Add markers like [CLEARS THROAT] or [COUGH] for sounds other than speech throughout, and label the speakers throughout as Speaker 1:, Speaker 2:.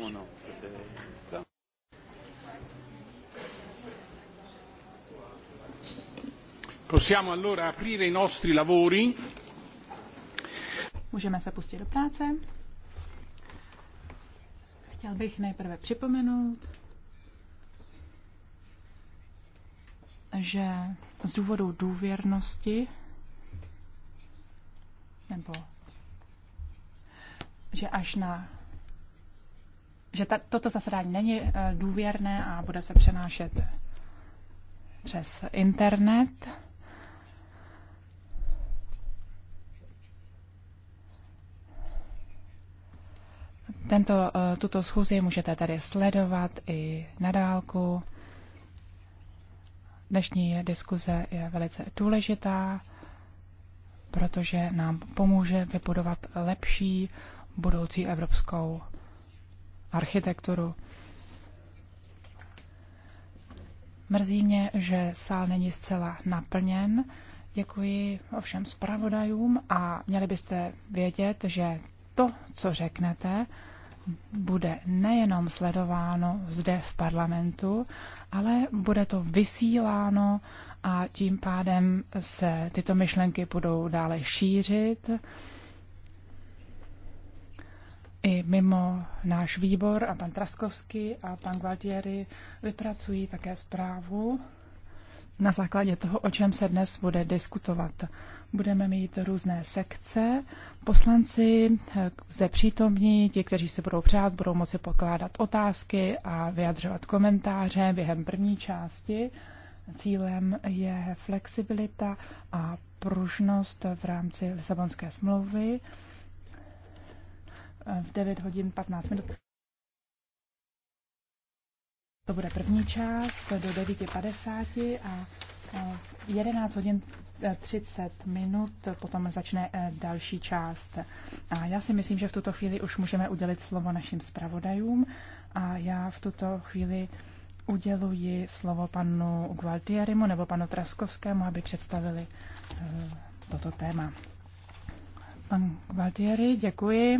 Speaker 1: Bruno. C'était Possiamo allora aprire i nostri lavori.
Speaker 2: Můžeme se pustit do práce. Chtěl bych nejprve připomenout, že z důvodu důvěrnosti nebo že až na že ta, toto zasedání není eh, důvěrné a bude se přenášet přes internet. Tento, eh, tuto schůzi můžete tady sledovat i na dálku. Dnešní diskuze je velice důležitá, protože nám pomůže vybudovat lepší budoucí Evropskou architekturu. Mrzí mě, že sál není zcela naplněn. Děkuji ovšem zpravodajům a měli byste vědět, že to, co řeknete, bude nejenom sledováno zde v parlamentu, ale bude to vysíláno a tím pádem se tyto myšlenky budou dále šířit i mimo náš výbor a pan Traskovský a pan Gualtieri vypracují také zprávu na základě toho, o čem se dnes bude diskutovat. Budeme mít různé sekce. Poslanci eh, zde přítomní, ti, kteří se budou přát, budou moci pokládat otázky a vyjadřovat komentáře během první části. Cílem je flexibilita a pružnost v rámci Lisabonské smlouvy v 9 hodin 15 minut. To bude první část do 9.50 a 11 hodin 30 minut, potom začne eh, další část. A já si myslím, že v tuto chvíli už můžeme udělit slovo našim zpravodajům a já v tuto chvíli uděluji slovo panu Gualtierimu nebo panu Traskovskému, aby představili eh, toto téma. Pan Gualtieri, děkuji.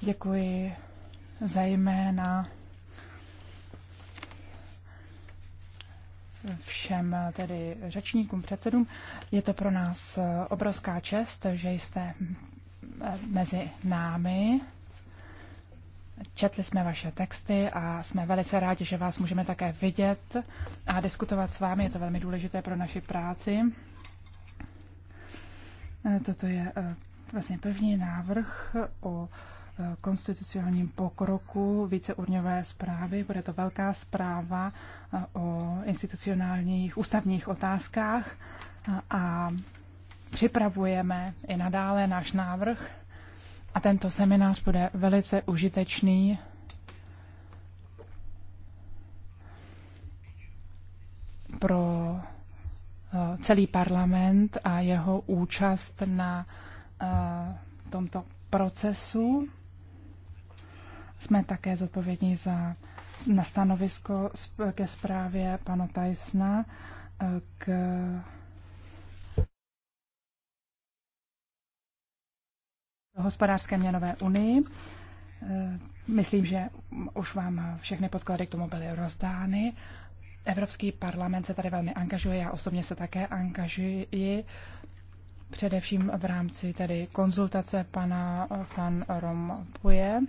Speaker 2: Děkuji zejména všem tedy řečníkům, předsedům. Je to pro nás obrovská čest, že jste mezi námi. Četli jsme vaše texty a jsme velice rádi, že vás můžeme také vidět a diskutovat s vámi. Je to velmi důležité pro naši práci. Toto je eh, vlastně první návrh o konstitucionálním pokroku víceurňové zprávy. Bude to velká zpráva eh, o institucionálních ústavních otázkách eh, a připravujeme i nadále náš návrh. A tento seminář bude velice užitečný pro eh, celý parlament a jeho účast na tomto procesu. Jsme také zodpovědní za, na stanovisko ke zprávě pana Tajsna eh, k hospodářské měnové unii. Eh, myslím, že už vám všechny podklady k tomu byly rozdány. Evropský parlament se tady velmi angažuje, já osobně se také angažuji, především v rámci tedy konzultace pana eh, Van Rompuye.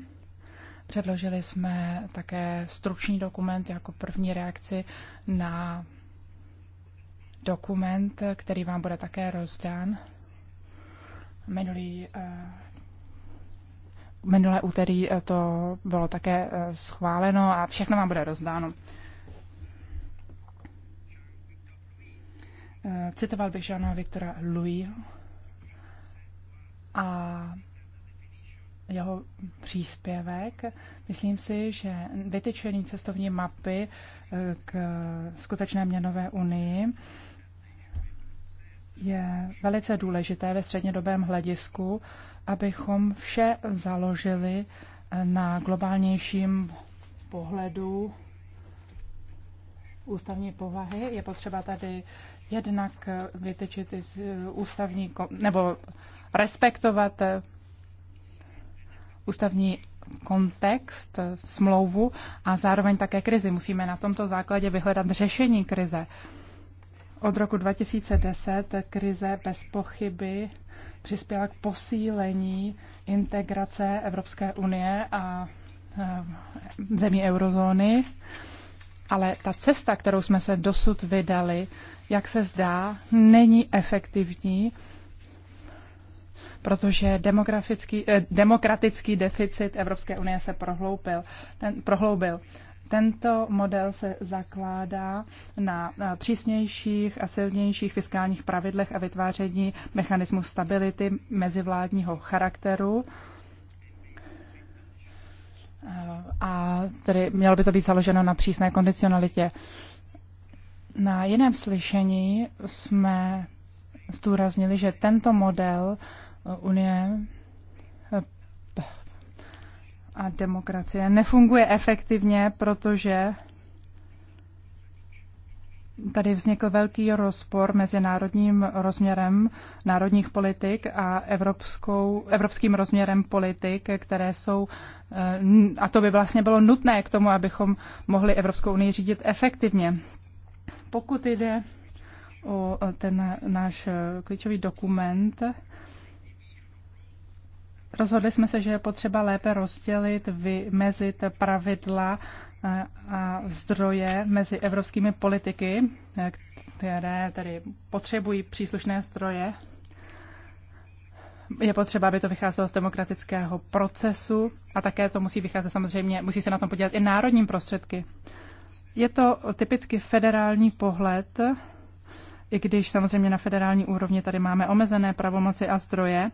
Speaker 2: Předložili jsme také stručný dokument jako první reakci na dokument, který vám bude také rozdán. Minulý, eh, minulé úterý eh, to bylo také eh, schváleno a všechno vám bude rozdáno. Citoval bych Žana Viktora Louis a jeho příspěvek. Myslím si, že vytyčení cestovní mapy eh, k skutečné měnové unii je velice důležité ve střednědobém hledisku, abychom vše založili eh, na globálnějším pohledu ústavní povahy. Je potřeba tady jednak vytyčit eh, ústavní, nebo respektovat ústavní kontext, eh, smlouvu a zároveň také krizi. Musíme na tomto základě vyhledat řešení krize. Od roku 2010 krize bez pochyby přispěla k posílení integrace Evropské unie a eh, zemí eurozóny, ale ta cesta, kterou jsme se dosud vydali, jak se zdá, není efektivní protože demografický, eh, demokratický deficit Evropské unie se prohloupil. Ten, prohloubil. Tento model se zakládá na přísnějších a silnějších fiskálních pravidlech a vytváření mechanismu stability mezivládního charakteru. Eh, a tedy mělo by to být založeno na přísné kondicionalitě. Na jiném slyšení jsme zdůraznili, že tento model unie eh, a demokracie nefunguje efektivně, protože tady vznikl velký rozpor mezi národním rozměrem národních politik a evropskou, evropským rozměrem politik, které jsou, eh, a to by vlastně bylo nutné k tomu, abychom mohli Evropskou unii řídit efektivně. Pokud jde o ten náš klíčový dokument, Rozhodli jsme se, že je potřeba lépe rozdělit, vymezit pravidla eh, a zdroje mezi evropskými politiky, eh, které tedy potřebují příslušné zdroje. Je potřeba, aby to vycházelo z demokratického procesu a také to musí vycházet samozřejmě, musí se na tom podívat i národní prostředky. Je to typicky federální pohled, i když samozřejmě na federální úrovni tady máme omezené pravomoci a zdroje,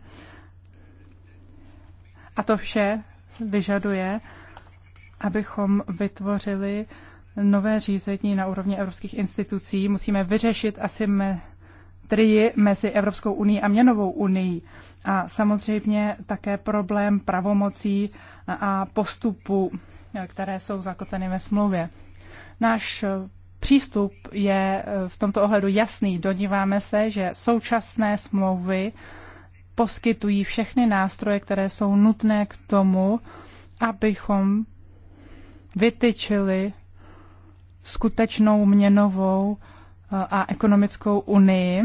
Speaker 2: a to vše vyžaduje, abychom vytvořili nové řízení na úrovni evropských institucí. Musíme vyřešit asi asymetrii mezi Evropskou unii a měnovou unii. A samozřejmě také problém pravomocí a postupu, které jsou zakotveny ve smlouvě. Náš přístup je v tomto ohledu jasný. Doníváme se, že současné smlouvy poskytují všechny nástroje, které jsou nutné k tomu, abychom vytyčili skutečnou měnovou eh, a ekonomickou unii.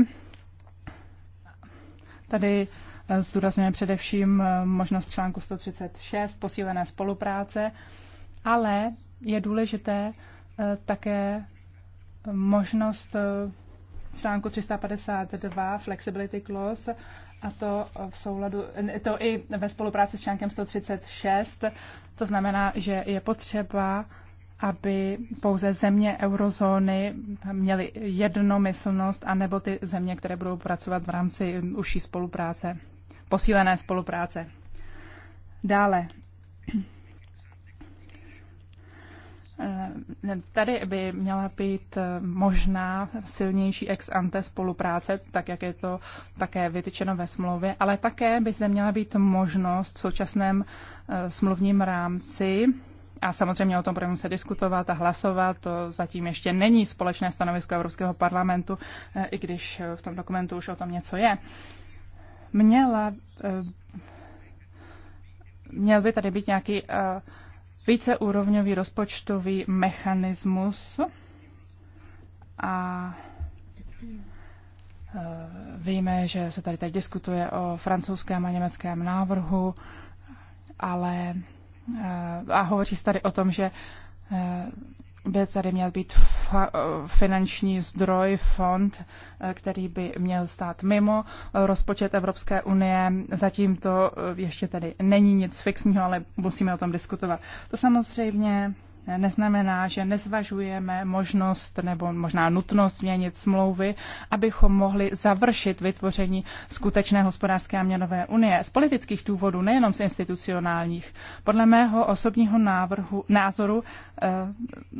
Speaker 2: Tady eh, zdůrazňuje především eh, možnost článku 136, posílené spolupráce, ale je důležité také možnost článku 352 Flexibility Clause a to v souladu, to i ve spolupráci s článkem 136, to znamená, že je potřeba, aby pouze země eurozóny měly jednomyslnost, anebo ty země, které budou pracovat v rámci užší spolupráce, posílené spolupráce. Dále, Eh, tady by měla být eh, možná silnější ex ante spolupráce, tak jak je to také vytyčeno ve smlouvě, ale také by zde měla být možnost v současném eh, smluvním rámci a samozřejmě o tom budeme se diskutovat a hlasovat. To zatím ještě není společné stanovisko Evropského parlamentu, i když v tom dokumentu už o tom něco je. Měla, měl by tady být nějaký víceúrovňový rozpočtový mechanismus a e, víme, že se tady teď diskutuje o francouzském a německém návrhu, ale e, a hovoří se tady o tom, že e, by tady měl být finanční zdroj, fond, eh, který by měl stát mimo rozpočet Evropské unie. Zatím to eh, ještě tady není nic fixního, ale musíme o tom diskutovat. To samozřejmě neznamená, že nezvažujeme možnost nebo možná nutnost změnit smlouvy, abychom mohli završit vytvoření skutečné hospodářské a měnové unie. Z politických důvodů, nejenom z institucionálních. Podle mého osobního návrhu, názoru eh,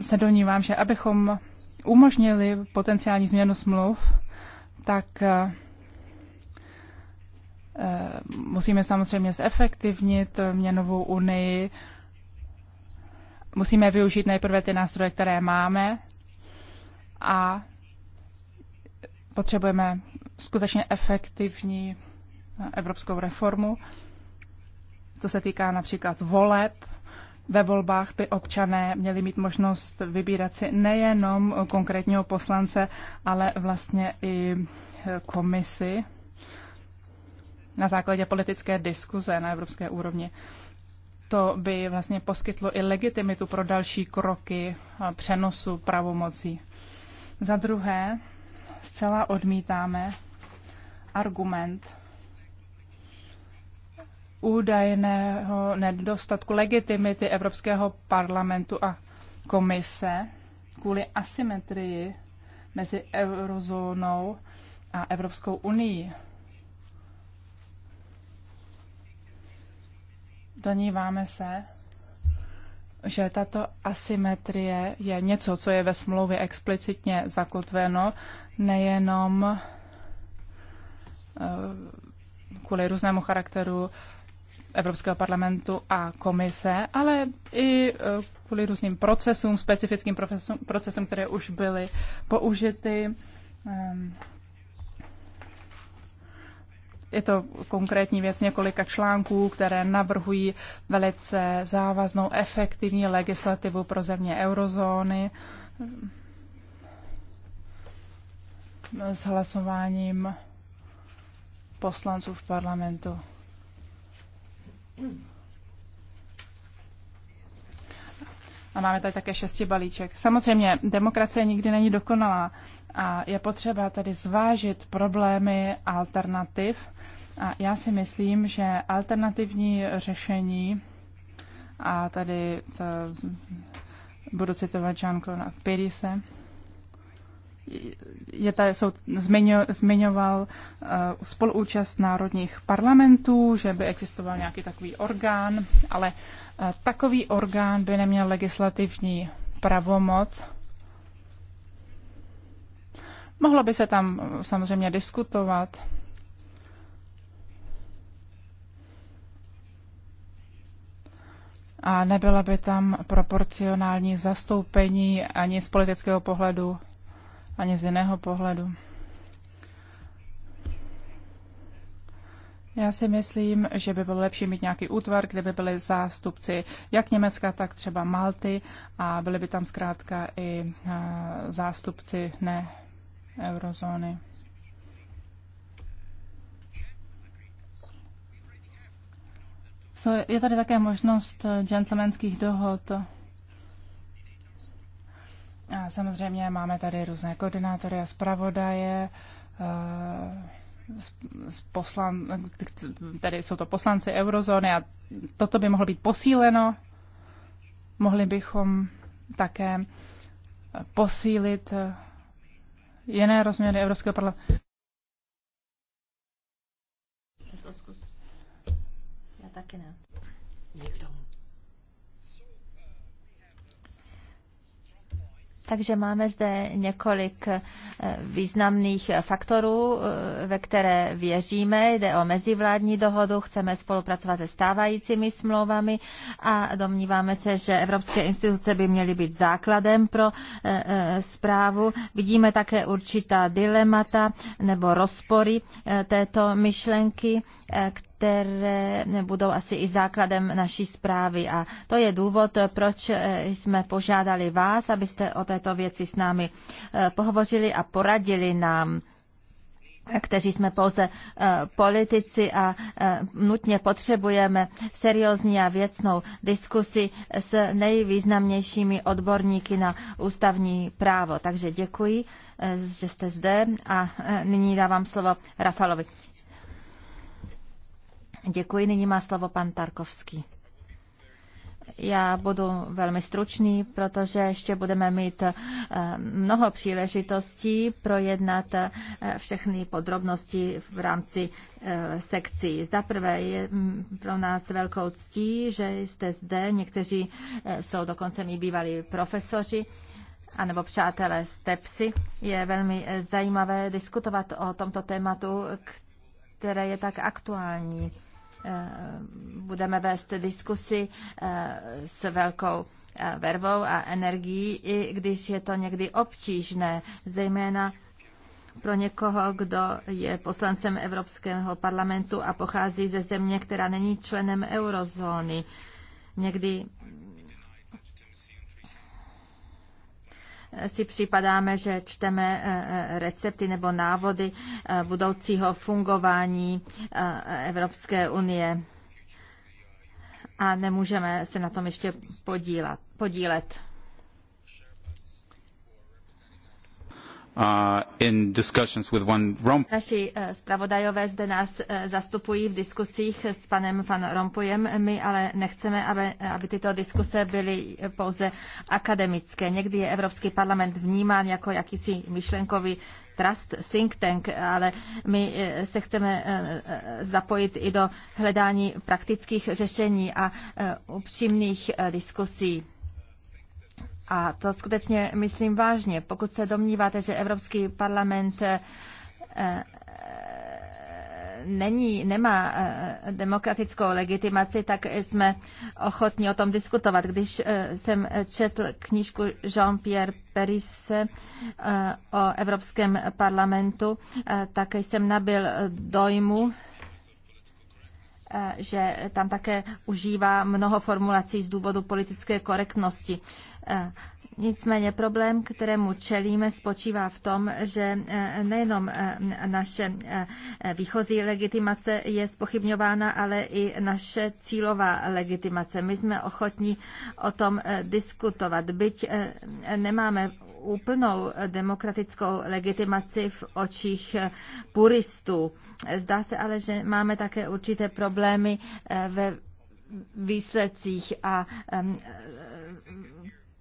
Speaker 2: se donívám, že abychom umožnili potenciální změnu smluv, tak eh, eh, musíme samozřejmě zefektivnit měnovou unii, musíme využít nejprve ty nástroje, které máme a potřebujeme skutečně efektivní evropskou reformu. To se týká například voleb. Ve volbách by občané měli mít možnost vybírat si nejenom konkrétního poslance, ale vlastně i komisi na základě politické diskuze na evropské úrovni to by vlastně poskytlo i legitimitu pro další kroky přenosu pravomocí. Za druhé, zcela odmítáme argument údajného nedostatku legitimity Evropského parlamentu a komise kvůli asymetrii mezi eurozónou a Evropskou unii. Domníváme se, že tato asymetrie je něco, co je ve smlouvě explicitně zakotveno, nejenom eh, kvůli různému charakteru Evropského parlamentu a komise, ale i eh, kvůli různým procesům, specifickým procesům, procesům které už byly použity. Ehm, je to konkrétní věc několika článků, které navrhují velice závaznou, efektivní legislativu pro země eurozóny s hlasováním poslanců v parlamentu. A máme tady také šesti balíček. Samozřejmě, demokracie nikdy není dokonalá a je potřeba tedy zvážit problémy alternativ. A já si myslím, že alternativní řešení, a tady to, budu citovat Jean-Claude Pirise, je tady, jsou, zmiňo, zmiňoval uh, spoluúčast národních parlamentů, že by existoval nějaký takový orgán, ale uh, takový orgán by neměl legislativní pravomoc Mohlo by se tam eh, samozřejmě diskutovat. A nebyla by tam proporcionální zastoupení ani z politického pohledu, ani z jiného pohledu. Já si myslím, že by bylo lepší mít nějaký útvar, kde by byly zástupci jak Německa, tak třeba Malty a byly by tam zkrátka i eh, zástupci ne eurozóny. Je tady také možnost gentlemanských dohod. A samozřejmě máme tady různé koordinátory a zpravodaje, eh, poslan, tady jsou to poslanci eurozóny a toto by mohlo být posíleno. Mohli bychom také posílit jiné rozměry Evropského parlamentu.
Speaker 3: Já taky ne. Nikdo. Takže máme zde několik eh, významných eh, faktorů, eh, ve které věříme. Jde o mezivládní dohodu, chceme spolupracovat se stávajícími smlouvami a domníváme se, že evropské instituce by měly být základem pro zprávu. Vidíme také určitá dilemata nebo rozpory této myšlenky, které budou asi i základem naší zprávy. A to je důvod, proč eh, jsme požádali vás, abyste o této věci s námi eh, pohovořili a poradili nám kteří jsme pouze eh, politici a nutně potřebujeme seriózní a věcnou diskusi s nejvýznamnějšími odborníky na ústavní právo. Takže děkuji, že jste zde a nyní dávám slovo Rafalovi. Děkuji, nyní má slovo pan Tarkovský. Já budu velmi stručný, protože ještě budeme mít eh, mnoho příležitostí projednat eh, všechny podrobnosti v rámci eh, sekcí. Za prvé je mm, pro nás velkou ctí, že jste zde, někteří jsou dokonce mi bývalí profesoři anebo přátelé Stepsy. Je velmi zajímavé diskutovat o tomto tématu, které je tak aktuální Eh, budeme vést diskusy eh, s velkou eh, vervou a energií, i když je to někdy obtížné, zejména pro někoho, kdo je poslancem Evropského parlamentu a pochází ze země, která není členem eurozóny. Někdy si připadáme, že čteme eh, eh, recepty nebo návody eh, budoucího fungování Evropské unie a nemůžeme se na tom ještě podílat, podílet.
Speaker 1: Uh, in discussions with
Speaker 3: Naši eh, zpravodajové zde nás eh, zastupují v diskusích s panem Van Rompuyem. My ale nechceme, aby, eh, aby tyto diskuse byly pouze akademické. Někdy je Evropský parlament vnímán jako jakýsi myšlenkový Trust Think Tank, ale my se chceme zapojit i do hledání praktických řešení a upřímných diskusí. A to skutečně myslím vážně. Pokud se domníváte, že Evropský parlament eh, eh, není, nemá eh, demokratickou legitimaci, tak jsme ochotni o tom diskutovat. Když jsem četl knížku Jean-Pierre Perisse o Evropském parlamentu, tak jsem nabil dojmu, že tam také užívá mnoho formulací z důvodu politické korektnosti. Nicméně problém, kterému čelíme, spočívá v tom, že e, nejenom e, naše e, výchozí legitimace je spochybňována, ale i naše cílová legitimace. My jsme ochotní o tom diskutovat, byť nemáme úplnou demokratickou legitimaci v očích puristů. Zdá se ale, že máme také určité problémy ve výsledcích a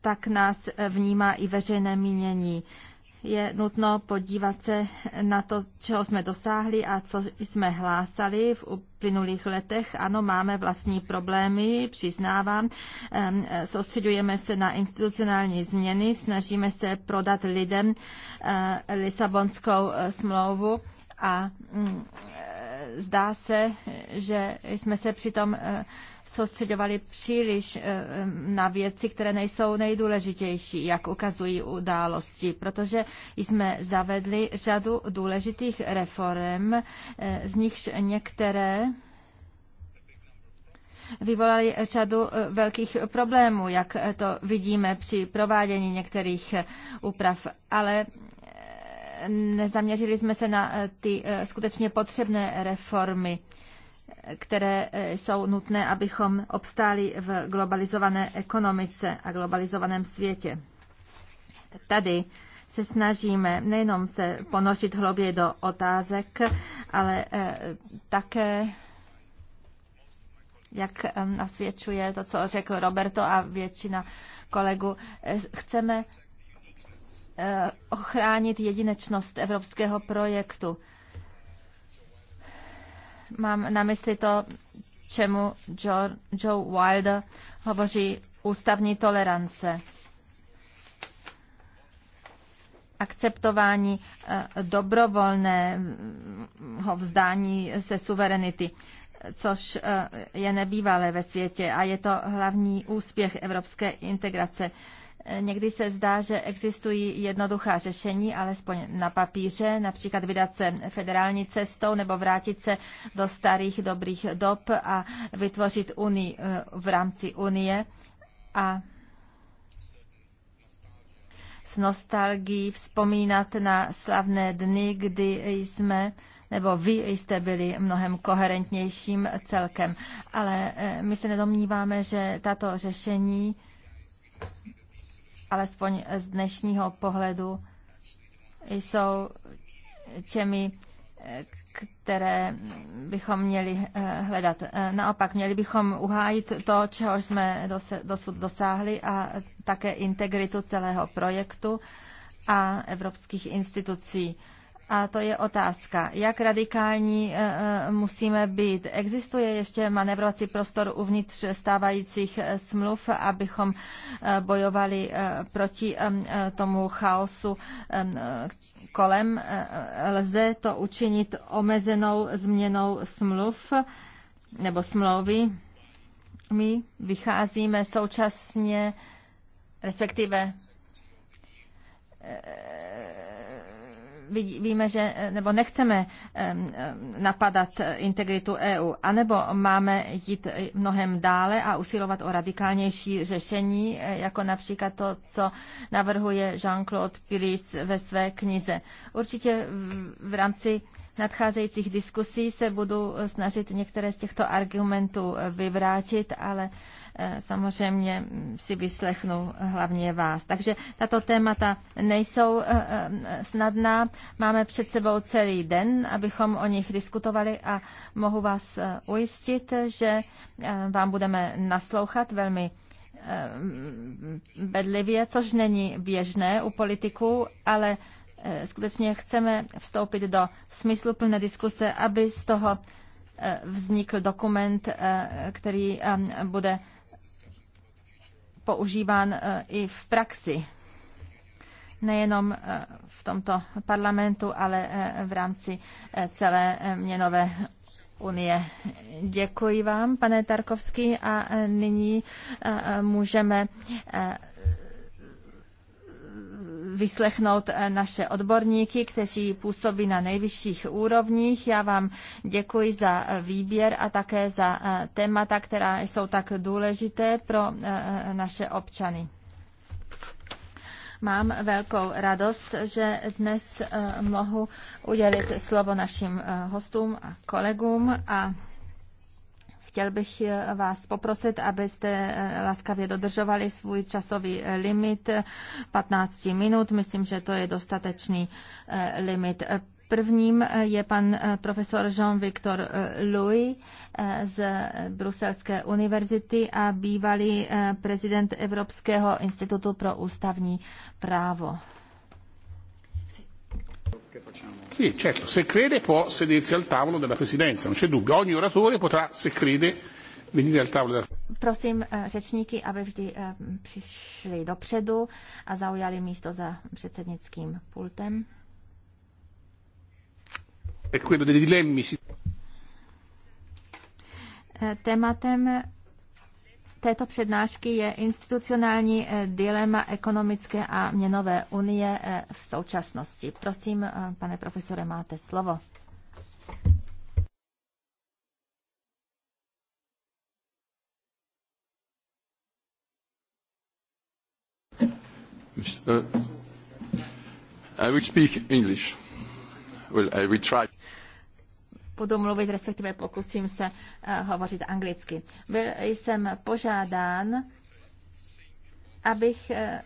Speaker 3: tak nás vnímá i veřejné mínění. Je nutno podívat se na to, čeho jsme dosáhli a co jsme hlásali v uplynulých letech. Ano, máme vlastní problémy, přiznávám. Soustředujeme se na institucionální změny, snažíme se prodat lidem eh, Lisabonskou eh, smlouvu a mm, Zdá se, že jsme se přitom eh, soustředovali příliš eh, na věci, které nejsou nejdůležitější, jak ukazují události, protože jsme zavedli řadu důležitých reform, eh, z nichž některé vyvolaly řadu velkých problémů, jak to vidíme při provádění některých úprav. Ale nezaměřili jsme se na eh, ty eh, skutečně potřebné reformy, které eh, jsou nutné, abychom obstáli v globalizované ekonomice a globalizovaném světě. Tady se snažíme nejenom se ponořit hlouběji do otázek, ale také jak nasvědčuje to, co řekl Roberto a většina kolegu, chceme Eh, ochránit jedinečnost evropského projektu. Mám na mysli to, čemu Joe, Joe Wilder hovoří ústavní tolerance. Akceptování eh, dobrovolného vzdání se suverenity což eh, je nebývalé ve světě a je to hlavní úspěch evropské integrace. Někdy se zdá, že existují jednoduchá řešení, alespoň na papíře, například vydat se federální cestou nebo vrátit se do starých dobrých dob a vytvořit unii eh, v rámci unie. A s nostalgií vzpomínat na slavné dny, kdy jsme nebo vy jste byli mnohem koherentnějším celkem. Ale eh, my se nedomníváme, že tato řešení alespoň z dnešního pohledu, jsou těmi, které bychom měli eh, hledat. Eh, naopak, měli bychom uhájit to, čeho jsme dosud dosáhli a také integritu celého projektu a evropských institucí. A to je otázka, jak radikální eh, eh, musíme být. Existuje ještě manevrovací prostor uvnitř stávajících eh, smluv, abychom bojovali proti tomu chaosu kolem. Lze to učinit omezenou změnou smluv nebo smlouvy. My vycházíme současně, respektive víme, že eh, nebo nechceme napadat eh, integritu EU, anebo máme jít eh, mnohem dále a usilovat o radikálnější řešení, jako například to, co navrhuje Jean-Claude Pilis ve své knize. Určitě v rámci nadcházejících diskusí se budu snažit některé z těchto argumentů vyvrátit, ale Eh, samozřejmě mm, si vyslechnu hlavně vás. Takže tato témata nejsou eh, eh, snadná. Máme před sebou celý den, abychom o nich diskutovali a mohu vás ujistit, že vám budeme naslouchat velmi bedlivě, což není běžné u politiků, ale skutečně chceme vstoupit do smysluplné diskuse, aby z toho vznikl dokument, který bude používán eh, i v praxi. Nejenom eh, v tomto parlamentu, ale eh, v rámci celé měnové unie. Děkuji vám, pane Tarkovský, a nyní můžeme vyslechnout eh, naše odborníky, kteří působí na nejvyšších úrovních. Já vám děkuji za eh, výběr a také za eh, témata, která jsou tak důležité pro naše občany. Mám velkou radost, že dnes mohu udělit slovo našim hostům a kolegům a Chtěl bych vás poprosit, abyste eh, laskavě dodržovali svůj časový eh, limit 15 eh, minut. Myslím, že to je dostatečný limit. Prvním je pan profesor Jean-Victor Louis z Bruselské univerzity a bývalý prezident Evropského institutu pro ústavní právo.
Speaker 1: Sì, certo, se crede può sedersi al tavolo della Presidenza, non c'è dubbio. Ogni oratore potrà, se crede, venire al tavolo della
Speaker 3: presidenza. Prosim Prosím eh, řečníky, aby vždy eh, přišli dopředu a zaujali místo za předsednickým pultem.
Speaker 1: E quello dei dilemmi si
Speaker 3: eh, Tématem této přednášky je institucionální eh, dilema ekonomické a měnové unie eh, v současnosti. Prosím, eh, pane profesore, máte slovo.
Speaker 1: I will
Speaker 2: speak English. Well, I will try
Speaker 3: budu mluvit, respektive pokusím se eh, hovořit anglicky. Byl jsem požádán, abych eh,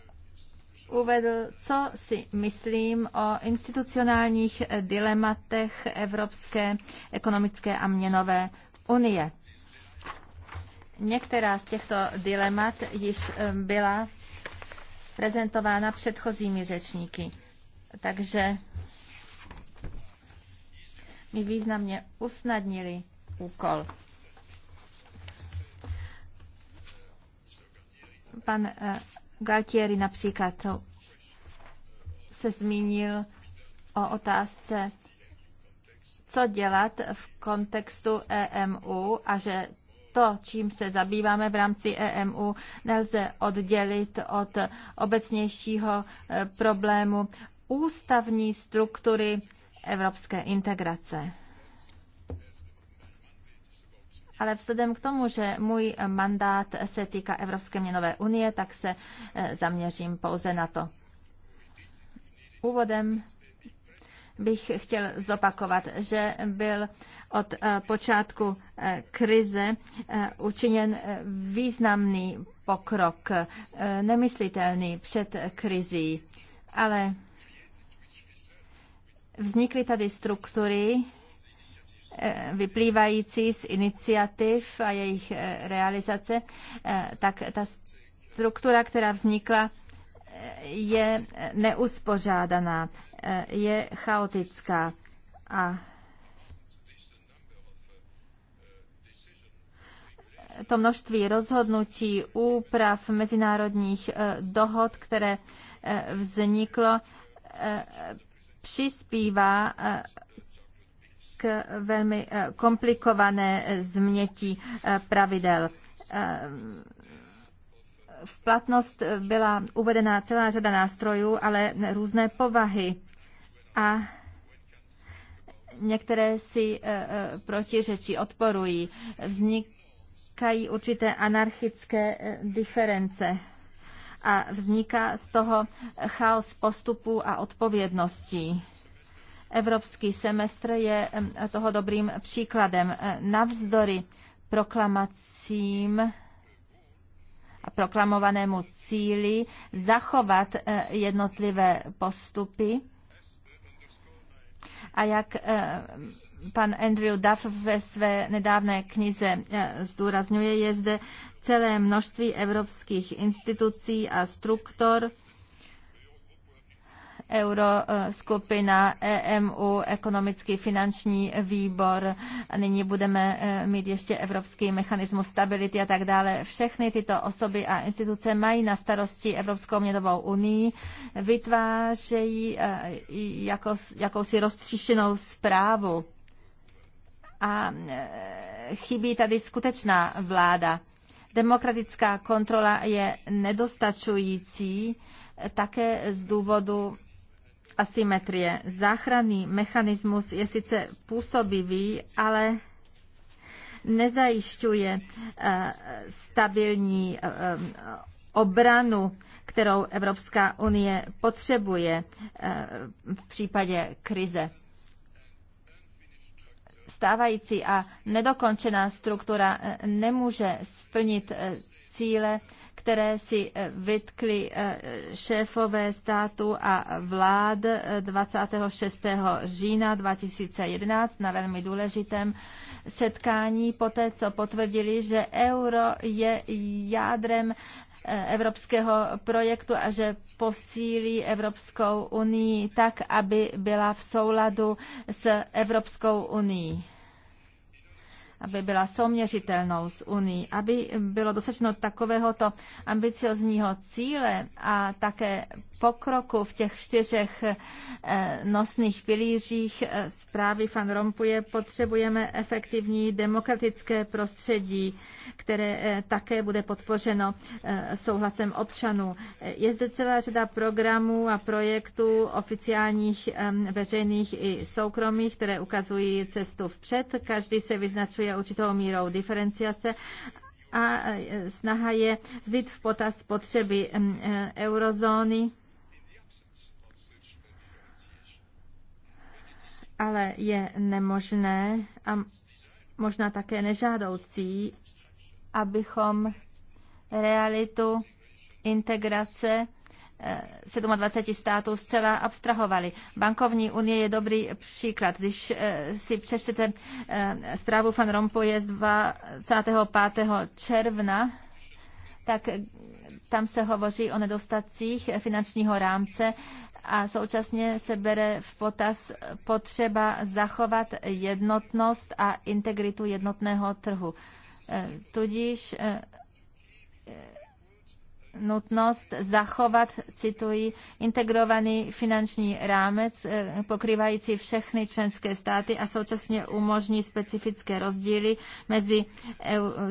Speaker 3: uvedl, co si myslím o institucionálních eh, dilematech Evropské ekonomické a měnové unie. Některá z těchto dilemat již byla prezentována předchozími řečníky. Takže mi významně usnadnili úkol. Pan eh, Galtieri například se zmínil o otázce, co dělat v kontextu EMU a že to, čím se zabýváme v rámci EMU, nelze oddělit od obecnějšího eh, problému ústavní struktury evropské integrace. Ale vzhledem k tomu, že můj mandát se týká Evropské měnové unie, tak se eh, zaměřím pouze na to. Úvodem bych chtěl zopakovat, že byl od eh, počátku eh, krize učiněn významný pokrok, nemyslitelný před krizí, ale Vznikly tady struktury eh, vyplývající z iniciativ a jejich eh, realizace, eh, tak ta struktura, která vznikla, je neuspořádaná, je chaotická a to množství rozhodnutí, úprav mezinárodních dohod, které vzniklo, přispívá eh, k velmi eh, komplikované eh, změti pravidel v platnost byla uvedena celá řada nástrojů, ale různé povahy a některé si protiřečí, odporují. Vznikají určité anarchické diference a vzniká z toho chaos postupu a odpovědností. Evropský semestr je toho dobrým příkladem. Navzdory proklamacím a proklamovanému cíli zachovat eh, jednotlivé postupy a jak eh, pan Andrew Duff ve své nedávné knize eh, zdůrazňuje, je zde celé množství evropských institucí a struktur, euroskupina EMU, ekonomický finanční výbor, a nyní budeme eh, mít ještě Evropský mechanismus stability a tak dále. Všechny tyto osoby a instituce mají na starosti Evropskou měnovou unii, vytvářejí eh, jako, jakousi roztříštěnou zprávu a eh, chybí tady skutečná vláda. Demokratická kontrola je nedostačující také z důvodu asymetrie. Záchranný mechanismus je sice působivý, ale nezajišťuje eh, stabilní eh, obranu, kterou Evropská unie potřebuje eh, v případě krize. Stávající a nedokončená struktura nemůže splnit cíle které si eh, vytkli eh, šéfové státu a vlád 26. Eh, října 2011 na velmi důležitém setkání, poté co potvrdili, že euro je jádrem evropského projektu a že posílí Evropskou unii tak, aby byla v souladu s Evropskou unii aby byla souměřitelnou s Unii, aby bylo dosaženo takovéhoto ambiciozního cíle a také pokroku v těch čtyřech eh, nosných pilířích eh, zprávy Van Rompuje, potřebujeme efektivní demokratické prostředí, které eh, také bude podpořeno souhlasem občanů. Je zde celá řada programů a projektů oficiálních, veřejných i soukromých, které ukazují cestu vpřed. Každý se vyznačuje je určitou mírou diferenciace a e, snaha je vzít v potaz potřeby e, eurozóny. Ale je nemožné a možná také nežádoucí, abychom realitu integrace 27 států zcela abstrahovali. Bankovní unie je dobrý příklad. Když eh, si přečtete eh, zprávu Van Rompuy z 25. června, tak tam se hovoří o nedostacích finančního rámce a současně se bere v potaz potřeba zachovat jednotnost a integritu jednotného trhu. Eh, tudíž nutnost zachovat, cituji, integrovaný finanční rámec eh, pokrývající všechny členské státy a současně umožní specifické rozdíly mezi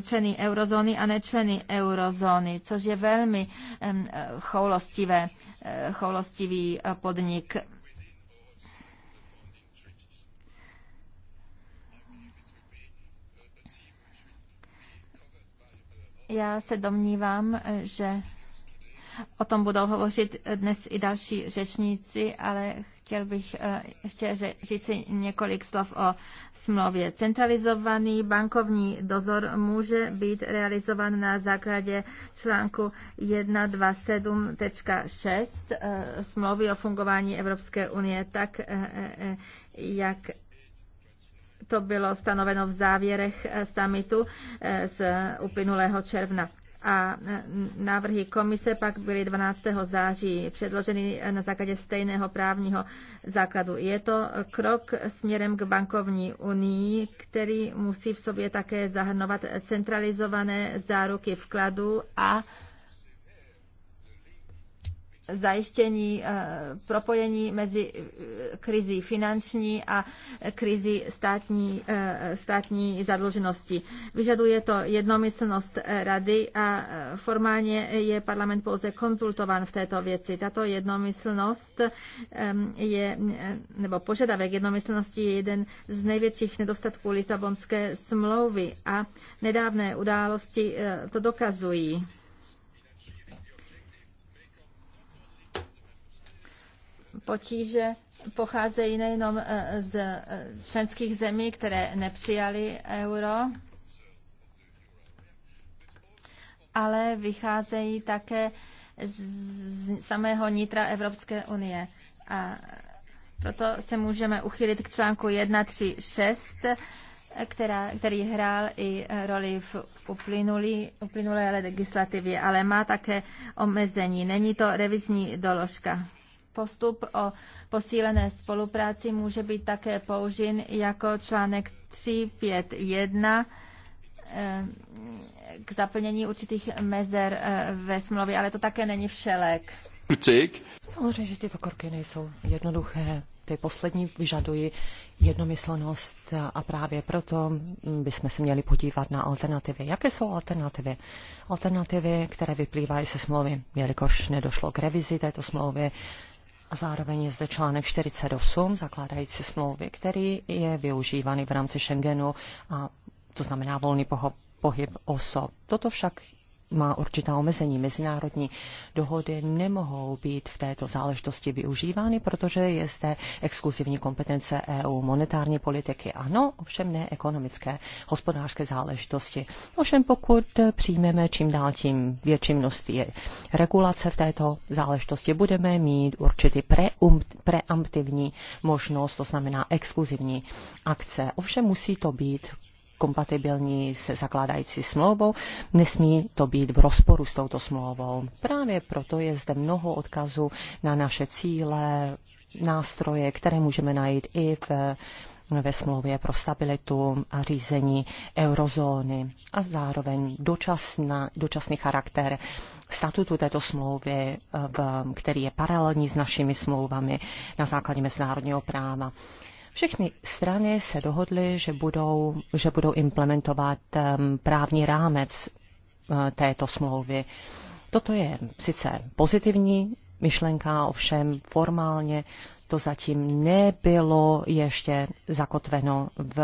Speaker 3: členy eurozóny a nečleny eurozóny, což je velmi eh, choulostivé, eh, choulostivý podnik. Já se domnívám, že o tom budou hovořit dnes i další řečníci, ale chtěl bych eh, ještě říci několik slov o smlouvě. Centralizovaný bankovní dozor může být realizován na základě článku 127.6 eh, smlouvy o fungování Evropské unie, tak eh, jak to bylo stanoveno v závěrech eh, summitu eh, z uplynulého června a eh, návrhy komise pak byly 12. září předloženy na základě stejného právního základu. Je to krok směrem k bankovní unii, který musí v sobě také zahrnovat centralizované záruky vkladu a zajištění eh, propojení mezi eh, krizi finanční a krizi státní, eh, státní zadluženosti. Vyžaduje to jednomyslnost rady a formálně je parlament pouze konzultován v této věci. Tato jednomyslnost je, nebo požadavek jednomyslnosti je jeden z největších nedostatků Lisabonské smlouvy a nedávné události to dokazují.
Speaker 1: potíže
Speaker 3: pocházejí nejenom eh, z eh, členských zemí, které nepřijali euro, ale vycházejí také z samého nitra Evropské unie. A proto se můžeme uchylit k článku 136, která, který hrál i roli v uplynulý, uplynulé legislativě, ale má také omezení. Není to revizní doložka postup o posílené spolupráci může být také použit jako článek 351 eh, k zaplnění určitých mezer eh, ve smlouvě,
Speaker 4: ale to také není všelek. Samozřejmě, že tyto kroky nejsou jednoduché. Ty poslední vyžadují jednomyslnost a právě proto bychom se měli podívat na alternativy. Jaké jsou alternativy? Alternativy, které vyplývají se smlouvy, jelikož nedošlo k revizi této smlouvy, a zároveň je zde článek 48 zakládající smlouvy, který je využívaný v rámci Schengenu a to znamená volný pohyb osob. Toto však má určitá omezení. Mezinárodní dohody nemohou být v této záležitosti využívány, protože je zde exkluzivní kompetence EU monetární politiky. Ano, ovšem ne ekonomické, hospodářské záležitosti. Ovšem pokud přijmeme čím dál tím větší množství regulace v této záležitosti, budeme mít určitý preum, preamptivní možnost, to znamená exkluzivní akce. Ovšem musí to být kompatibilní se zakládající smlouvou, nesmí to být v rozporu s touto smlouvou. Právě proto je zde mnoho odkazů na naše cíle, nástroje, které můžeme najít i v ve smlouvě pro stabilitu a řízení eurozóny a zároveň dočasná, dočasný charakter statutu této smlouvy, v, který je paralelní s našimi smlouvami na základě mezinárodního práva. Všechny strany se dohodly, že budou, že budou implementovat právní rámec eh, této smlouvy. Toto je sice pozitivní myšlenka, ovšem formálně to zatím nebylo ještě zakotveno v,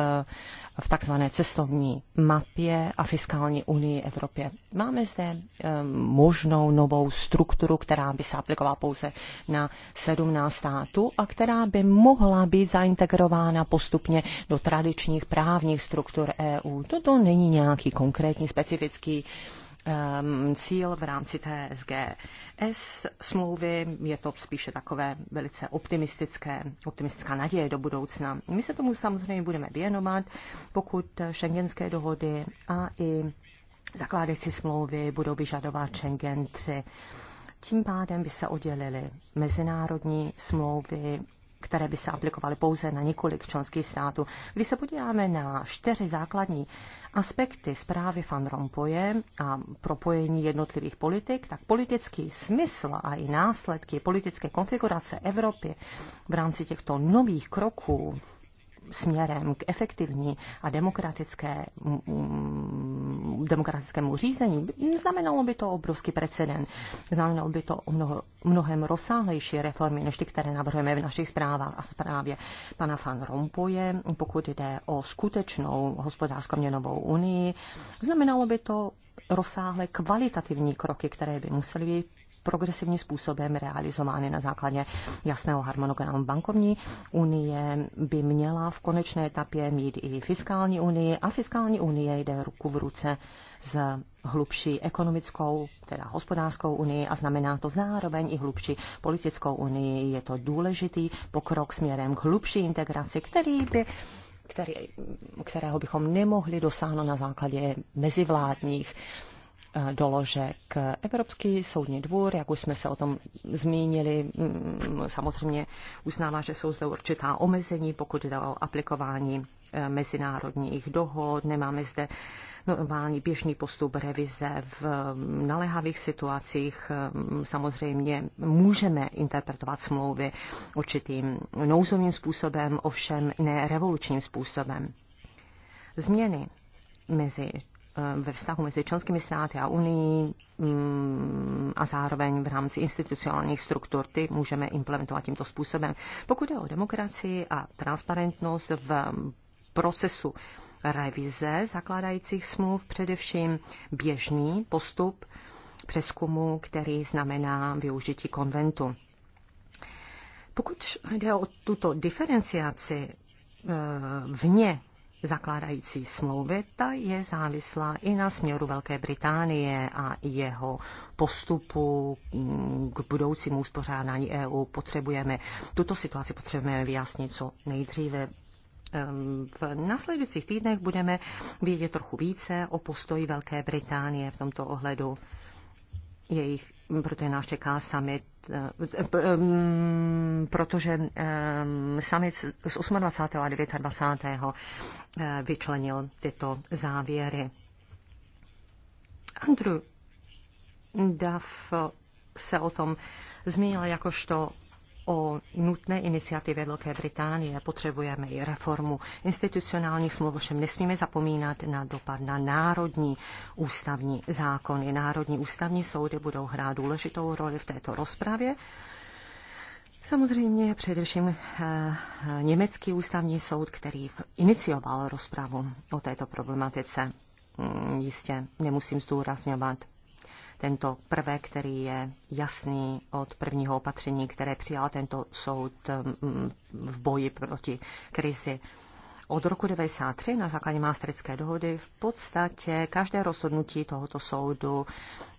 Speaker 4: v takzvané cestovní mapě a fiskální unii Evropě. Máme zde um, možnou novou strukturu, která by se aplikovala pouze na 17 států a která by mohla být zaintegrována postupně do tradičních právních struktur EU. Toto není nějaký konkrétní specifický uh, Ehm, cíl v rámci té SGS smlouvy. Je to spíše takové velice optimistické, optimistická naděje do budoucna. My se tomu samozřejmě budeme věnovat, pokud šengenské dohody a i zakládající smlouvy budou vyžadovat Schengen 3. Tím pádem by se oddělily mezinárodní smlouvy které by se aplikovaly pouze na několik členských států. Když se podíváme na čtyři základní aspekty zprávy Van Rompuye a propojení jednotlivých politik, tak politický smysl a i následky politické konfigurace Evropy v rámci těchto nových kroků směrem k efektivní a demokratické, mm, demokratickému řízení, znamenalo by to obrovský precedent. Znamenalo by to mnoho, mnohem rozsáhlejší reformy, než ty, které navrhujeme v našich zprávách a zprávě pana Van Rompuje, pokud jde o skutečnou hospodářskou měnovou unii. Znamenalo by to rozsáhlé kvalitativní kroky, které by musely být progresivním způsobem realizovány na základě jasného harmonogramu. Bankovní unie by měla v konečné etapě mít i fiskální unii a fiskální unie jde ruku v ruce s hlubší ekonomickou, teda hospodářskou unii a znamená to zároveň i hlubší politickou unii. Je to důležitý pokrok směrem k hlubší integraci, který by který, kterého bychom nemohli dosáhnout na základě mezivládních doložek. Evropský soudní dvůr, jak už jsme se o tom zmínili, mm, samozřejmě uznává, že jsou zde určitá omezení, pokud jde o aplikování eh, mezinárodních dohod. Nemáme zde normální běžný postup revize v mm, naléhavých situacích. Mm, samozřejmě můžeme interpretovat smlouvy určitým nouzovým způsobem, ovšem ne revolučním způsobem. Změny mezi Eh, ve vztahu mezi členskými státy a Unii mm, a zároveň v rámci institucionálních struktur, ty můžeme implementovat tímto způsobem. Pokud je o demokracii a transparentnost v procesu revize zakládajících smluv, především běžný postup přeskumu, který znamená využití konventu. Pokud jde o tuto diferenciaci eh, vně zakládající smlouvy, ta je závislá i na směru Velké Británie a jeho postupu k budoucímu uspořádání EU. Potřebujeme tuto situaci potřebujeme vyjasnit co nejdříve. Ehm, v následujících týdnech budeme vědět trochu více o postoji Velké Británie v tomto ohledu. Jejich protože nás čeká summit, eh, eh, mm, protože eh, summit z 28. a 29. vyčlenil tyto závěry. Andrew Duff se o tom zmínil jakožto o nutné iniciativě Velké Británie. Potřebujeme i reformu institucionální smluv, ovšem nesmíme zapomínat na dopad na národní ústavní zákony. Národní ústavní soudy budou hrát důležitou roli v této rozpravě. Samozřejmě především eh, německý ústavní soud, který inicioval rozpravu o této problematice. Mm, jistě nemusím zdůrazňovat tento prvek, který je jasný od prvního opatření, které přijal tento soud mm, v boji proti krizi. Od roku 1993 na základě Maastrichtské dohody v podstatě každé rozhodnutí tohoto soudu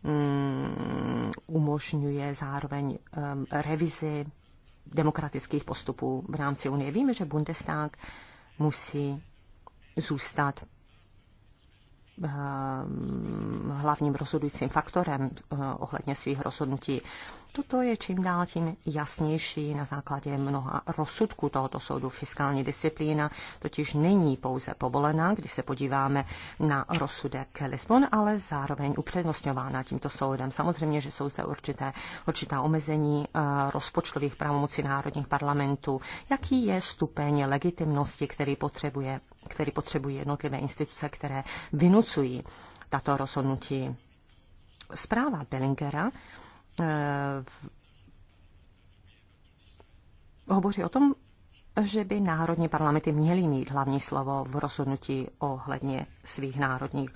Speaker 4: mm, umožňuje zároveň mm, revizi demokratických postupů v rámci Unie. Víme, že Bundestag musí zůstat Ehm, hlavním rozhodujícím faktorem eh, ohledně svých rozhodnutí. Toto je čím dál tím jasnější na základě mnoha rozsudků tohoto soudu. Fiskální disciplína totiž není pouze povolená, když se podíváme na rozsudek Lisbon, ale zároveň upřednostňována tímto soudem. Samozřejmě, že jsou zde určité, určitá omezení eh, rozpočtových pravomocí národních parlamentů. Jaký je stupeň legitimnosti, který potřebuje, který potřebují jednotlivé instituce, které vynucují tato rozhodnutí? Zpráva Bellingera Eh, hovoří o tom, že by národní parlamenty měly mít hlavní slovo v rozhodnutí ohledně svých národních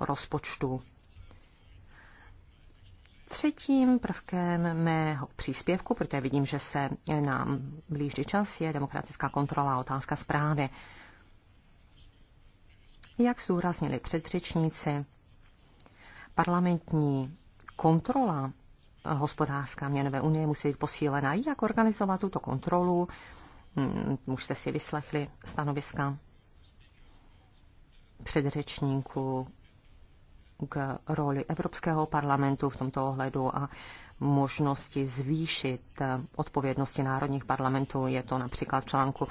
Speaker 4: rozpočtů. Třetím prvkem mého příspěvku, protože vidím, že se nám blíží čas, je demokratická kontrola a otázka zprávy. Jak zúraznili předřečníci, parlamentní kontrola hospodářská měnové unie musí být posílena. Jak organizovat tuto kontrolu? Hm, už jste si vyslechli stanoviska předřečníků k roli Evropského parlamentu v tomto ohledu a možnosti zvýšit odpovědnosti národních parlamentů. Je to například v článku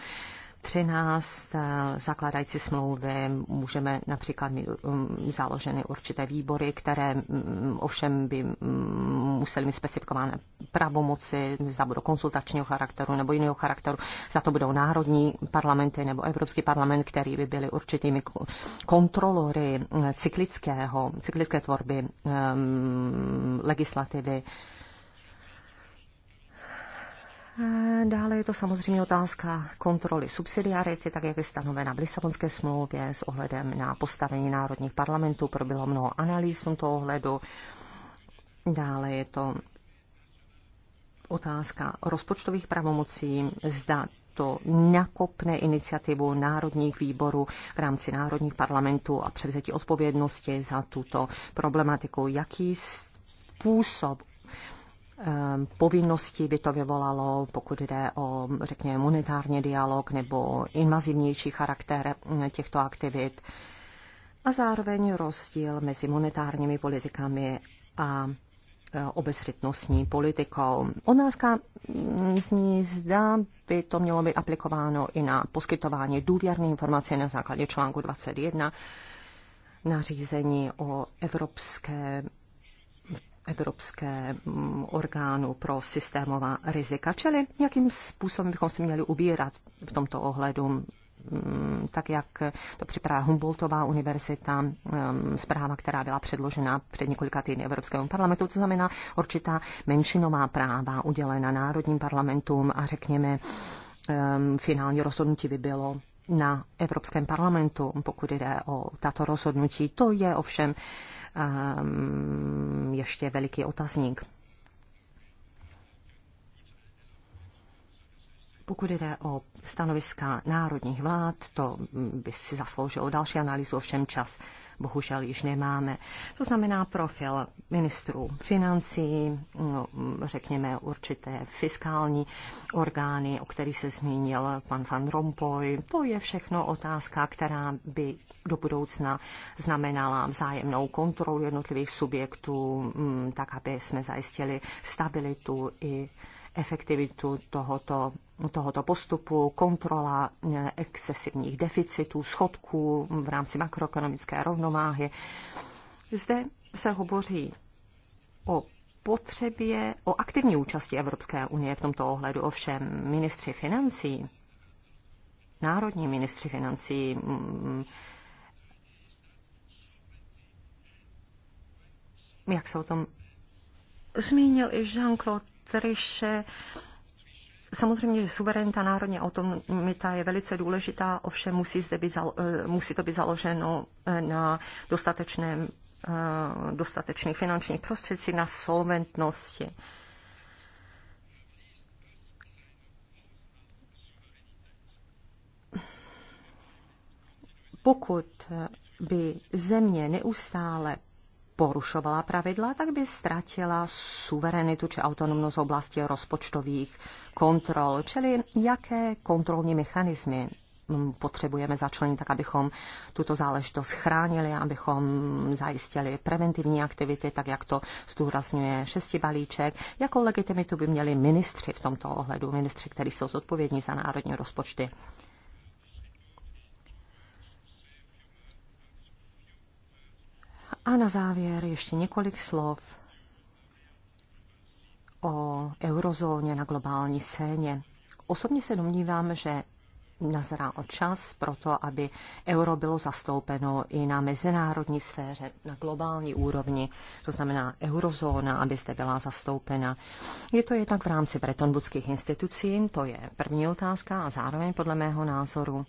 Speaker 4: 13 eh, zakládající smlouvy můžeme například mít mm, založeny určité výbory, které mm, ovšem by mm, museli mít specifikované pravomoci, zda budou konsultačního charakteru nebo jiného charakteru, za to budou národní parlamenty nebo Evropský parlament, který by byly určitými kontrolory cyklického, cyklické tvorby legislativy Eh, dále je to samozřejmě otázka kontroly subsidiarity, tak jak je stanovena v Lisabonské smlouvě s ohledem na postavení národních parlamentů. Probylo mnoho analýz v tomto ohledu. Dále je to otázka rozpočtových pravomocí, zda to nakopne iniciativu národních výborů v rámci národních parlamentů a převzetí odpovědnosti za tuto problematiku. Jaký způsob Ehm, povinnosti by to vyvolalo, pokud jde o, řekněme, monetární dialog nebo invazivnější charakter hm, těchto aktivit a zároveň rozdíl mezi monetárními politikami a e, obezřetnostní politikou. Otázka hm, zní, zda by to mělo být aplikováno i na poskytování důvěrné informace na základě článku 21 nařízení o Evropské evropské mm, orgánu pro systémová rizika. Čili jakým způsobem bychom se měli ubírat v tomto ohledu, mm, tak jak to připravá Humboldtová univerzita, mm, zpráva, která byla předložena před několika týdny Evropskému parlamentu, to znamená určitá menšinová práva udělena národním parlamentům a řekněme, finální rozhodnutí by bylo na Evropském parlamentu, pokud jde o tato rozhodnutí. To je ovšem Ehm, ještě veliký otazník. Pokud jde o stanoviska národních vlád, to by si zasloužilo další analýzu, ovšem čas bohužel již nemáme. To znamená profil ministrů financí, no, řekněme určité fiskální orgány, o kterých se zmínil pan Van Rompuy. To je všechno otázka, která by do budoucna znamenala vzájemnou kontrolu jednotlivých subjektů, mm, tak aby jsme zajistili stabilitu i efektivitu tohoto tohoto postupu, kontrola eh, excesivních deficitů, schodků v rámci makroekonomické rovnováhy. Zde se hovoří o potřebě, o aktivní účasti Evropské unie v tomto ohledu. Ovšem ministři financí, národní ministři financí, mm, jak se o tom zmínil i Jean-Claude Trichet, Samozřejmě, že suverenita národní autonomita je velice důležitá, ovšem musí, zde být, eh, musí to být založeno eh, na dostatečném, eh, dostatečných finančních prostředcích, na solventnosti. Pokud by země neustále porušovala pravidla, tak by ztratila suverenitu či autonomnost v oblasti rozpočtových kontrol. Čili jaké kontrolní mechanismy mm, potřebujeme začlenit, tak abychom tuto záležitost chránili, abychom zajistili preventivní aktivity, tak jak to zdůrazňuje šesti balíček. Jakou legitimitu by měli ministři v tomto ohledu, ministři, kteří jsou zodpovědní za národní rozpočty? A na závěr ještě několik slov o eurozóně na globální scéně. Osobně se domnívám, že nazrál čas pro to, aby euro bylo zastoupeno i na mezinárodní sféře, na globální úrovni, to znamená eurozóna, aby zde byla zastoupena. Je to jednak v rámci bretonbudských institucí, to je první otázka a zároveň podle mého názoru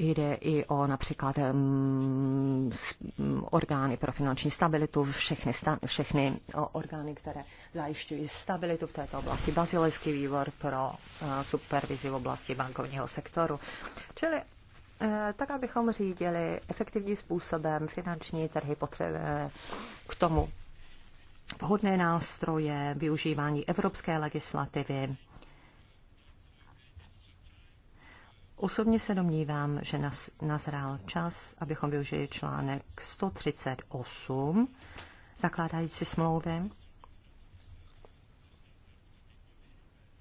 Speaker 4: Jde i o například mm, mm, orgány pro finanční stabilitu, všechny, sta, všechny orgány, které zajišťují stabilitu v této oblasti, bazilejský výbor pro eh, supervizi v oblasti bankovního sektoru. Čili eh, tak abychom řídili efektivním způsobem finanční trhy potřebujeme eh, k tomu vhodné nástroje, využívání evropské legislativy, Osobně se domnívám, že nas, nazrál čas, abychom využili článek 138 zakládající smlouvy.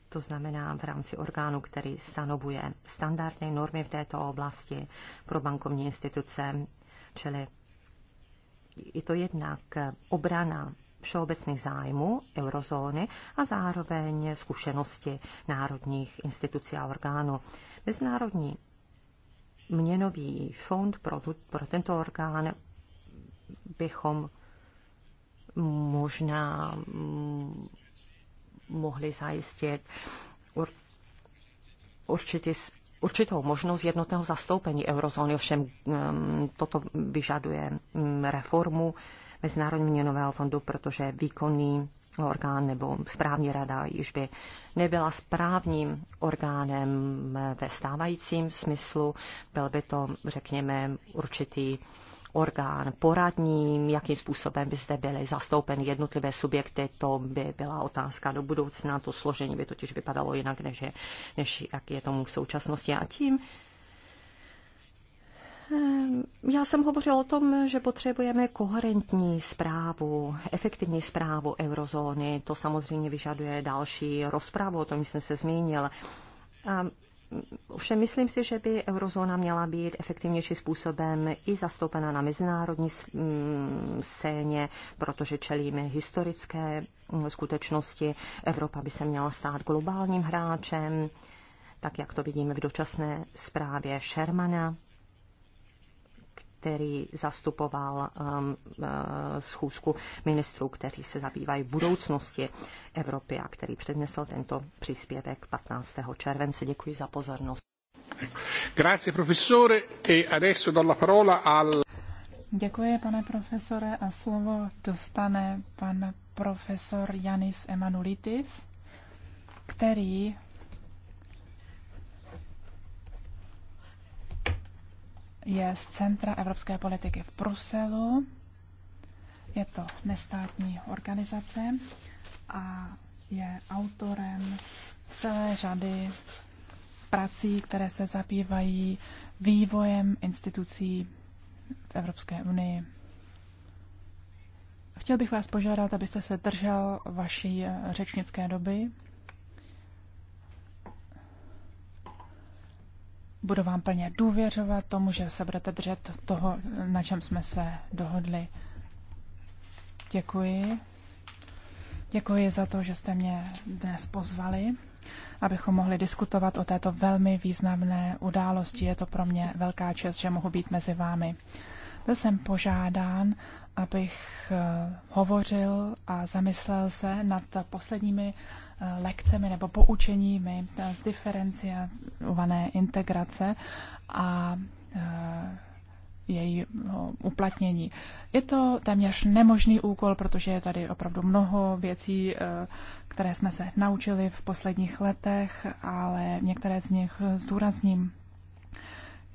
Speaker 4: To znamená v rámci orgánu, který stanovuje standardní normy v této oblasti pro bankovní instituce, čili je to jednak obrana všeobecných zájmů eurozóny a zároveň zkušenosti národních institucí a orgánů. Mezinárodní měnový fond pro, tu, pro tento orgán bychom možná mm, mohli zajistit ur, určitý určitou možnost jednotného zastoupení eurozóny, ovšem mm, toto vyžaduje mm, reformu Mezinárodního měnového fondu, protože výkonný orgán nebo správní rada již by nebyla správním orgánem ve stávajícím smyslu. Byl by to, řekněme, určitý orgán poradním, jakým způsobem by zde byly zastoupeny jednotlivé subjekty, to by byla otázka do budoucna, to složení by totiž vypadalo jinak, než, je, než jak je tomu v současnosti. A tím Ehm, já jsem hovořila o tom, že potřebujeme koherentní zprávu, efektivní zprávu eurozóny. To samozřejmě vyžaduje další rozpravu, o tom jsem se zmínil. A ehm, Ovšem myslím si, že by eurozóna měla být efektivnější způsobem i zastoupena na mezinárodní mm, scéně, protože čelíme historické mm, skutečnosti. Evropa by se měla stát globálním hráčem, tak jak to vidíme v dočasné zprávě Shermana který zastupoval um, uh, schůzku ministrů, kteří se zabývají budoucnosti Evropy a který přednesl tento příspěvek 15. července. Děkuji za pozornost.
Speaker 1: Grazie professore e adesso do la parola
Speaker 4: al
Speaker 2: Děkuji, pane profesore, a slovo dostane pan profesor Janis Emanulitis, který je z Centra evropské politiky v Bruselu. Je to nestátní organizace a je autorem celé řady prací, které se zabývají vývojem institucí v Evropské unii. Chtěl bych vás požádat, abyste se držel vaší řečnické doby, Budu vám plně důvěřovat tomu, že se budete držet toho, na čem jsme se dohodli. Děkuji. Děkuji za to, že jste mě dnes pozvali, abychom mohli diskutovat o této velmi významné události. Je to pro mě velká čest, že mohu být mezi vámi. Byl jsem požádán, abych eh, hovořil a zamyslel se nad posledními Eh, lekcemi nebo poučeními eh, z diferenciované integrace a eh, její no, uplatnění. Je to téměř nemožný úkol, protože je tady opravdu mnoho věcí, které jsme se naučili v posledních letech, ale některé z nich zdůrazním.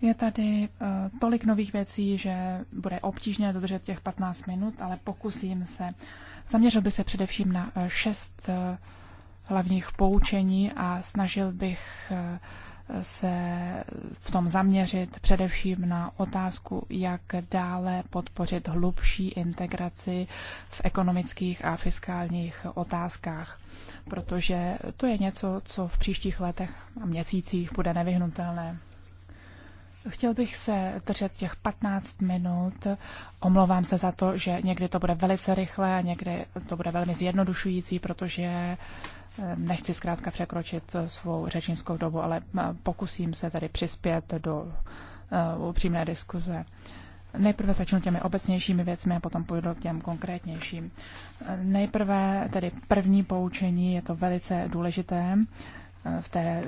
Speaker 2: Je tady tolik nových věcí, že bude obtížné dodržet těch 15 minut, ale pokusím se. Zaměřil by se především na šest hlavních poučení a snažil bych eh, se v tom zaměřit především na otázku, jak dále podpořit hlubší integraci v ekonomických a fiskálních otázkách, protože to je něco, co v příštích letech a měsících bude nevyhnutelné. Chtěl bych se držet těch 15 minut. Omlouvám se za to, že někdy to bude velice rychlé a někdy to bude velmi zjednodušující, protože Nechci zkrátka překročit svou řečnickou dobu, ale pokusím se tady přispět do e, upřímné diskuze. Nejprve začnu těmi obecnějšími věcmi a potom půjdu k těm konkrétnějším. Nejprve tedy první poučení, je to velice důležité e, v té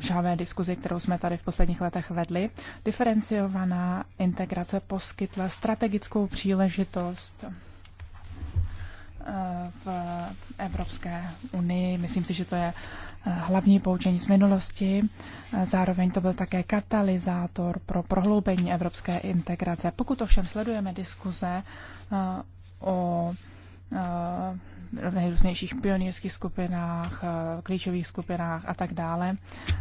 Speaker 2: žávé diskuzi, kterou jsme tady v posledních letech vedli. Diferenciovaná integrace poskytla strategickou příležitost v Evropské unii. Myslím si, že to je eh, hlavní poučení z minulosti. Zároveň to byl také katalyzátor pro prohloubení evropské integrace. Pokud ovšem sledujeme diskuze eh, o eh, nejrůznějších pionýrských skupinách, klíčových skupinách a tak dále,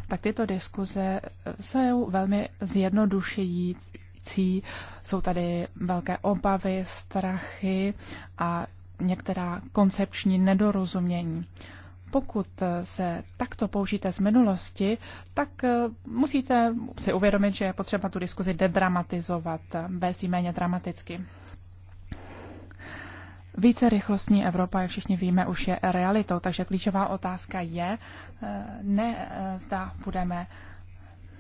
Speaker 2: tak tyto diskuze jsou velmi zjednodušující. Jsou tady velké obavy, strachy a některá koncepční nedorozumění. Pokud se takto použijete z minulosti, tak eh, musíte si uvědomit, že je potřeba tu diskuzi dedramatizovat, vést ji méně dramaticky. Více rychlostní Evropa, jak všichni víme, už je realitou, takže klíčová otázka je, eh, ne eh, zda budeme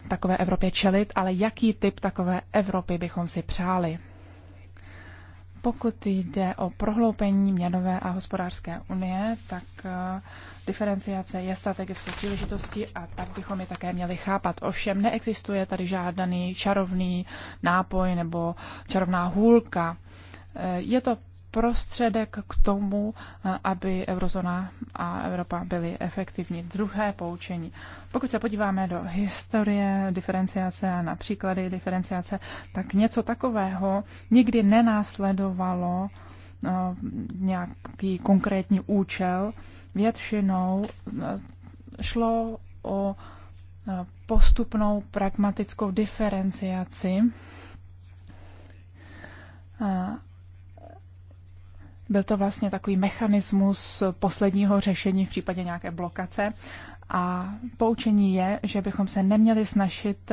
Speaker 2: takové Evropě čelit, ale jaký typ takové Evropy bychom si přáli. Pokud jde o prohloupení měnové a hospodářské unie, tak eh, diferenciace je strategickou příležitostí a tak bychom je také měli chápat. Ovšem neexistuje tady žádný čarovný nápoj nebo čarovná hůlka. Eh, je to prostředek k tomu, eh, aby eurozona a Evropa byly efektivní. Druhé poučení. Pokud se podíváme do historie diferenciace a na příklady diferenciace, tak něco takového nikdy nenásledovalo eh, nějaký konkrétní účel. Většinou eh, šlo o postupnou pragmatickou diferenciaci byl to vlastně takový mechanismus posledního řešení v případě nějaké blokace. A poučení je, že bychom se neměli snažit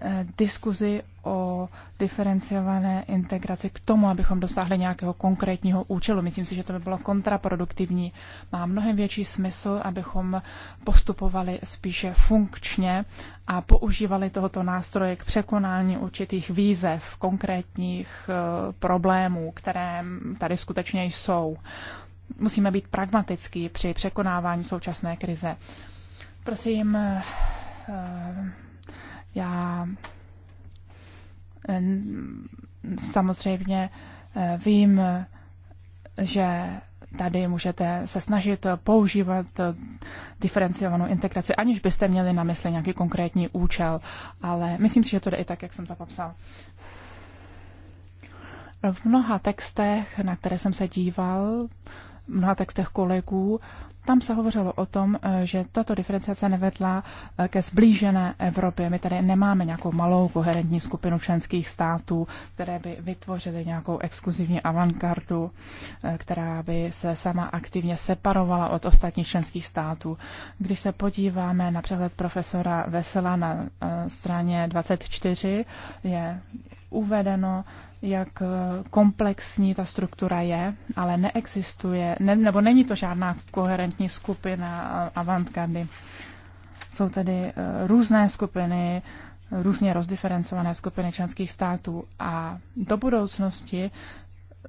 Speaker 2: Eh, diskuzi o diferenciované integraci k tomu, abychom dosáhli nějakého konkrétního účelu. Myslím si, že to by bylo kontraproduktivní. Má mnohem větší smysl, abychom postupovali spíše funkčně a používali tohoto nástroje k překonání určitých výzev, konkrétních eh, problémů, které tady skutečně jsou. Musíme být pragmatický při překonávání současné krize. Prosím, eh, já eh, samozřejmě eh, vím, že tady můžete se snažit používat eh, diferenciovanou integraci, aniž byste měli na mysli nějaký konkrétní účel, ale myslím si, že to jde i tak, jak jsem to popsal. V mnoha textech, na které jsem se díval, v mnoha textech kolegů, tam se hovořilo o tom, eh, že tato diferenciace nevedla eh, ke zblížené Evropě. My tady nemáme nějakou malou koherentní skupinu členských států, které by vytvořily nějakou exkluzivní avantgardu, eh, která by se sama aktivně separovala od ostatních členských států. Když se podíváme na přehled profesora Vesela na straně 24, je uvedeno, jak eh, komplexní ta struktura je, ale neexistuje, ne, nebo není to žádná koherentní skupina eh, avantgardy. Jsou tedy eh, různé skupiny, různě rozdiferencované skupiny členských států a do budoucnosti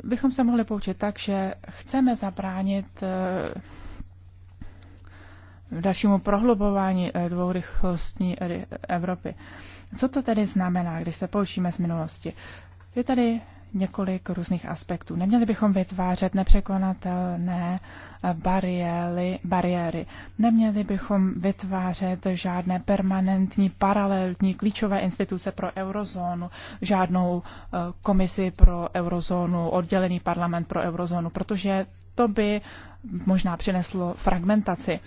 Speaker 2: bychom se mohli poučit tak, že chceme zabránit dalšímu prohlubování dvourychlostní Evropy. Co to tedy znamená, když se poučíme z minulosti? Je tady několik různých aspektů. Neměli bychom vytvářet nepřekonatelné bariéry, bariéry. Neměli bychom vytvářet žádné permanentní, paralelní, klíčové instituce pro eurozónu, žádnou eh, komisi pro eurozónu, oddělený parlament pro eurozónu, protože to by možná přineslo fragmentaci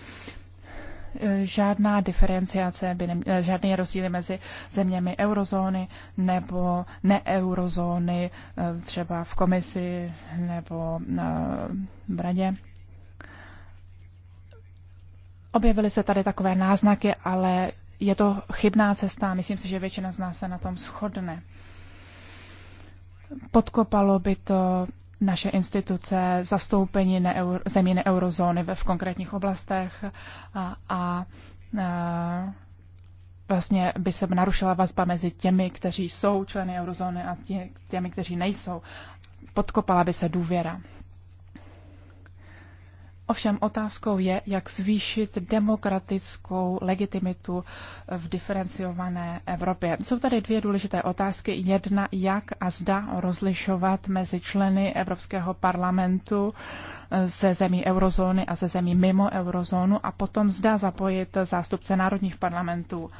Speaker 2: žádná diferenciace, by nem, eh, žádné rozdíly mezi zeměmi eurozóny nebo neeurozóny, eh, třeba v komisi nebo eh, v radě. Objevily se tady takové náznaky, ale je to chybná cesta. Myslím si, že většina z nás se na tom shodne. Podkopalo by to naše instituce, zastoupení neeur, zemí neurozóny v konkrétních oblastech a, a vlastně by se narušila vazba mezi těmi, kteří jsou členy eurozóny a tě, těmi, kteří nejsou. Podkopala by se důvěra. Ovšem otázkou je, jak zvýšit demokratickou legitimitu v diferenciované Evropě. Jsou tady dvě důležité otázky. Jedna, jak a zda rozlišovat mezi členy Evropského parlamentu ze zemí eurozóny a ze zemí mimo eurozónu a potom zda zapojit zástupce národních parlamentů.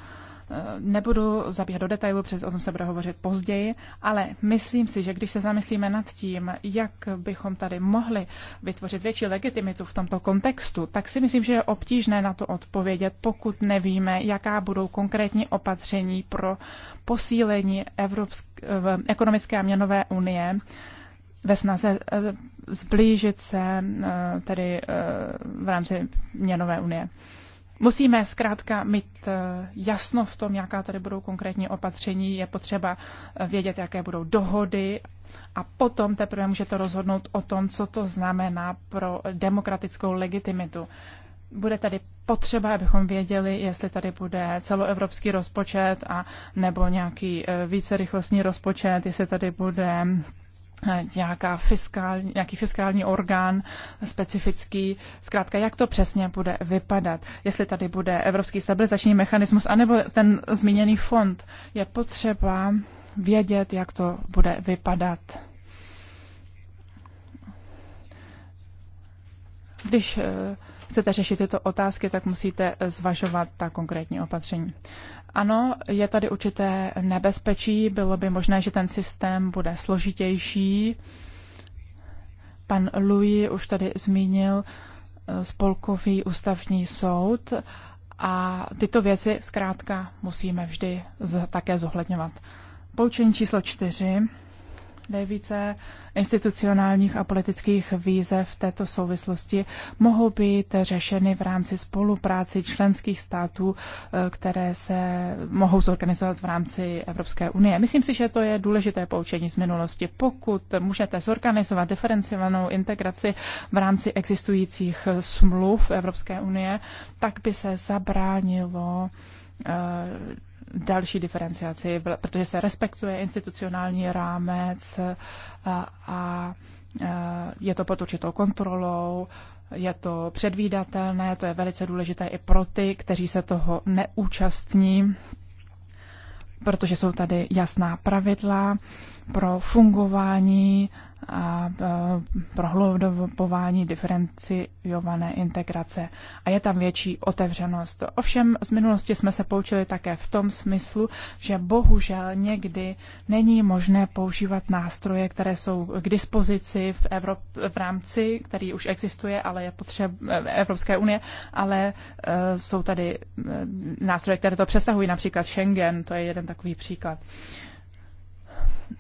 Speaker 2: Nebudu zabíhat do detailu, protože o tom se bude hovořit později, ale myslím si, že když se zamyslíme nad tím, jak bychom tady mohli vytvořit větší legitimitu v tomto kontextu, tak si myslím, že je obtížné na to odpovědět, pokud nevíme, jaká budou konkrétní opatření pro posílení Evropské, ekonomické a měnové unie ve snaze eh, zblížit se eh, tedy eh, v rámci měnové unie. Musíme zkrátka mít eh, jasno v tom, jaká tady budou konkrétní opatření. Je potřeba eh, vědět, jaké budou dohody a potom teprve můžete rozhodnout o tom, co to znamená pro demokratickou legitimitu. Bude tady potřeba, abychom věděli, jestli tady bude celoevropský rozpočet a nebo nějaký eh, vícerychlostní rozpočet, jestli tady bude nějaká fiskál, nějaký fiskální orgán specifický. Zkrátka, jak to přesně bude vypadat? Jestli tady bude Evropský stabilizační mechanismus, anebo ten zmíněný fond. Je potřeba vědět, jak to bude vypadat. Když eh, chcete řešit tyto otázky, tak musíte zvažovat ta konkrétní opatření. Ano, je tady určité nebezpečí, bylo by možné, že ten systém bude složitější. Pan Louis už tady zmínil eh, spolkový ústavní soud a tyto věci zkrátka musíme vždy také zohledňovat. Poučení číslo čtyři. Nejvíce institucionálních a politických výzev v této souvislosti mohou být řešeny v rámci spolupráci členských států, eh, které se mohou zorganizovat v rámci Evropské unie. Myslím si, že to je důležité poučení z minulosti. Pokud můžete zorganizovat diferencovanou integraci v rámci existujících smluv Evropské unie, tak by se zabránilo eh, další diferenciaci, protože se respektuje institucionální rámec a, a je to pod určitou kontrolou, je to předvídatelné, to je velice důležité i pro ty, kteří se toho neúčastní, protože jsou tady jasná pravidla pro fungování a prohloubování diferenciované integrace a je tam větší otevřenost. Ovšem z minulosti jsme se poučili také v tom smyslu, že bohužel někdy není možné používat nástroje, které jsou k dispozici v, Evrop- v rámci, který už existuje, ale je potřeb Evropské unie, ale e, jsou tady e, nástroje, které to přesahují, například Schengen, to je jeden takový příklad.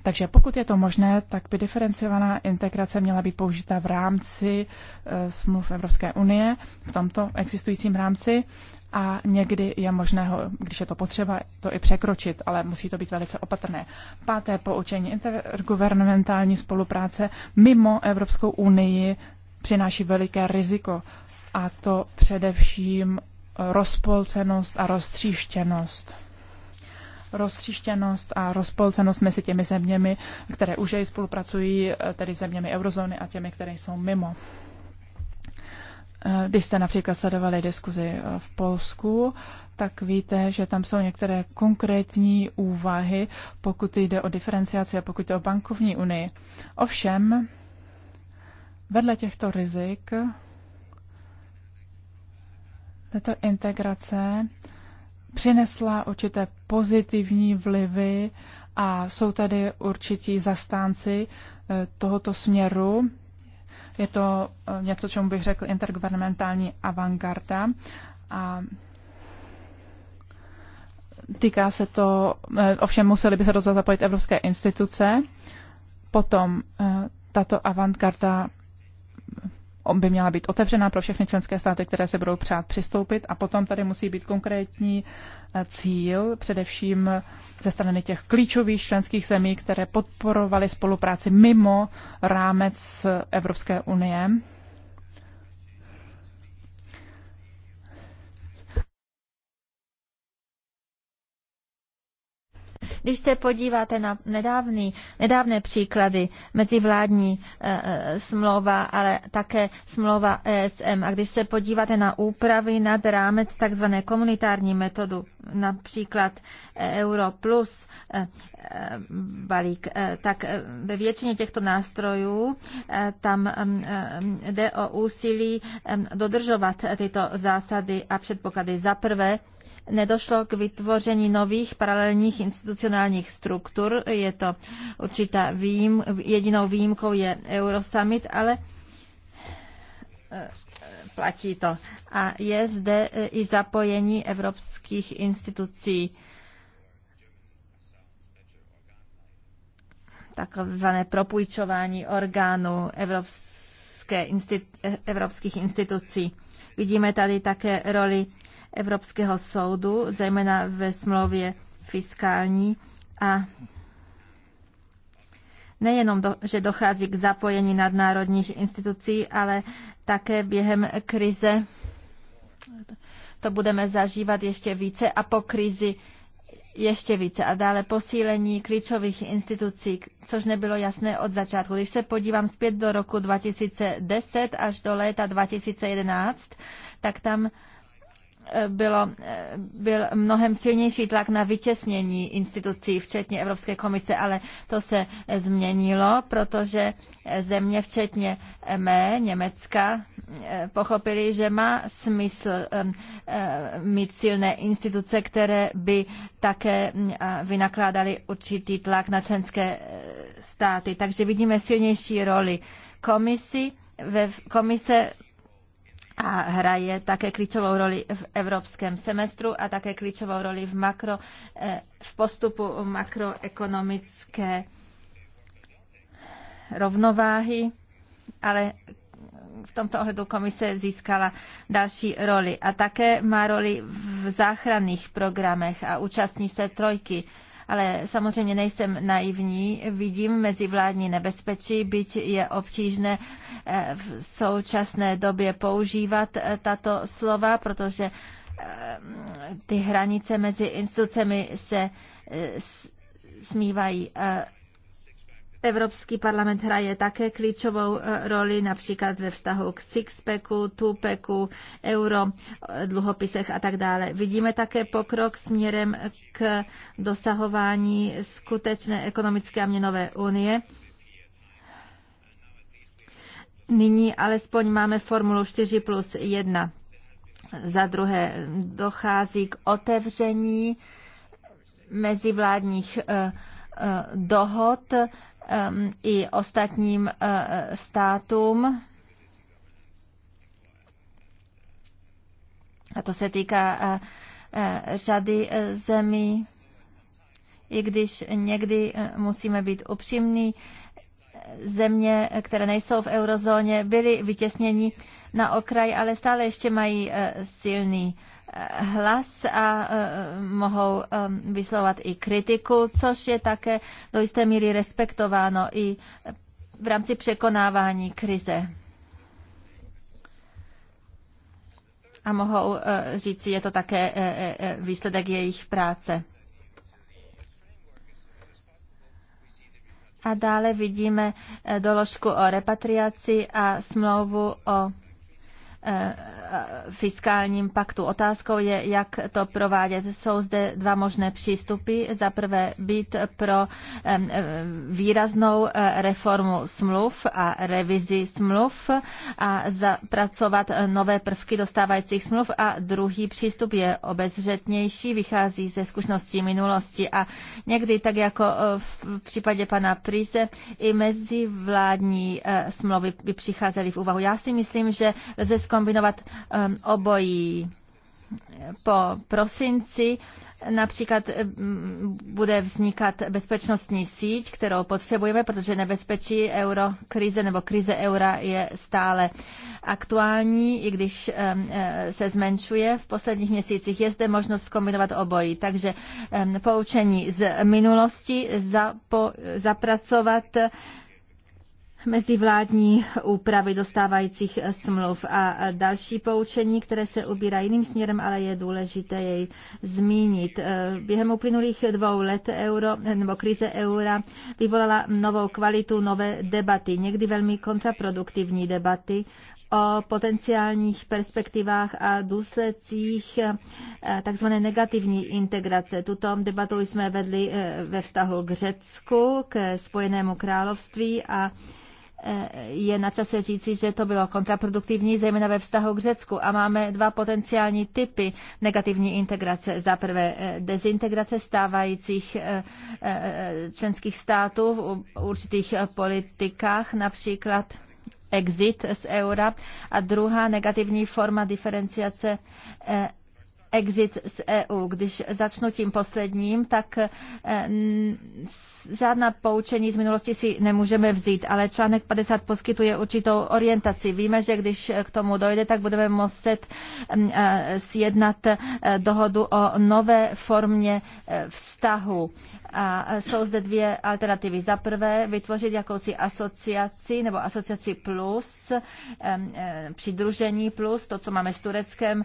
Speaker 2: Takže pokud je to možné, tak by diferencovaná integrace měla být použita v rámci e, smluv Evropské unie, v tomto existujícím rámci a někdy je možné, ho, když je to potřeba, to i překročit, ale musí to být velice opatrné. Páté poučení intergovernmentální spolupráce mimo Evropskou unii přináší veliké riziko a to především rozpolcenost a roztříštěnost roztříštěnost a rozpolcenost mezi těmi zeměmi, které už jej spolupracují, eh, tedy zeměmi eurozóny a těmi, které jsou mimo. Eh, když jste například sledovali diskuzi eh, v Polsku, tak víte, že tam jsou některé konkrétní úvahy, pokud jde o diferenciaci a pokud jde o bankovní unii. Ovšem, vedle těchto rizik, tato integrace přinesla určité pozitivní vlivy a jsou tady určití zastánci eh, tohoto směru. Je to eh, něco, čemu bych řekl intergovernmentální avantgarda a týká se to, eh, ovšem museli by se do toho zapojit evropské instituce. Potom tato avantgarda by měla být otevřená pro všechny členské státy, které se budou přát přistoupit a potom tady musí být konkrétní eh, cíl, především ze strany těch klíčových členských zemí, které podporovaly spolupráci mimo rámec Evropské unie
Speaker 3: Když se podíváte na nedávný, nedávné příklady vládní e, eh, eh, smlouva, ale také smlouva ESM, a když se podíváte na úpravy nad rámec takzvané komunitární metodu, například e Euro plus, eh, Eh, balík, eh, tak eh, ve většině těchto nástrojů tam mm, jde o úsilí dodržovat tyto zásady a předpoklady. Za prvé, nedošlo k vytvoření nových paralelních institucionálních struktur. Je to určitá výjim, jedinou výjimkou je Eurosummit, ale platí to. A je zde i zapojení evropských institucí takzvané propůjčování orgánů evropské institu- evropských institucí. Vidíme tady také roli Evropského soudu, zejména ve smlouvě fiskální a nejenom, do, že dochází k zapojení nadnárodních institucí, ale také během krize to budeme zažívat ještě více a po krizi ještě více a dále posílení klíčových institucí, což nebylo jasné od začátku. Když se podívám zpět do roku 2010 až do léta 2011, tak tam bylo, byl mnohem silnější tlak na vytěsnění institucí, včetně Evropské komise, ale to se změnilo, protože země, včetně mé, Německa, pochopili, že má smysl mít silné instituce, které by také mm, vynakládaly určitý tlak na členské e, státy. Takže vidíme silnější roli komisi, ve komise a hraje také klíčovou roli v evropském semestru a také klíčovou roli v, makro, eh, v postupu makroekonomické rovnováhy, ale v tomto ohledu komise získala další roli. A také má roli v záchranných programech a účastní se trojky ale samozřejmě nejsem naivní, vidím mezivládní nebezpečí, byť je obtížné eh, v současné době používat eh, tato slova, protože eh, ty hranice mezi institucemi se smívají Evropský parlament hraje také klíčovou eh, roli například ve vztahu k Sixpacku, Tupeku, euro, eh, dluhopisech a tak dále. Vidíme také pokrok směrem k dosahování skutečné ekonomické a měnové unie. Nyní alespoň máme formulu 4 plus 1. Za druhé dochází k otevření mezivládních eh, dohod Um, i ostatním uh, státům. A to se týká uh, uh, řady zemí, i když někdy musíme být upřímní, země, které nejsou v eurozóně, byly vytěsněni na okraj, ale stále ještě mají silný hlas a e, mohou e, vyslovat i kritiku, což je také do jisté míry respektováno i v rámci překonávání krize. A mohou e, říct, je to také výsledek jejich práce. A dále vidíme doložku o repatriaci a smlouvu o Eh, fiskálním paktu. Otázkou je, jak to provádět. Jsou zde dva možné přístupy. Za prvé být pro eh, výraznou eh, reformu smluv a revizi smluv a zapracovat nové prvky dostávajících smluv a druhý přístup je obezřetnější, vychází ze zkušeností minulosti a někdy tak jako v případě pana Prise i mezi vládní smlouvy by přicházely v úvahu. Já si myslím, že lze skombinovat ehm, obojí po prosinci například ehm, bude vznikat bezpečnostní síť, kterou potřebujeme, protože nebezpečí eurokrize nebo krize eura je stále aktuální, i když ehm, eh, se zmenšuje v posledních měsících. Je zde možnost kombinovat obojí, takže poučení z minulosti zapo, zapracovat mezivládní úpravy dostávajících eh, smluv a další poučení, které se ubírá jiným směrem, ale je důležité jej zmínit. Eh, Během uplynulých dvou let euro, eh, nebo krize eura vyvolala novou kvalitu, nové debaty, někdy velmi kontraproduktivní debaty o potenciálních perspektivách a důsledcích tzv. negativní integrace. Tuto debatu jsme vedli ve vztahu k Řecku, k Spojenému království a je na čase říci, že to bylo kontraproduktivní, zejména ve vztahu k Řecku. A máme dva potenciální typy negativní integrace. Za prvé eh, dezintegrace stávajících eh, eh, členských států v určitých politikách, například exit z eura a druhá negativní forma diferenciace exit z EU. Když začnu tím posledním, tak eh, žádná poučení z minulosti si nemůžeme vzít, ale článek 50 poskytuje určitou orientaci. Víme, že když k tomu dojde, tak budeme muset mm, eh, sjednat eh, dohodu o nové formě vztahu. A jsou zde dvě alternativy. Za prvé vytvořit jakousi asociaci nebo asociaci plus, přidružení plus, to, co máme s Tureckem,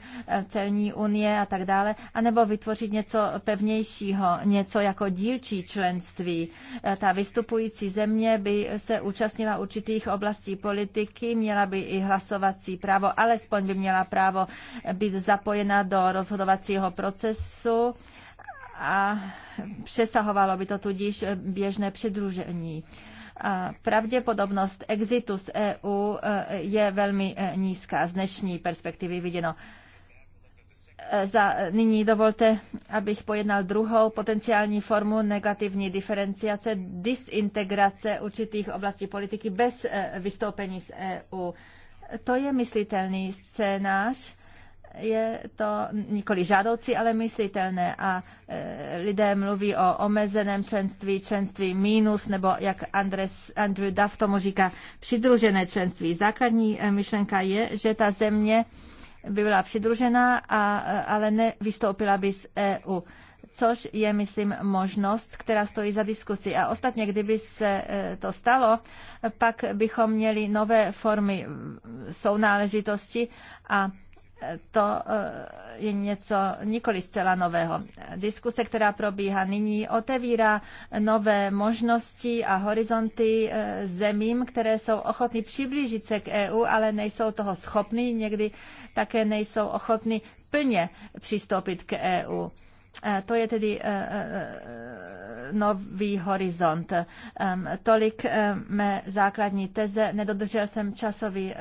Speaker 3: celní unie a tak dále, anebo vytvořit něco pevnějšího, něco jako dílčí členství. E, ta vystupující země by se účastnila určitých oblastí politiky, měla by i hlasovací právo, alespoň by měla právo být zapojena do rozhodovacího procesu a přesahovalo by to tudíž běžné předružení. A pravděpodobnost exitu z EU e, je velmi e, nízká z dnešní perspektivy viděno. Eh, za, nyní dovolte, abych pojednal druhou potenciální formu negativní diferenciace, disintegrace určitých oblastí politiky bez eh, vystoupení z EU. To je myslitelný scénář, je to nikoli žádoucí, ale myslitelné a eh, lidé mluví o omezeném členství, členství mínus, nebo jak Andres, Andrew Duff tomu říká, přidružené členství. Základní myšlenka je, že ta země by byla přidružena, a, ale nevystoupila by z EU což je, myslím, možnost, která stojí za diskusi. A ostatně, kdyby se e, to stalo, pak bychom měli nové formy sounáležitosti a to eh, je něco nikoli zcela nového. Diskuse, která probíhá nyní, otevírá nové možnosti a horizonty eh, zemím, které jsou ochotny přiblížit se k EU, ale nejsou toho schopny, někdy také nejsou ochotny plně přistoupit k EU. Eh, to je tedy eh, eh, nový horizont. Tolik mé základní teze. Nedodržel jsem časový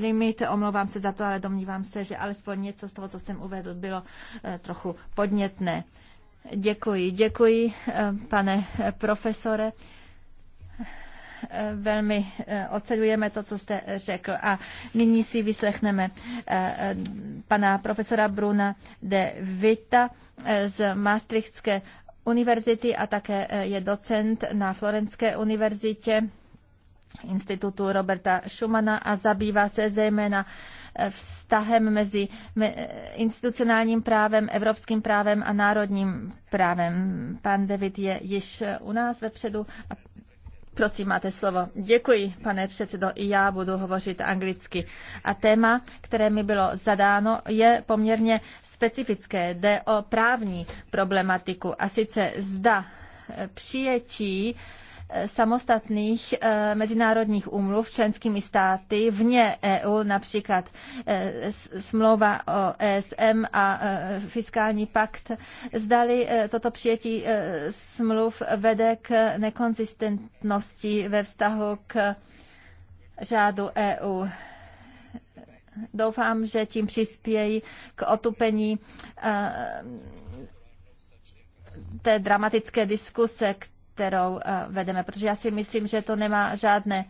Speaker 3: limit, omlouvám se za to, ale domnívám se, že alespoň něco z toho, co jsem uvedl, bylo trochu podnětné. Děkuji, děkuji, pane profesore. Eh, velmi eh, oceňujeme to, co jste řekl. A nyní si vyslechneme eh, pana profesora Bruna de Vita z Maastrichtské univerzity a také je docent na Florenské univerzitě institutu Roberta Schumana a zabývá se zejména vztahem mezi institucionálním právem, evropským právem a národním právem. Pan David je již u nás vepředu a Prosím, máte slovo. Děkuji, pane předsedo. I já budu hovořit anglicky. A téma, které mi bylo zadáno, je poměrně specifické. Jde o právní problematiku. A sice zda přijetí uh, samostatných eh, mezinárodních úmluv členskými státy vně EU, například eh, smlouva o ESM a eh, fiskální pakt. Zdali toto přijetí smluv vede k nekonzistentnosti ve vztahu k řádu EU. Doufám, že tím přispějí k otupení té dramatické diskuse, kterou eh, vedeme, protože já si myslím, že to nemá žádné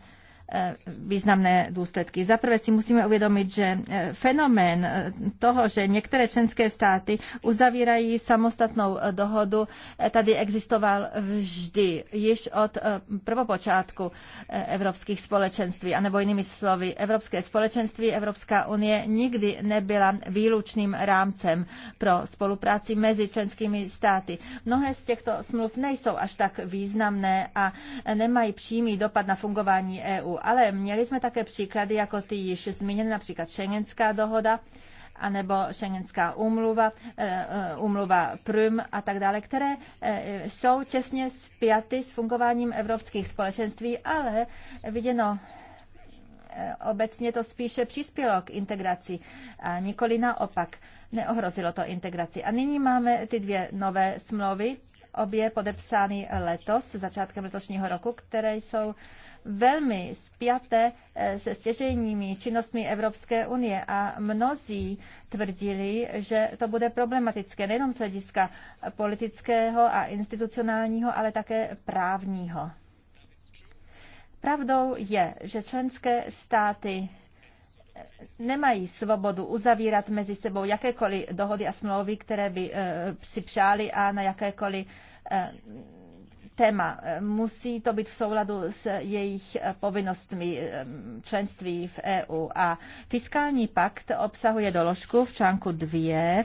Speaker 3: Eh, významné důsledky. Zaprvé si musíme uvědomit, že eh, fenomén eh, toho, že některé členské státy uzavírají samostatnou dohodu, tady existoval vždy, již od prvopočátku evropských společenství, anebo jinými slovy, Evropské společenství, Evropská unie nikdy nebyla výlučným rámcem pro spolupráci mezi členskými státy. Mnohé z těchto smluv nejsou až tak významné a nemají přímý dopad na fungování EU. Ale měli jsme také příklady, jako ty již zmíněné, například Schengenská dohoda, anebo Schengenská úmluva, eh, eh, úmluva Prüm a tak dále, které eh, jsou těsně spjaty s fungováním evropských společenství, ale viděno obecně to spíše přispělo k integraci, a nikoli naopak. Neohrozilo to integraci. A nyní máme ty dvě nové smlouvy, obě podepsány letos, začátkem letošního roku, které jsou velmi spjaté eh, se stěžejními činnostmi Evropské unie a mnozí tvrdili, že to bude problematické nejenom z hlediska politického a institucionálního, ale také právního. Pravdou je, že členské státy eh, nemají svobodu uzavírat mezi sebou jakékoliv dohody a smlouvy, které by eh, si přáli a na jakékoliv téma. Musí to být v souladu s jejich povinnostmi eh, členství v EU. A fiskální pakt obsahuje doložku v článku 2,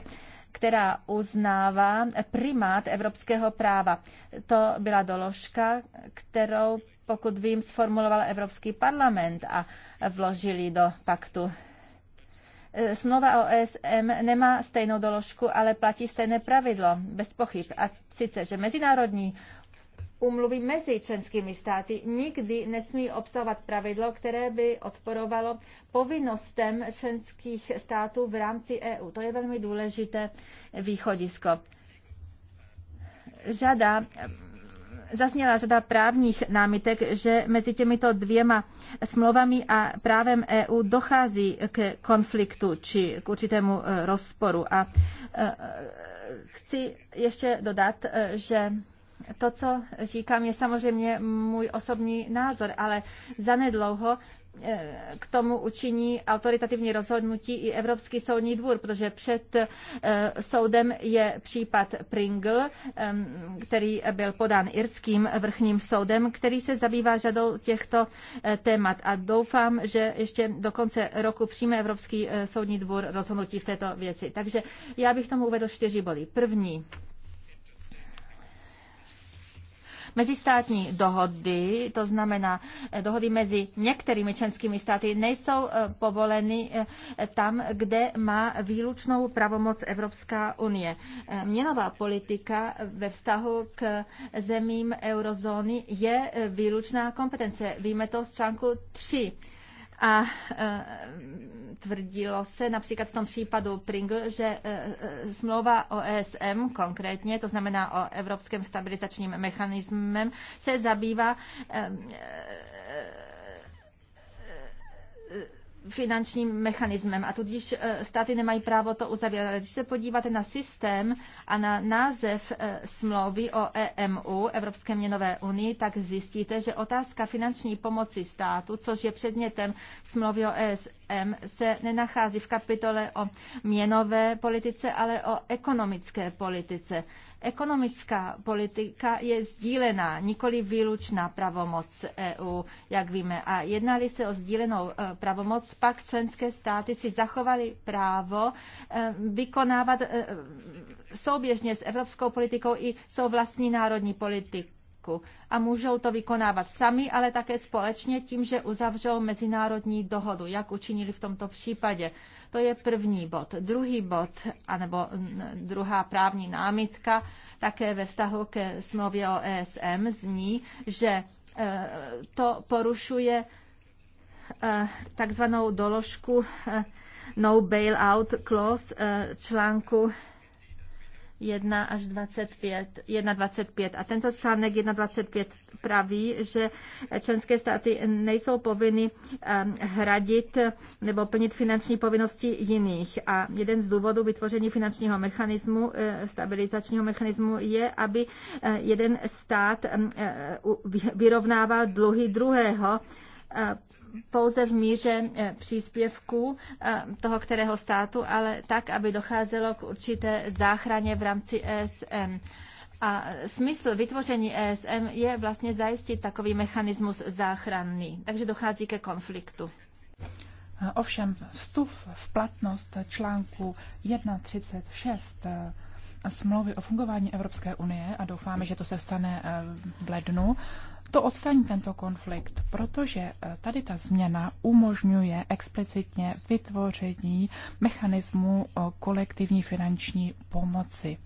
Speaker 3: která uznává primát evropského práva. To byla doložka, kterou, pokud vím, sformuloval Evropský parlament a vložili do paktu eh, Smlouva o ESM nemá stejnou doložku, ale platí stejné pravidlo, bez pochyb. A sice, že mezinárodní umluvy mezi členskými státy nikdy nesmí obsahovat pravidlo, které by odporovalo povinnostem členských států v rámci EU. To je velmi důležité východisko. Žada zazněla řada právních námitek, že mezi těmito dvěma smlouvami a právem EU dochází k konfliktu či k určitému eh, rozporu. A eh, chci ještě dodat, eh, že to, co říkám, je samozřejmě můj osobní názor, ale zanedlouho eh, k tomu učiní autoritativní rozhodnutí i Evropský soudní dvůr, protože před eh, soudem je případ Pringle, který byl podán irským vrchním soudem, který se zabývá řadou těchto eh, témat. A doufám, že ještě do konce roku přijme Evropský soudní dvůr rozhodnutí v této věci. Takže já bych tomu uvedl čtyři body. První, Mezistátní dohody, to znamená eh, dohody mezi některými členskými státy, nejsou eh, povoleny eh, tam, kde má výlučnou pravomoc Evropská unie. Měnová politika ve vztahu k zemím eurozóny je výlučná kompetence. Víme to z článku 3 a e, tvrdilo se například v tom případu Pringle, že e, e, smlouva o ESM konkrétně, to znamená o Evropském stabilizačním mechanismem, se zabývá finančním mechanismem a tudíž eh, státy nemají právo to uzavírat. Ale když se podíváte na systém a na název eh, smlouvy o EMU, Evropské měnové unii, tak zjistíte, že otázka finanční pomoci státu, což je předmětem smlouvy o ESM, se nenachází v kapitole o měnové politice, ale o ekonomické politice. Ekonomická politika je sdílená, nikoli výlučná pravomoc EU, jak víme. A jednali se o sdílenou e, pravomoc, pak členské státy si zachovali právo e, vykonávat e, souběžně s evropskou politikou i svou vlastní národní politiku majetku. A můžou to vykonávat sami, ale také společně tím, že uzavřou mezinárodní dohodu, jak učinili v tomto případě. To je první bod. Druhý bod, anebo druhá právní námitka, také ve vztahu ke smlouvě o ESM, zní, že e, to porušuje e, takzvanou doložku e, no bailout clause článku 1 až 25, 1,25. A tento článek 1,25 praví, že členské státy nejsou povinny ehm, hradit nebo plnit finanční povinnosti jiných. A jeden z důvodů vytvoření finančního mechanismu, eh, stabilizačního mechanismu je, aby eh, jeden stát ehm, eh, vyrovnával dluhy druhého pouze v míře eh, příspěvku eh, toho kterého státu, ale tak, aby docházelo k určité záchraně v rámci ESM. A smysl vytvoření ESM je vlastně zajistit takový mechanismus záchranný. Takže dochází ke konfliktu.
Speaker 2: Ovšem vstup v platnost článku 136 eh, smlouvy o fungování Evropské unie a doufáme, že to se stane v lednu, to odstraní tento konflikt, protože eh, tady ta změna umožňuje explicitně vytvoření mechanismu eh, kolektivní finanční pomoci.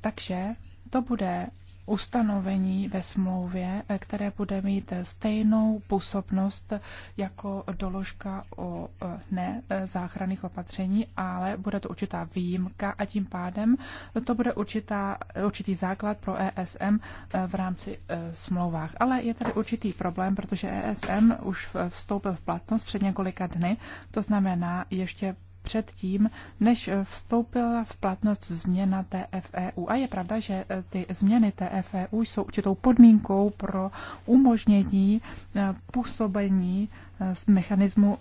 Speaker 2: Takže to bude ustanovení ve smlouvě, eh, které bude mít stejnou působnost jako doložka o eh, ne eh, záchranných opatření, ale bude to určitá výjimka a tím pádem to bude určitá, určitý základ pro ESM v rámci smlouvách. Ale je tady určitý problém, protože ESM už vstoupil v platnost před několika dny, to znamená ještě předtím, než eh, vstoupila v platnost změna TFEU. A je pravda, že eh, ty změny TFEU jsou určitou podmínkou pro umožnění eh, působení z mechanismu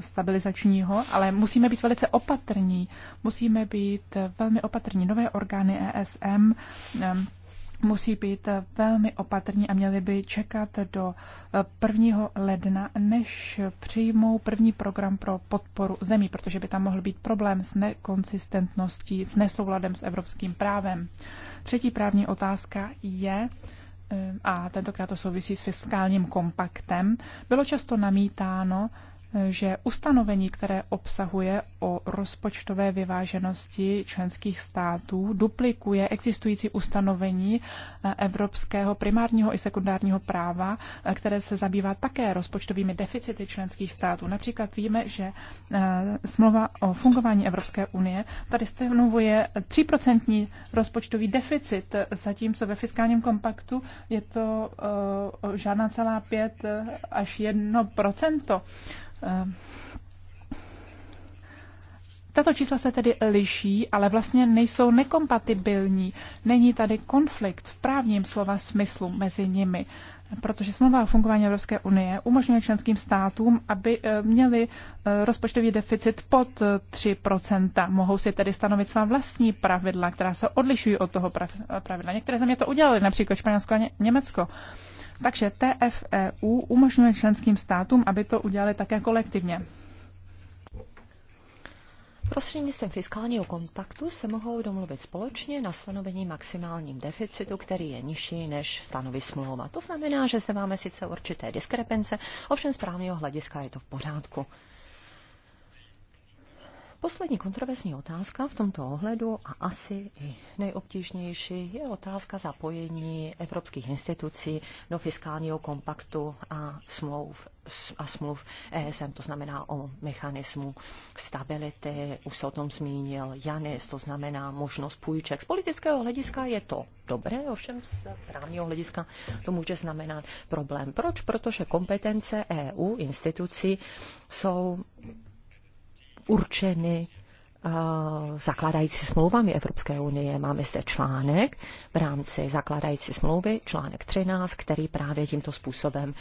Speaker 2: stabilizačního, ale musíme být velice opatrní. Musíme být velmi opatrní. Nové orgány ESM musí být velmi opatrní a měli by čekat do 1. Eh, ledna, než přijmou první program pro podporu zemí, protože by tam mohl být problém s nekonsistentností, s nesouladem s evropským právem. Třetí právní otázka je, eh, a tentokrát to souvisí s fiskálním kompaktem, bylo často namítáno, že ustanovení, které obsahuje o rozpočtové vyváženosti členských států, duplikuje existující ustanovení eh, evropského primárního i sekundárního práva, eh, které se zabývá také rozpočtovými deficity členských států. Například víme, že eh, smlouva o fungování Evropské unie tady stanovuje 3% rozpočtový deficit, zatímco ve fiskálním kompaktu je to žádná celá 5 až 1%. Eh, tato čísla se tedy liší, ale vlastně nejsou nekompatibilní. Není tady konflikt v právním slova smyslu mezi nimi, protože smlouva o fungování Evropské unie umožňuje členským státům, aby eh, měli eh, rozpočtový deficit pod 3 Mohou si tedy stanovit svá vlastní pravidla, která se odlišují od toho pravidla. Některé země to udělaly, například Španělsko a Německo. Takže TFEU umožňuje členským státům, aby to udělali také kolektivně.
Speaker 4: Prostřednictvím fiskálního kompaktu se mohou domluvit společně na stanovení maximálním deficitu, který je nižší než stanoví smlouva. To znamená, že zde máme sice určité diskrepence, ovšem z právního hlediska je to v pořádku. Poslední kontroverzní otázka v tomto ohledu a asi i nejobtížnější je otázka zapojení evropských institucí do fiskálního kompaktu a smlouv a smluv ESM, to znamená o mechanismu stability, už se o tom zmínil Janis, to znamená možnost půjček. Z politického hlediska je to dobré, ovšem z právního hlediska to může znamenat problém. Proč? Protože kompetence EU institucí jsou určeny eh, zakladající smlouvami Evropské unie. Máme zde článek v rámci zakladající smlouvy, článek 13, který právě tímto způsobem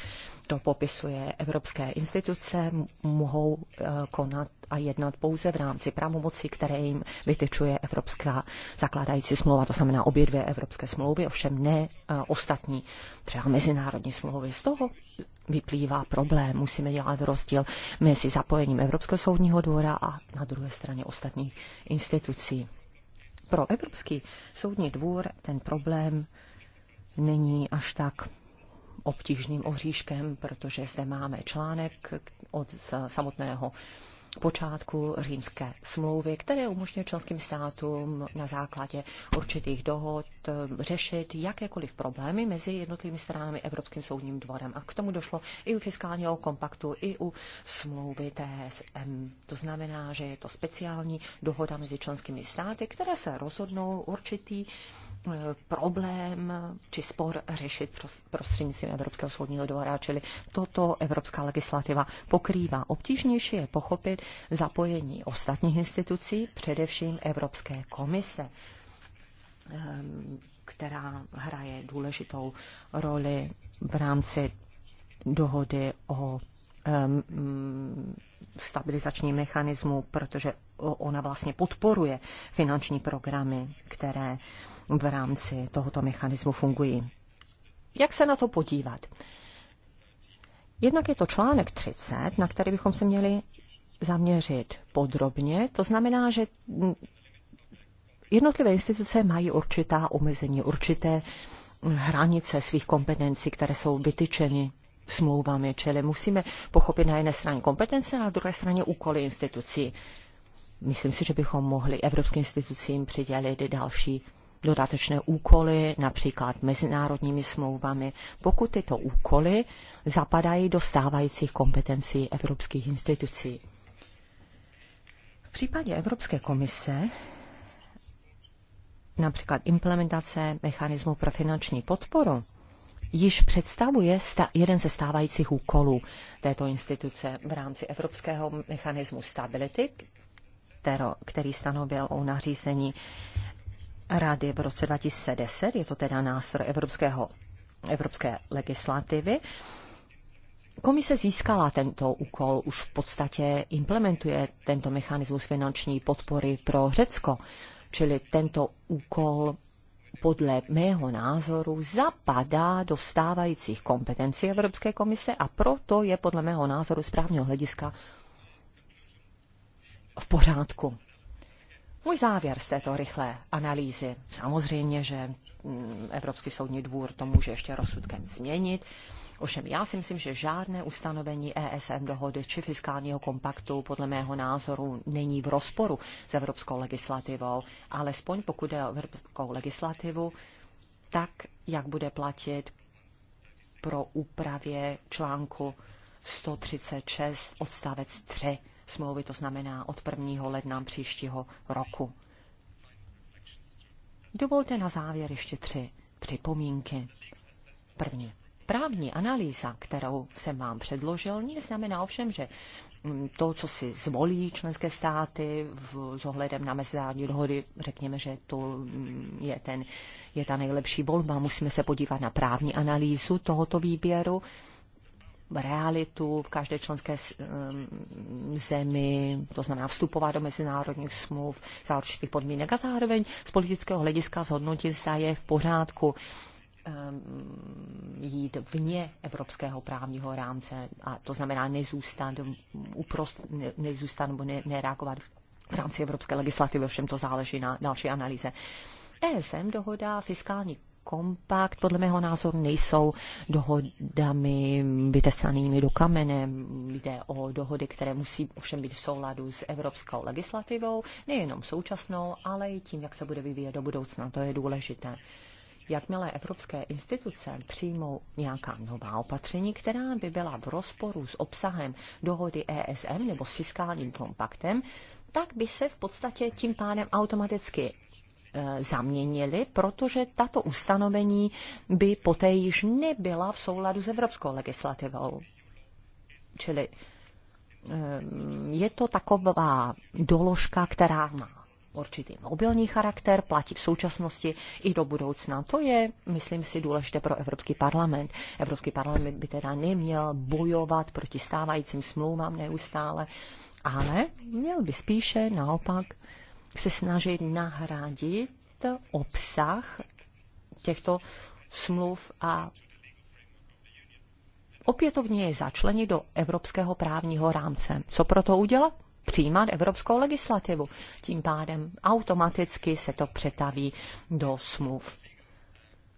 Speaker 4: to popisuje. Evropské instituce mohou eh, konat a jednat pouze v rámci pravomocí, které jim vytyčuje Evropská zakládající smlouva, to znamená obě dvě evropské smlouvy, ovšem ne eh, ostatní, třeba mezinárodní smlouvy. Z toho vyplývá problém. Musíme dělat rozdíl mezi zapojením Evropského soudního dvora a na druhé straně ostatních institucí. Pro Evropský soudní dvůr ten problém není až tak obtížným oříškem, protože zde máme článek od samotného počátku římské smlouvy, které umožňuje členským státům na základě určitých dohod eh, řešit jakékoliv problémy mezi jednotlivými stranami Evropským soudním dvorem. A k tomu došlo i u fiskálního kompaktu, i u smlouvy TSM. To znamená, že je to speciální dohoda mezi členskými státy, které se rozhodnou určitý problém či spor řešit prostřednictvím Evropského soudního dvora, čili toto evropská legislativa pokrývá. Obtížnější je pochopit zapojení ostatních institucí, především Evropské komise, eh, která hraje důležitou roli v rámci dohody o mm, stabilizační mechanismu, protože ona vlastně podporuje finanční programy, které v rámci tohoto mechanismu fungují. Jak se na to podívat? Jednak je to článek 30, na který bychom se měli zaměřit podrobně. To znamená, že jednotlivé instituce mají určitá omezení, určité hranice svých kompetencí, které jsou vytyčeny smlouvami, čili musíme pochopit na jedné straně kompetence a na druhé straně úkoly institucí. Myslím si, že bychom mohli evropským institucím přidělit další dodatečné úkoly, například mezinárodními smlouvami, pokud tyto úkoly zapadají do stávajících kompetencí evropských institucí. V případě Evropské komise například implementace mechanismu pro finanční podporu již představuje jeden ze stávajících úkolů této instituce v rámci Evropského mechanismu stability, který stanovil o nařízení Rady v roce 2010, je to teda nástroj evropského, evropské legislativy, Komise získala tento úkol, už v podstatě implementuje tento mechanismus finanční podpory pro Řecko. Čili tento úkol podle mého názoru zapadá do stávajících kompetencí Evropské komise a proto je podle mého názoru správního hlediska v pořádku. Můj závěr z této rychlé analýzy. Samozřejmě, že mm, Evropský soudní dvůr to může ještě rozsudkem změnit. Ovšem já si myslím, že žádné ustanovení ESM dohody či fiskálního kompaktu podle mého názoru není v rozporu s evropskou legislativou, alespoň pokud je o evropskou legislativu, tak, jak bude platit pro úpravě článku 136 odstavec 3 smlouvy, to znamená od 1. ledna příštího roku. Dovolte na závěr ještě tři připomínky. První. Právní analýza, kterou jsem vám předložil, neznamená ovšem, že mm, to, co si zvolí členské státy v, s ohledem na mezinárodní dohody, řekněme, že to mm, je, ten, je ta nejlepší volba. Musíme se podívat na právní analýzu tohoto výběru realitu v každé členské um, zemi, to znamená vstupovat do mezinárodních smluv za určitých podmínek a zároveň z politického hlediska zhodnotit, zda je v pořádku um, jít vně evropského právního rámce a to znamená nezůstat, uprost, nezůstat nebo ne, nereagovat v rámci evropské legislativy, ovšem to záleží na další analýze. ESM dohoda fiskální kompakt podle mého názoru nejsou dohodami vytesanými do kamene. Jde o dohody, které musí ovšem být v souladu s evropskou legislativou, nejenom současnou, ale i tím, jak se bude vyvíjet do budoucna. To je důležité jakmile evropské instituce přijmou nějaká nová opatření, která by byla v rozporu s obsahem dohody ESM nebo s fiskálním kompaktem, tak by se v podstatě tím pádem automaticky Eh, zaměnili, protože tato ustanovení by poté již nebyla v souladu s evropskou legislativou. Čili eh, je to taková doložka, která má určitý mobilní charakter, platí v současnosti i do budoucna. To je, myslím si, důležité pro Evropský parlament. Evropský parlament by teda neměl bojovat proti stávajícím smlouvám neustále, ale měl by spíše naopak se snaží nahradit obsah těchto smluv a opětovně je začlenit do evropského právního rámce. Co proto udělat? přijímat evropskou legislativu. Tím pádem automaticky se to přetaví do smluv.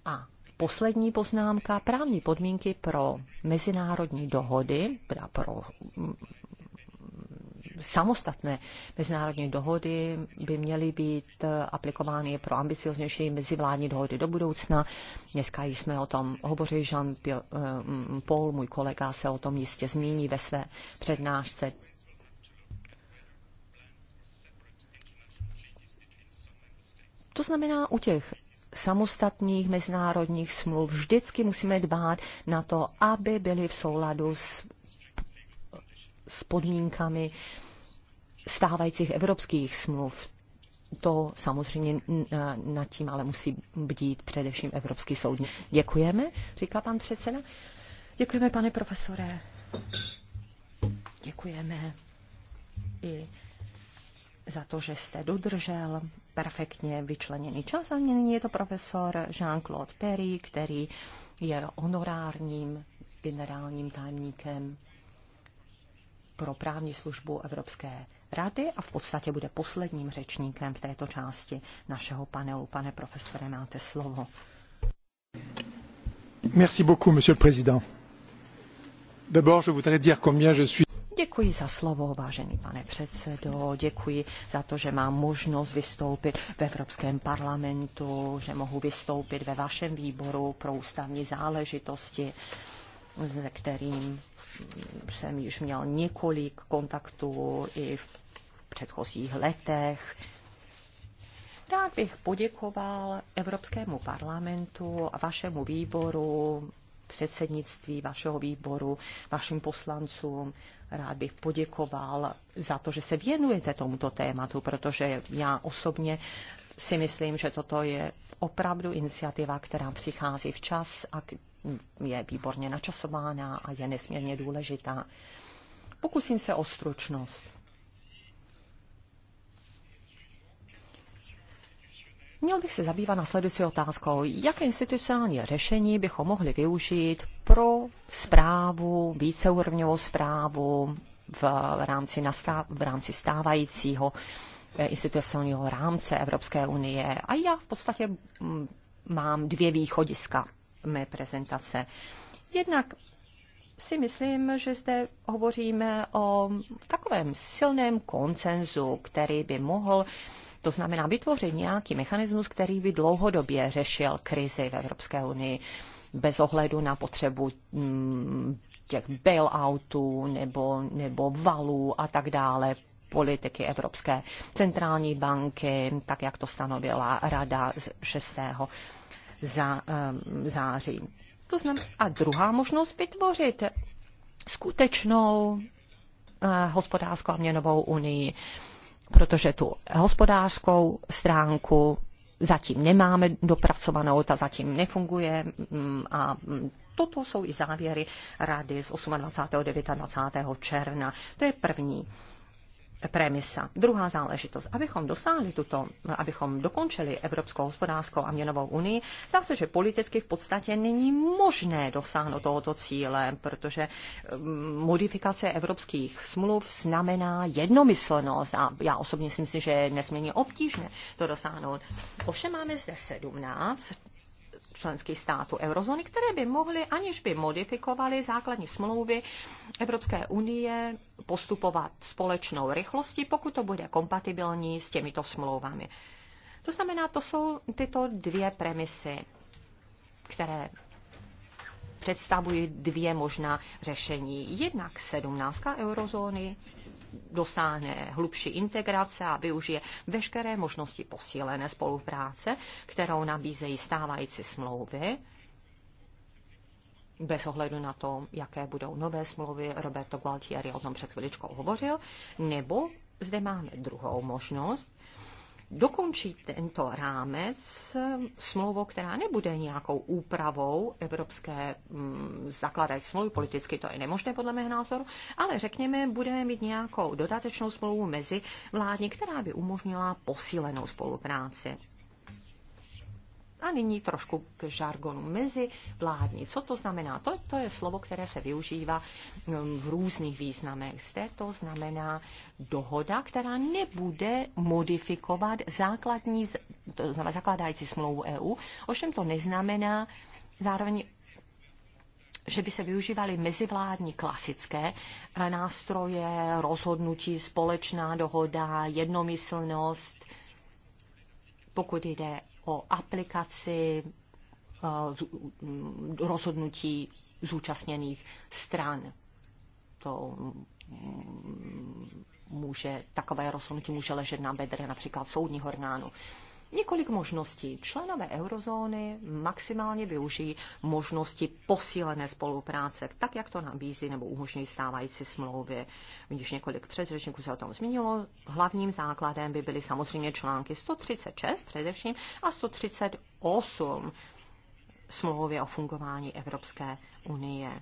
Speaker 4: A poslední poznámka, právní podmínky pro mezinárodní dohody, pro samostatné mezinárodní dohody by měly být eh, aplikovány pro ambicioznější mezivládní dohody do budoucna. Dneska již jsme o tom hovořili, Jean eh, Paul, můj kolega, se o tom jistě zmíní ve své přednášce. To znamená, u těch samostatných mezinárodních smluv vždycky musíme dbát na to, aby byly v souladu s, s podmínkami stávajících evropských smluv. To samozřejmě e, nad tím ale musí bdít především Evropský soud. Děkujeme, říká pan předseda. Děkujeme, pane profesore. Děkujeme i za to, že jste dodržel perfektně vyčleněný čas. A nyní je to profesor Jean-Claude Perry, který je honorárním generálním tajemníkem pro právní službu Evropské rady a v podstatě bude posledním řečníkem v této části našeho panelu. Pane profesore, máte slovo.
Speaker 1: Merci beaucoup, monsieur le président. D'abord, je voudrais dire combien je suis
Speaker 4: Děkuji za slovo, vážený pane předsedo. Děkuji za to, že mám možnost vystoupit v Evropském parlamentu, že mohu vystoupit ve vašem výboru pro ústavní záležitosti, se kterým jsem již měl několik kontaktů i v předchozích letech. Rád bych poděkoval Evropskému parlamentu a vašemu výboru, předsednictví vašeho výboru, vašim poslancům. Rád bych poděkoval za to, že se věnujete tomuto tématu, protože já osobně si myslím, že toto je opravdu iniciativa, která přichází včas a je výborně načasována a je nesmírně důležitá. Pokusím se o stručnost. Měl bych se zabývat následující otázkou, jaké institucionální řešení bychom mohli využít pro zprávu, víceúrovňovou zprávu v rámci, nastáv, v rámci stávajícího eh, institucionálního rámce Evropské unie. A já v podstatě mm, mám dvě východiska mé prezentace. Jednak si myslím, že zde hovoříme o takovém silném koncenzu, který by mohl to znamená vytvořit nějaký mechanismus, který by dlouhodobě řešil krizi v Evropské unii bez ohledu na potřebu mm, těch bailoutů nebo, nebo valů a tak dále politiky Evropské centrální banky, tak jak to stanovila Rada z 6 za, um, září. To znamená, a druhá možnost vytvořit skutečnou eh, hospodářskou a měnovou unii, protože tu hospodářskou stránku zatím nemáme dopracovanou, ta zatím nefunguje mm, a mm, toto jsou i závěry rady z 28. 29. června. To je první premisa. Druhá záležitost. Abychom dosáhli tuto, abychom dokončili Evropskou hospodářskou a měnovou unii, zdá se, že politicky v podstatě není možné dosáhnout tohoto cíle, protože mm, modifikace evropských smluv znamená jednomyslnost a já osobně si myslím, že je nesmírně obtížné to dosáhnout. Ovšem máme zde 17 členských států eurozóny, které by mohly, aniž by modifikovaly základní smlouvy Evropské unie, postupovat společnou rychlostí, pokud to bude kompatibilní s těmito smlouvami. To znamená, to jsou tyto dvě premisy, které představují dvě možná řešení. Jednak sedmnáctka eurozóny dosáhne hlubší integrace a využije veškeré možnosti posílené spolupráce, kterou nabízejí stávající smlouvy, bez ohledu na to, jaké budou nové smlouvy, Roberto Gualtieri o tom před chviličkou hovořil, nebo zde máme druhou možnost, dokončí tento rámec eh, smlouvou, která nebude nějakou úpravou evropské m, mm, zakladající smlouvy, politicky to je nemožné podle mého názoru, ale řekněme, budeme mít nějakou dodatečnou smlouvu mezi vládní, která by umožnila posílenou spolupráci. A nyní trošku k žargonu mezi vládní. Co to znamená? To, to je slovo, které se využívá um, v různých významech. Zde to znamená dohoda, která nebude modifikovat základní, to znamená zakládající smlouvu EU, ovšem to neznamená zároveň že by se využívaly mezivládní klasické eh, nástroje, rozhodnutí, společná dohoda, jednomyslnost, pokud jde o aplikaci rozhodnutí zúčastněných stran. To mm, může, takové rozhodnutí může ležet na bedre například soudního orgánu několik možností. Členové eurozóny maximálně využijí možnosti posílené spolupráce, tak jak to nabízí nebo umožňují stávající smlouvy. Vidíš, několik předřečníků se o tom zmínilo. Hlavním základem by byly samozřejmě články 136 především a 138 smlouvy o fungování Evropské unie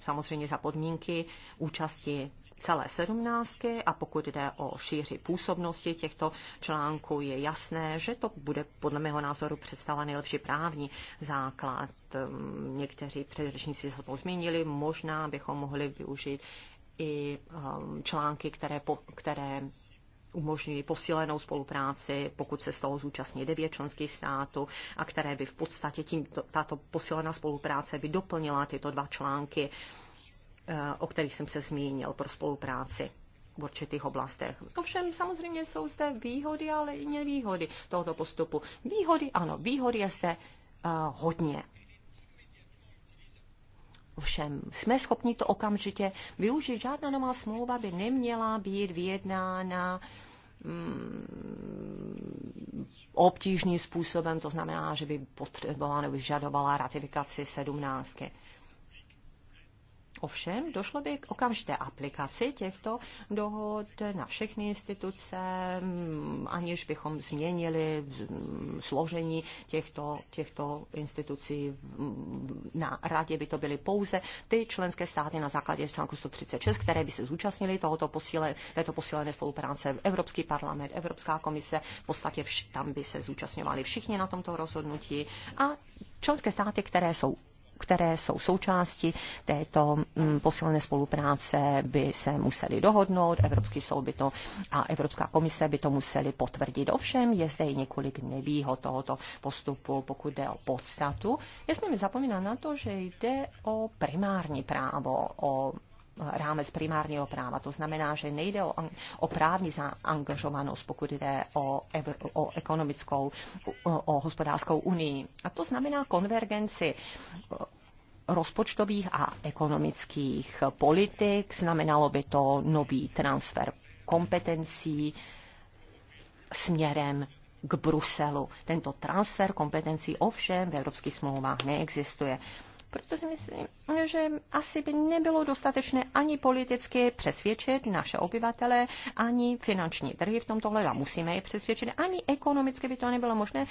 Speaker 4: samozřejmě za podmínky účasti celé sedmnáctky a pokud jde o šíři působnosti těchto článků, je jasné, že to bude podle mého názoru představa nejlepší právní základ. Ehm, někteří předřečníci se to zmínili, možná bychom mohli využít i ehm, články, které, po, které umožňují posílenou spolupráci, pokud se z toho zúčastní devět členských států a které by v podstatě tím, tato posílená spolupráce by doplnila tyto dva články Eh, o kterých jsem se zmínil pro spolupráci v určitých oblastech. Ovšem samozřejmě jsou zde výhody, ale i nevýhody tohoto postupu. Výhody, ano, výhody je zde uh, hodně. Ovšem, jsme schopni to okamžitě využít. Žádná nová smlouva by neměla být vyjednána mm, obtížným způsobem, to znamená, že by potřebovala nebo vyžadovala ratifikaci sedmnáctky. Ovšem, došlo by k okamžité aplikaci těchto dohod na všechny instituce, aniž bychom změnili složení těchto, těchto institucí. Na radě by to byly pouze ty členské státy na základě článku 136, které by se zúčastnily tohoto posíle, této posílené spolupráce. Evropský parlament, Evropská komise, v podstatě vš- tam by se zúčastňovali všichni na tomto rozhodnutí a členské státy, které jsou které jsou součástí této mm, posilné spolupráce, by se museli dohodnout, Evropský soud by to a Evropská komise by to museli potvrdit. Ovšem je zde i několik nevýhod tohoto postupu, pokud jde o podstatu. Nesmíme zapomínat na to, že jde o primární právo, o rámec primárního práva. To znamená, že nejde o, o právní zaangažovanost, pokud jde o, o ekonomickou, o, o hospodářskou unii. A to znamená konvergenci rozpočtových a ekonomických politik, znamenalo by to nový transfer kompetencí směrem k Bruselu. Tento transfer kompetencí ovšem v evropských smlouvách neexistuje. Proto si myslím, že asi by nebylo dostatečné ani politicky přesvědčit naše obyvatele, ani finanční trhy v tomto hledu, musíme je přesvědčit, ani ekonomicky by to nebylo možné,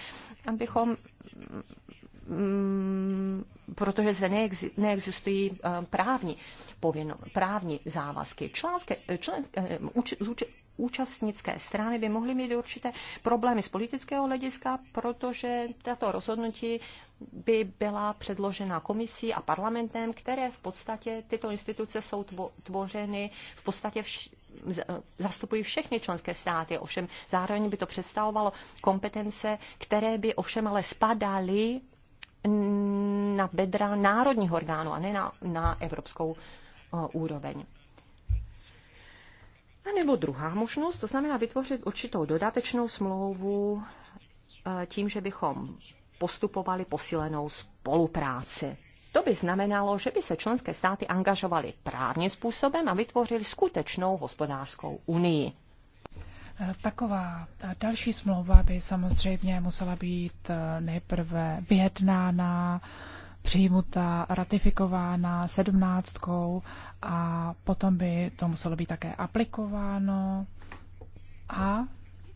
Speaker 4: abychom mm, protože zde neexistují eh, právní, povinno, právní závazky. Členské, člen, eh, uč, uč, účastnické strany by mohly mít určité problémy z politického hlediska, protože tato rozhodnutí by byla předložena komisí a parlamentem, které v podstatě tyto instituce jsou tvořeny v podstatě vš- zastupují všechny členské státy, ovšem zároveň by to představovalo kompetence, které by ovšem ale spadaly na bedra národních orgánů a ne na, na evropskou uh, úroveň. A nebo druhá možnost, to znamená vytvořit určitou dodatečnou smlouvu eh, tím, že bychom postupovali posílenou spolupráci. To by znamenalo, že by se členské státy angažovaly právním způsobem a vytvořili skutečnou hospodářskou unii.
Speaker 2: Eh, taková další smlouva by samozřejmě musela být eh, nejprve vyjednána přijímuta, ratifikována sedmnáctkou a potom by to muselo být také aplikováno a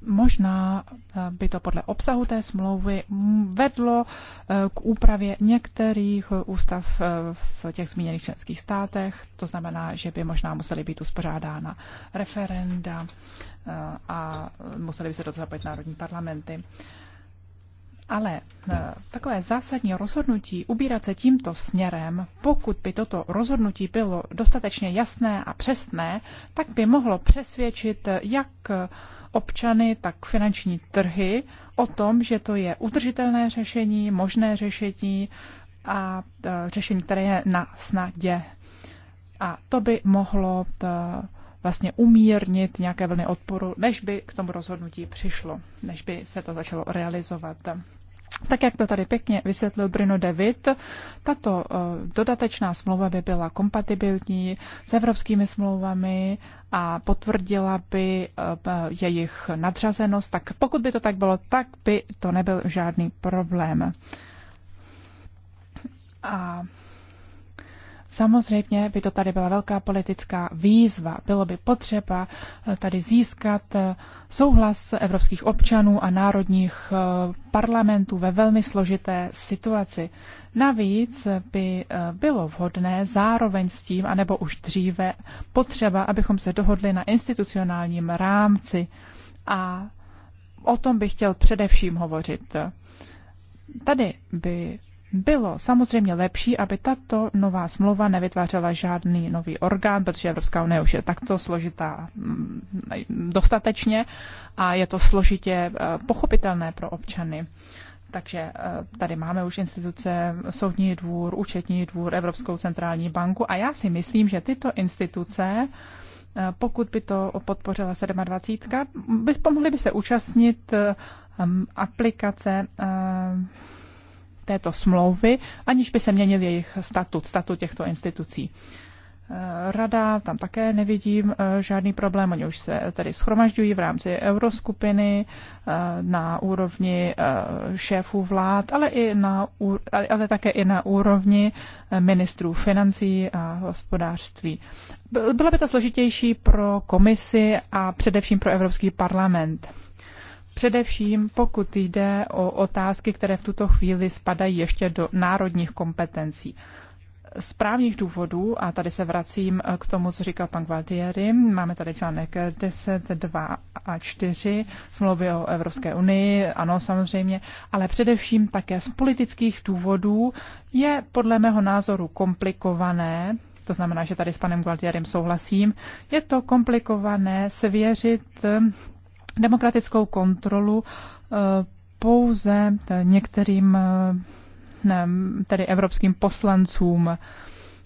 Speaker 2: možná eh, by to podle obsahu té smlouvy vedlo eh, k úpravě některých ústav eh, v těch zmíněných členských státech. To znamená, že by možná musely být uspořádána referenda a museli by se do toho zapojit národní parlamenty. Ale e, takové zásadní rozhodnutí ubírat se tímto směrem, pokud by toto rozhodnutí bylo dostatečně jasné a přesné, tak by mohlo přesvědčit jak občany, tak finanční trhy o tom, že to je udržitelné řešení, možné řešení a e, řešení, které je na snadě. A to by mohlo e, vlastně umírnit nějaké vlny odporu, než by k tomu rozhodnutí přišlo, než by se to začalo realizovat. Tak jak to tady pěkně vysvětlil Bruno David, tato eh, dodatečná smlouva by byla kompatibilní s evropskými smlouvami a potvrdila by eh, jejich nadřazenost. Tak pokud by to tak bylo, tak by to nebyl žádný problém. A Samozřejmě by to tady byla velká politická výzva. Bylo by potřeba eh, tady získat eh, souhlas evropských občanů a národních eh, parlamentů ve velmi složité situaci. Navíc by bylo vhodné zároveň s tím, anebo už dříve, potřeba, abychom se dohodli na institucionálním rámci. A o tom bych chtěl především hovořit. Tady by bylo samozřejmě lepší, aby tato nová smlouva nevytvářela žádný nový orgán, protože Evropská unie už je takto složitá mm, dostatečně a je to složitě eh, pochopitelné pro občany. Takže eh, tady máme už instituce, Soudní dvůr, Účetní dvůr, Evropskou centrální banku a já si myslím, že tyto instituce eh, pokud by to podpořila 27, by, pomohly by se účastnit aplikace této smlouvy, aniž by se měnil jejich statut, statut těchto institucí. Eh, rada, tam také nevidím eh, žádný problém, oni už se tedy schromažďují v rámci euroskupiny eh, na úrovni šéfů vlád, ale, i na, ale také i na úrovni ministrů financí a hospodářství. Bylo by to složitější pro komisi a především pro Evropský parlament. Především pokud jde o otázky, které v tuto chvíli spadají ještě do národních kompetencí. Z právních důvodů, a tady se vracím k tomu, co říkal pan Gualtieri, máme tady článek 10, 2 a 4 smlouvy o Evropské unii, ano, samozřejmě, ale především také z politických důvodů je podle mého názoru komplikované to znamená, že tady s panem Gualtierem souhlasím. Je to komplikované svěřit demokratickou kontrolu eh, pouze některým eh, ne, tedy evropským poslancům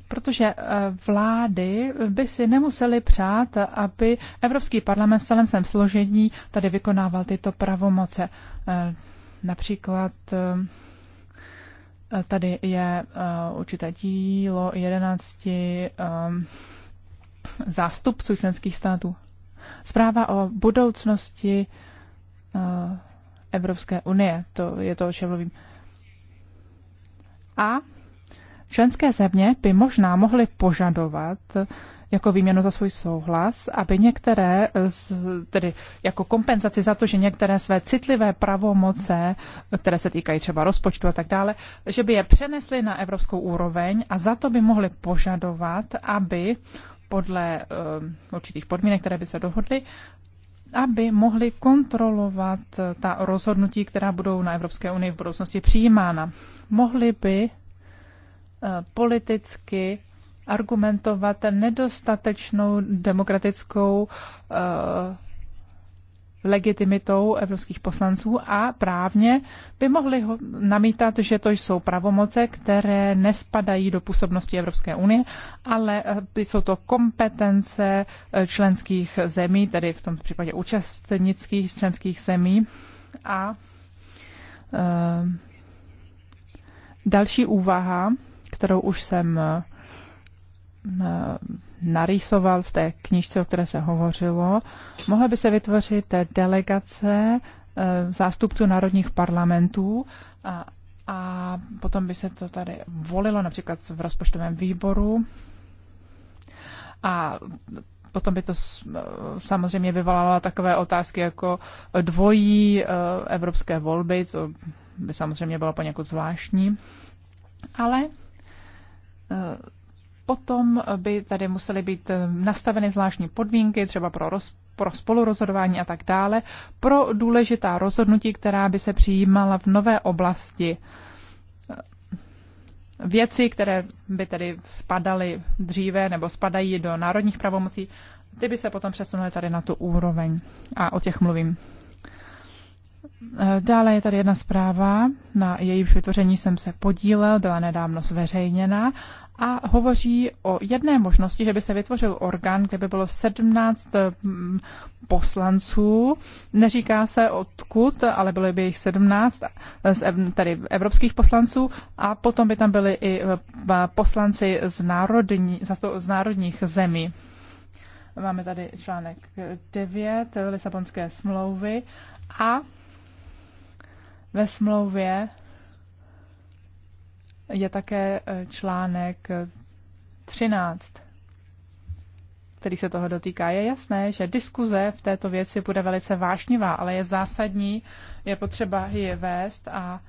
Speaker 2: protože eh, vlády by si nemusely přát, aby Evropský parlament v celém svém složení tady vykonával tyto pravomoce. Například tady je určité dílo 11 zástupců členských států Zpráva o budoucnosti eh, Evropské unie, to je to, o čem mluvím. A členské země by možná mohly požadovat eh, jako výměnu za svůj souhlas, aby některé, z, tedy jako kompenzaci za to, že některé své citlivé pravomoce, které se týkají třeba rozpočtu a tak dále, že by je přenesly na evropskou úroveň a za to by mohly požadovat, aby podle eh, určitých podmínek, které by se dohodly, aby mohli kontrolovat eh, ta rozhodnutí, která budou na Evropské unii v budoucnosti přijímána. Mohli by eh, politicky argumentovat nedostatečnou demokratickou legitimitou evropských poslanců a právně by mohli namítat, že to jsou pravomoce, které nespadají do působnosti Evropské unie, ale eh, jsou to kompetence eh, členských zemí, tedy v tom případě účastnických členských zemí. A e, další úvaha, kterou už jsem narýsoval v té knižce, o které se hovořilo, mohla by se vytvořit delegace eh, zástupců národních parlamentů a, a potom by se to tady volilo například v rozpočtovém výboru a potom by to eh, samozřejmě vyvolalo takové otázky jako dvojí eh, evropské volby, co by samozřejmě bylo poněkud zvláštní. Ale potom by tady musely být eh, nastaveny zvláštní podmínky, třeba pro, roz, pro spolurozhodování a tak dále, pro důležitá rozhodnutí, která by se přijímala v nové oblasti. Eh, věci, které by tedy spadaly dříve nebo spadají do národních pravomocí, ty by se potom přesunuly tady na tu úroveň. A o těch mluvím. Eh, dále je tady jedna zpráva, na jejímž vytvoření jsem se podílel, byla nedávno zveřejněna a hovoří o jedné možnosti, že by se vytvořil orgán, kde by bylo 17 mm, poslanců. Neříká se odkud, ale byly by jich 17, eh, tedy evropských poslanců, a potom by tam byli i eh, poslanci z, národní, z národních zemí. Máme tady článek 9 eh, Lisabonské smlouvy a ve smlouvě je také e, článek 13, e, který se toho dotýká. Je jasné, že diskuze v této věci bude velice vášnivá, ale je zásadní, je potřeba ji vést a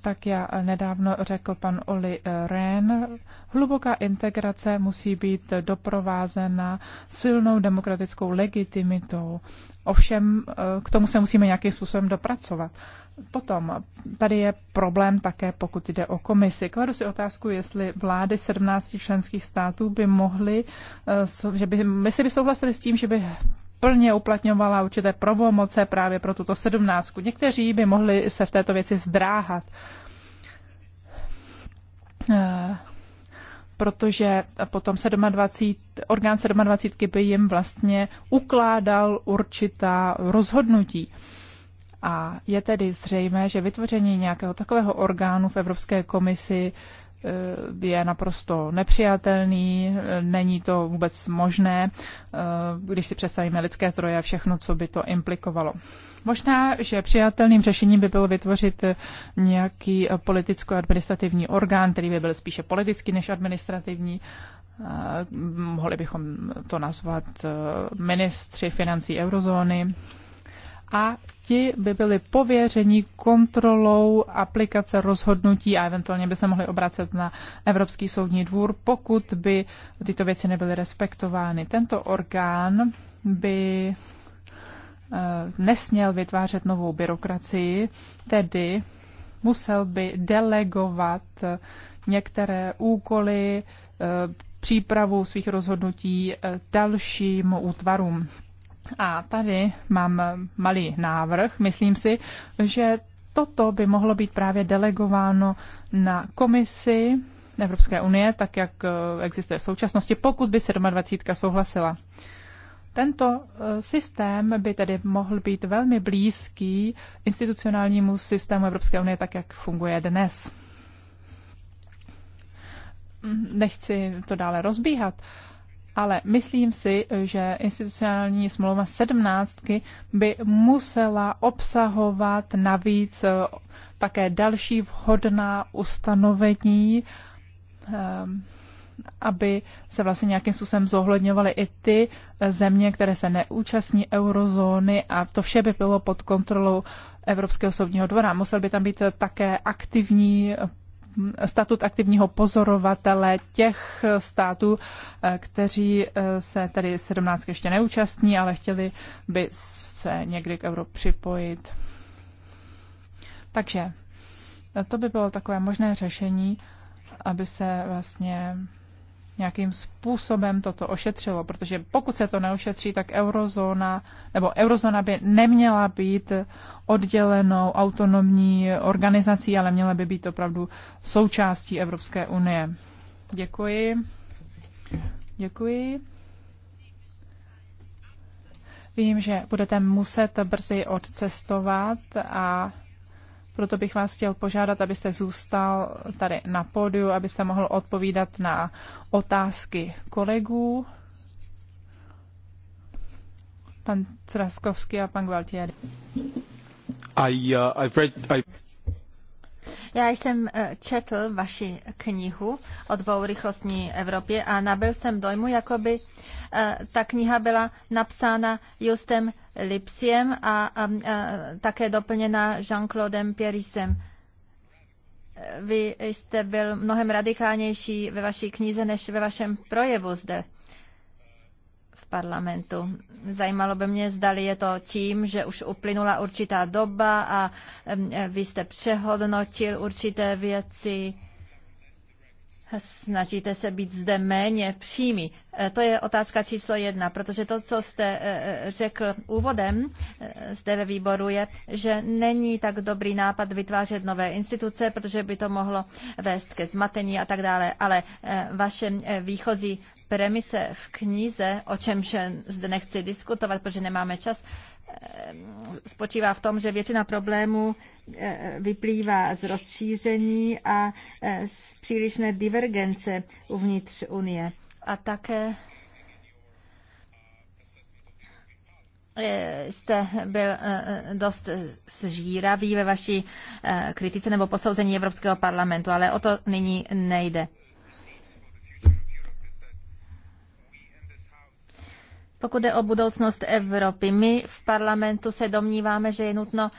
Speaker 2: tak já nedávno řekl pan Oli e, Ren, hluboká integrace musí být doprovázena silnou demokratickou legitimitou. Ovšem, k tomu se musíme nějakým způsobem dopracovat. Potom tady je problém také, pokud jde o komisi. Kladu si otázku, jestli vlády 17 členských států by mohly, eh, že by, jestli by souhlasili s tím, že by plně uplatňovala určité pravomoce právě pro tuto sedmnáctku. Někteří by mohli se v této věci zdráhat, eh, protože potom 27, orgán 27 by jim vlastně ukládal určitá rozhodnutí. A je tedy zřejmé, že vytvoření nějakého takového orgánu v Evropské komisi e, je naprosto nepřijatelný, e, není to vůbec možné, e, když si představíme lidské zdroje a všechno, co by to implikovalo. Možná, že přijatelným řešením by bylo vytvořit nějaký politicko-administrativní orgán, který by byl spíše politický než administrativní. Mohli bychom to nazvat ministři financí eurozóny a ti by byli pověřeni kontrolou aplikace rozhodnutí a eventuálně by se mohli obracet na Evropský soudní dvůr, pokud by tyto věci nebyly respektovány. Tento orgán by eh, nesměl vytvářet novou byrokracii, tedy musel by delegovat některé úkoly, eh, přípravu svých rozhodnutí eh, dalším útvarům. A tady mám malý návrh. Myslím si, že toto by mohlo být právě delegováno na komisi Evropské unie, tak jak eh, existuje v současnosti, pokud by 27. souhlasila. Tento eh, systém by tedy mohl být velmi blízký institucionálnímu systému Evropské unie, tak jak funguje dnes. Nechci to dále rozbíhat, ale myslím si, že institucionální smlouva sedmnáctky by musela obsahovat navíc eh, také další vhodná ustanovení, eh, aby se vlastně nějakým způsobem zohledňovaly i ty eh, země, které se neúčastní eurozóny a to vše by bylo pod kontrolou Evropského soudního dvora. Musel by tam být také aktivní statut aktivního pozorovatele těch států, eh, kteří eh, se tedy 17 ještě neúčastní, ale chtěli by se někdy k Evropě připojit. Takže eh, to by bylo takové možné řešení, aby se vlastně nějakým způsobem toto ošetřilo, protože pokud se to neošetří, tak eurozóna, nebo eurozóna by neměla být oddělenou autonomní organizací, ale měla by být opravdu součástí Evropské unie. Děkuji. Děkuji. Vím, že budete muset brzy odcestovat a proto bych vás chtěl požádat, abyste zůstal tady na pódiu, abyste mohl odpovídat na otázky kolegů. Pan Traskovský a pan Gualtieri.
Speaker 1: I, uh, I've read, I...
Speaker 2: Já jsem
Speaker 3: eh, četl vaši knihu o dvourychlostní Evropě a nabil jsem dojmu, jako by eh, ta kniha byla napsána Justem Lipsiem a, a, a také doplněna Jean-Claudem Pierisem. Vy jste byl mnohem radikálnější ve vaší knize než ve vašem projevu zde parlamentu. Zajímalo by mě, zdali je to tím, že už uplynula určitá doba a vy jste přehodnotil určité věci. Snažíte se být zde méně přímý. Eh, to je otázka číslo jedna, protože to, co jste eh, eh, řekl úvodem zde ve výboru, je, že není tak dobrý nápad vytvářet nové instituce, protože by to mohlo vést ke zmatení a tak dále. Ale vaše výchozí premise v knize, o čemž zde nechci diskutovat, protože nemáme čas, spočívá v tom, že většina problémů vyplývá z rozšíření a z přílišné divergence uvnitř Unie a také eh, jste byl eh, eh, dost zžíravý ve vaší kritice nebo posouzení Evropského parlamentu, ale o to nyní nejde. Pokud jde o budoucnost Evropy, my v parlamentu se domníváme, že je nutno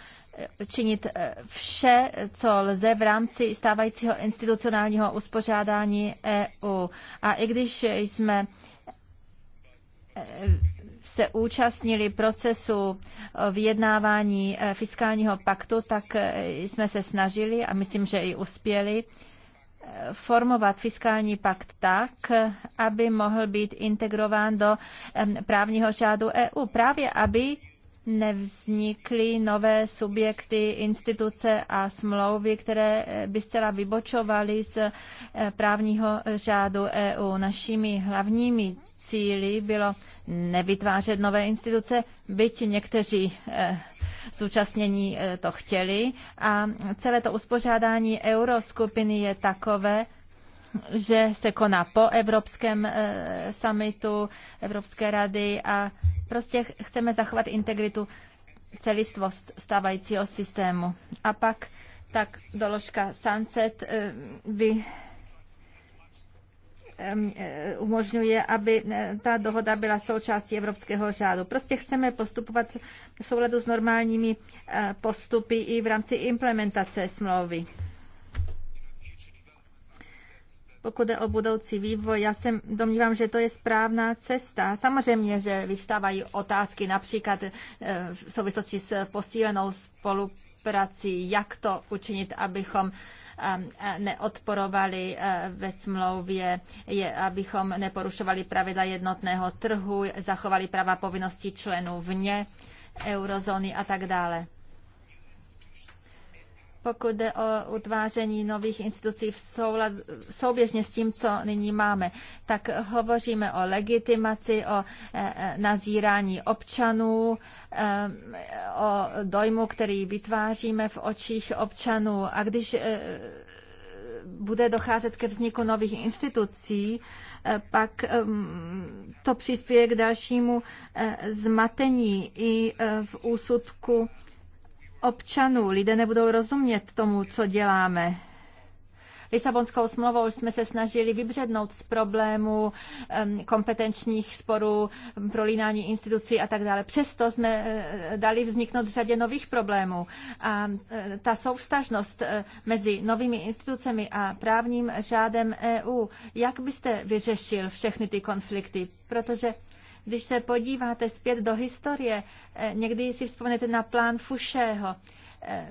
Speaker 3: činit eh, vše, co lze v rámci stávajícího institucionálního uspořádání EU. A i když jsme eh, se účastnili procesu eh, vyjednávání fiskálního paktu, tak jsme se snažili a myslím, že i uspěli formovat fiskální pakt tak, aby mohl být integrován do právního řádu EU, právě aby nevznikly nové subjekty, instituce a smlouvy, které eh, by zcela vybočovaly z eh, právního řádu EU. Našimi hlavními cíly bylo nevytvářet nové instituce, byť někteří eh, zúčastnění to chtěli. A celé to uspořádání euroskupiny je takové, že se koná po Evropském eh, summitu Evropské rady a prostě chceme zachovat integritu celistvost stávajícího systému. A pak tak doložka Sunset by eh, eh, umožňuje, aby ta dohoda byla součástí evropského řádu. Prostě chceme postupovat v souladu s normálními postupy i v rámci implementace smlouvy. Pokud je o budoucí vývoj, já se domnívám, že to je správná cesta. Samozřejmě, že vyvstávají otázky například eh, v souvislosti s posílenou spoluprací, jak to učinit, abychom ehm, eh, neodporovali eh, ve smlouvě, je, abychom neporušovali pravidla jednotného trhu, zachovali práva povinnosti členů vně eurozóny a tak dále pokud jde o utváření nových institucí v soulad, souběžně s tím, co nyní máme, tak hovoříme o legitimaci, o e, e nazírání občanů, e, o dojmu, který vytváříme v očích občanů. A když e, bude docházet ke vzniku nových institucí, e, pak e, to přispěje k dalšímu zmatení i v úsudku občanů. Lidé nebudou rozumět tomu, co děláme. Lisabonskou smlouvou jsme se snažili vybřednout z problému kompetenčních sporů, prolínání institucí a tak dále. Přesto jsme eh, dali vzniknout řadě nových problémů. A eh, ta souvstažnost eh, mezi novými institucemi a právním řádem EU, jak byste vyřešil všechny ty konflikty? Protože když se podíváte zpět do historie, eh, někdy si vzpomenete na plán Fušého, eh,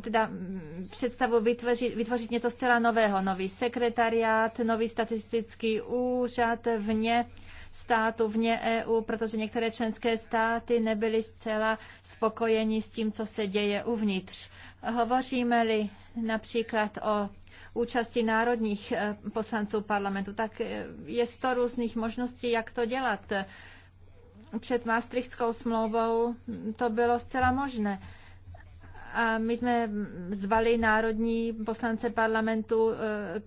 Speaker 3: teda mm, představu vytvořit, vytvořit něco zcela nového, nový sekretariát, nový statistický úřad vně státu, vně EU, protože některé členské státy nebyly zcela spokojeni s tím, co se děje uvnitř. Hovoříme-li například o účasti národních eh, poslanců parlamentu, tak eh, je sto různých možností, jak to dělat. Před Maastrichtskou smlouvou to bylo zcela možné. A my jsme zvali národní poslance parlamentu eh,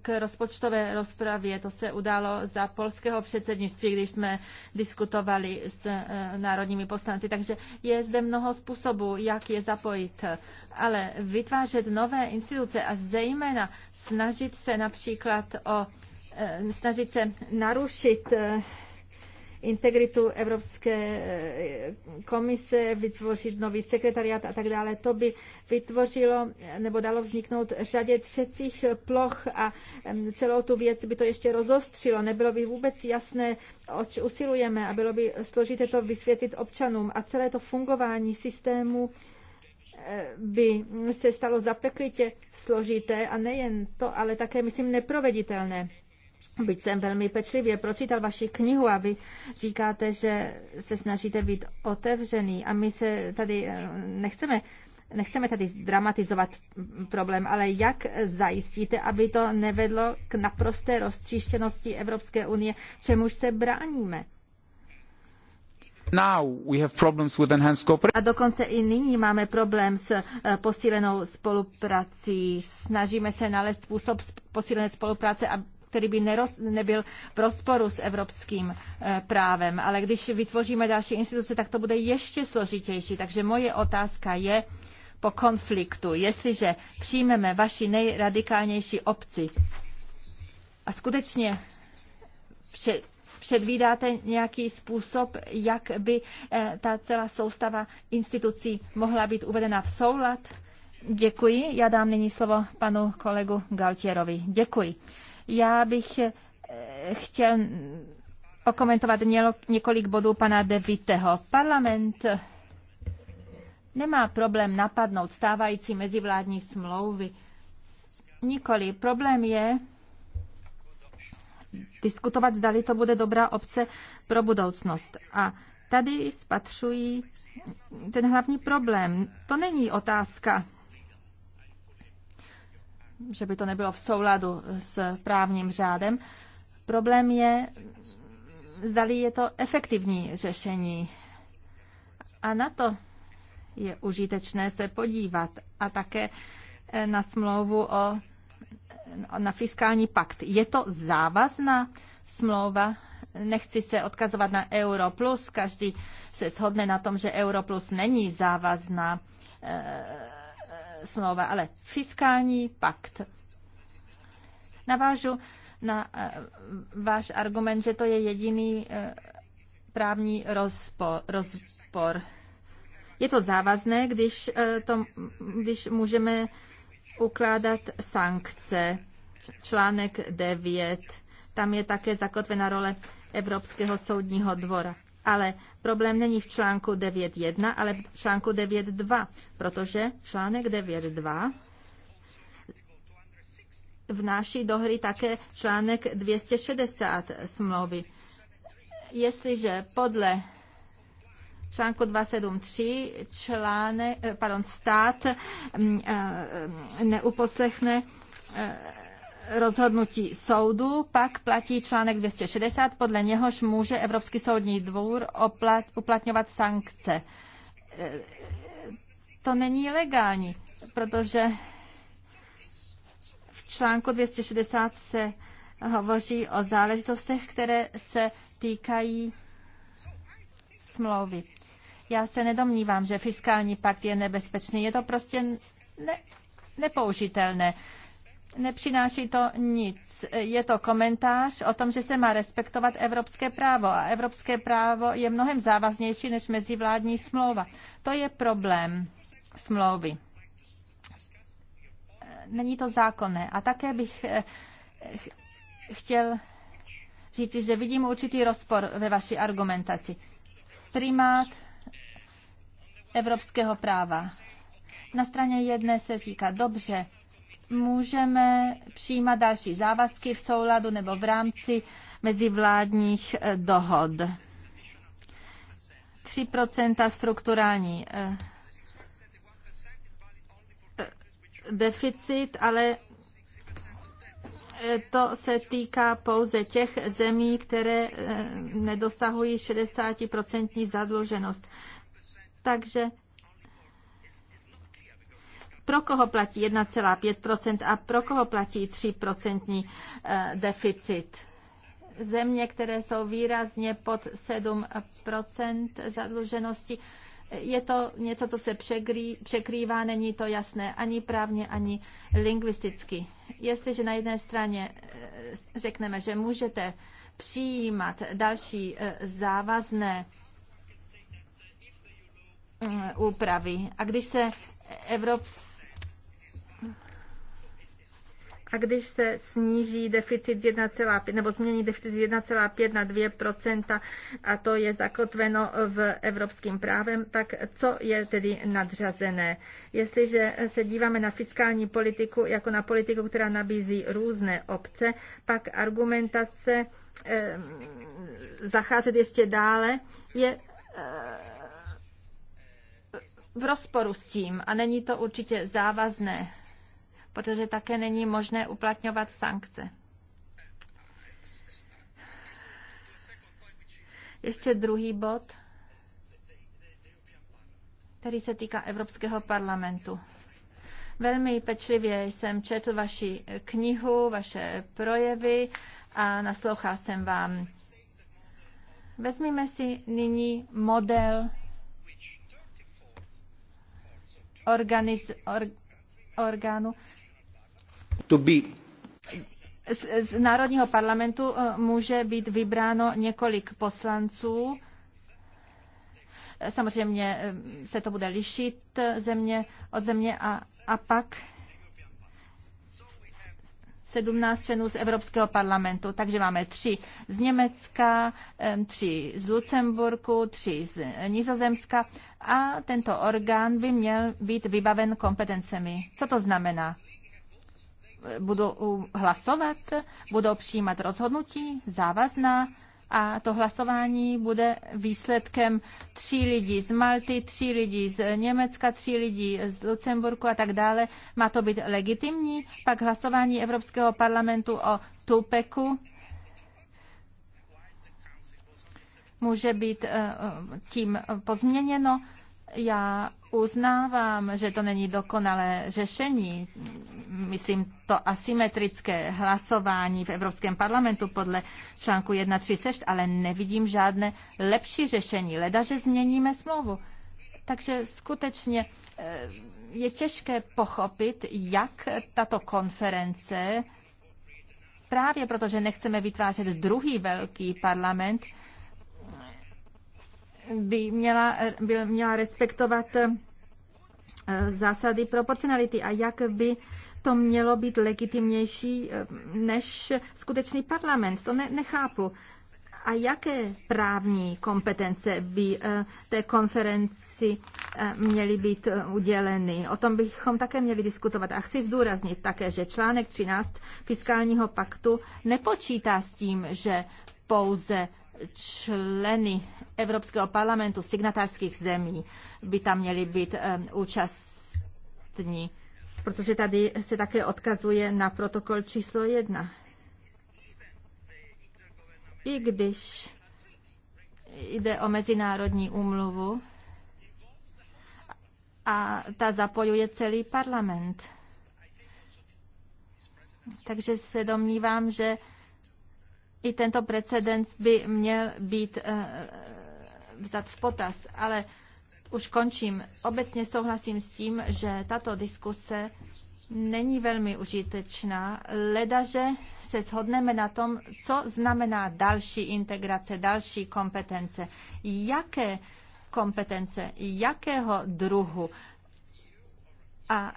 Speaker 3: k rozpočtové rozpravě. To se událo za polského předsednictví, když jsme diskutovali s eh, národními poslanci. Takže je zde mnoho způsobů, jak je zapojit. Ale vytvářet nové instituce a zejména snažit se například o eh, snažit se narušit integritu Evropské eh, komise, vytvořit nový sekretariat a tak dále. To by vytvořilo nebo dalo vzniknout řadě třecích ploch a celou tu věc by to ještě rozostřilo. Nebylo by vůbec jasné, oč usilujeme a bylo by složité to vysvětlit občanům a celé to fungování systému eh, by se stalo zapeklitě složité a nejen to, ale také, myslím, neproveditelné byť jsem velmi pečlivě pročítal vaši knihu a vy říkáte, že se snažíte být otevřený a my se tady eh, nechceme nechceme tady dramatizovat problém, ale jak zajistíte, aby to nevedlo k naprosté roztříštěnosti Evropské unie, čemuž se bráníme? A dokonce i nyní máme problém s eh, posílenou spoluprací. Snažíme se nalézt způsob posílené spolupráce a který by neroz, nebyl v rozporu s evropským eh, právem. Ale když vytvoříme další instituce, tak to bude ještě složitější. Takže moje otázka je po konfliktu. Jestliže přijmeme vaši nejradikálnější obci a skutečně vše, předvídáte nějaký způsob, jak by eh, ta celá soustava institucí mohla být uvedena v soulad? Děkuji. Já dám nyní slovo panu kolegu Galtierovi. Děkuji. Já bych eh, chtěl okomentovat několik bodů pana Deviteho. Parlament eh, nemá problém napadnout stávající mezivládní smlouvy. Nikoli. Problém je diskutovat, zdali to bude dobrá obce pro budoucnost. A tady spatřují ten hlavní problém. To není otázka že by to nebylo v souladu s právním řádem. Problém je, zdali je to efektivní řešení. A na to je užitečné se podívat a také eh, na smlouvu o na fiskální pakt. Je to závazná smlouva? Nechci se odkazovat na Euro plus. Každý se shodne na tom, že Euro plus není závazná eh, smlouva, ale fiskální pakt. Navážu na eh, váš argument, že to je jediný eh, právní rozpor. rozpor. Je to závazné, když, eh, to, když můžeme ukládat sankce. Článek 9. Tam je také zakotvena role Evropského soudního dvora. Ale problém není v článku 9.1, ale v článku 9.2, protože článek 9.2 vnáší do hry také článek 260 smlouvy. Jestliže podle článku 273 článek, eh, pardon, stát mm, eh, neuposlechne eh, rozhodnutí soudu, pak platí článek 260, podle něhož může Evropský soudní dvůr oplat, uplatňovat sankce. E, to není legální, protože v článku 260 se hovoří o záležitostech, které se týkají smlouvy. Já se nedomnívám, že fiskální pakt je nebezpečný. Je to prostě ne, nepoužitelné nepřináší to nic. Je to komentář o tom, že se má respektovat evropské právo a evropské právo je mnohem závaznější než mezivládní smlouva. To je problém smlouvy. Není to zákonné. A také bych eh, chtěl říci, že vidím určitý rozpor ve vaší argumentaci. Primát evropského práva. Na straně jedné se říká, dobře, můžeme přijímat další závazky v souladu nebo v rámci mezivládních eh, dohod. 3 strukturální eh, eh, deficit, ale to se týká pouze těch zemí, které nedosahují 60% zadluženost. Takže pro koho platí 1,5% a pro koho platí 3% eh, deficit země, které jsou výrazně pod 7 zadluženosti. Je to něco, co se překrý, překrývá, není to jasné ani právně, ani lingvisticky. Jestliže na jedné straně eh, řekneme, že můžete přijímat další eh, závazné úpravy a když se Evropská a když se sníží deficit z 1,5 nebo změní deficit z 1,5 na 2 a to je zakotveno v evropským právem, tak co je tedy nadřazené? Jestliže se díváme na fiskální politiku jako na politiku, která nabízí různé obce, pak argumentace eh, zacházet ještě dále je eh, v rozporu s tím a není to určitě závazné protože také není možné uplatňovat sankce. Ještě druhý bod, který se týká Evropského parlamentu. Velmi pečlivě jsem četl vaši knihu, vaše projevy a naslouchal jsem vám. Vezmeme si nyní model organiz, or, orgánu, to be z, z Národního parlamentu eh, může být vybráno několik poslanců. Eh, samozřejmě eh, se to bude lišit země od země a, a pak 17 členů z Evropského parlamentu, takže máme tři z Německa, tři z Lucemburku, tři z Nizozemska a tento orgán by měl být vybaven kompetencemi. Co to znamená? budou hlasovat, budou přijímat rozhodnutí závazná a to hlasování bude výsledkem tří lidí z Malty, tří lidí z Německa, tří lidí z Lucemburku a tak dále. Má to být legitimní, pak hlasování Evropského parlamentu o Tupeku může být eh, tím pozměněno já uznávám, že to není dokonalé řešení. Myslím to asymetrické hlasování v Evropském parlamentu podle článku 136, ale nevidím žádné lepší řešení. Leda, že změníme smlouvu. Takže skutečně eh, je těžké pochopit, jak tato konference, právě protože nechceme vytvářet druhý velký parlament, by měla, by měla respektovat eh, zásady proporcionality a jak by to mělo být legitimnější eh, než skutečný parlament. To ne, nechápu. A jaké právní kompetence by eh, té konferenci měly být uděleny? O tom bychom také měli diskutovat. A chci zdůraznit také, že článek 13 fiskálního paktu nepočítá s tím, že pouze členy Evropského parlamentu signatářských zemí by tam měli být účastní, protože tady se také odkazuje na protokol číslo jedna. I když jde o mezinárodní úmluvu a ta zapojuje celý parlament. Takže se domnívám, že i tento precedens by měl být eh, vzat v potaz, ale už končím. Obecně souhlasím s tím, že tato diskuse není velmi užitečná, ledaže se shodneme na tom, co znamená další integrace, další kompetence. Jaké kompetence, jakého druhu a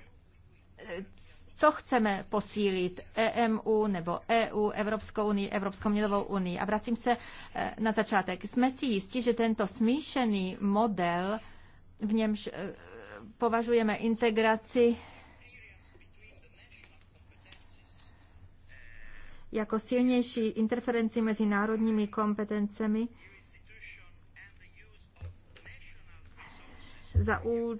Speaker 3: co chceme posílit, EMU nebo EU, Evropskou unii, Evropskou měnovou unii. A vracím se eh, na začátek. Jsme si jistí, že tento smíšený model, v němž eh, považujeme integraci jako silnější interferenci mezi národními kompetencemi za účelem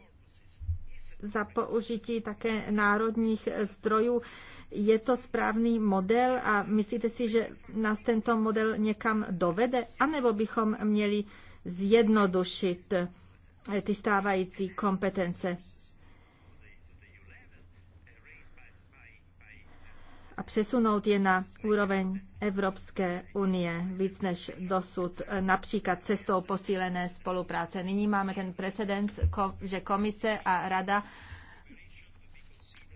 Speaker 3: za použití také národních zdrojů. Je to správný model a myslíte si, že nás tento model někam dovede? A nebo bychom měli zjednodušit ty stávající kompetence? a přesunout je na úroveň Evropské unie víc než dosud, například cestou posílené spolupráce. Nyní máme ten precedens, že komise a rada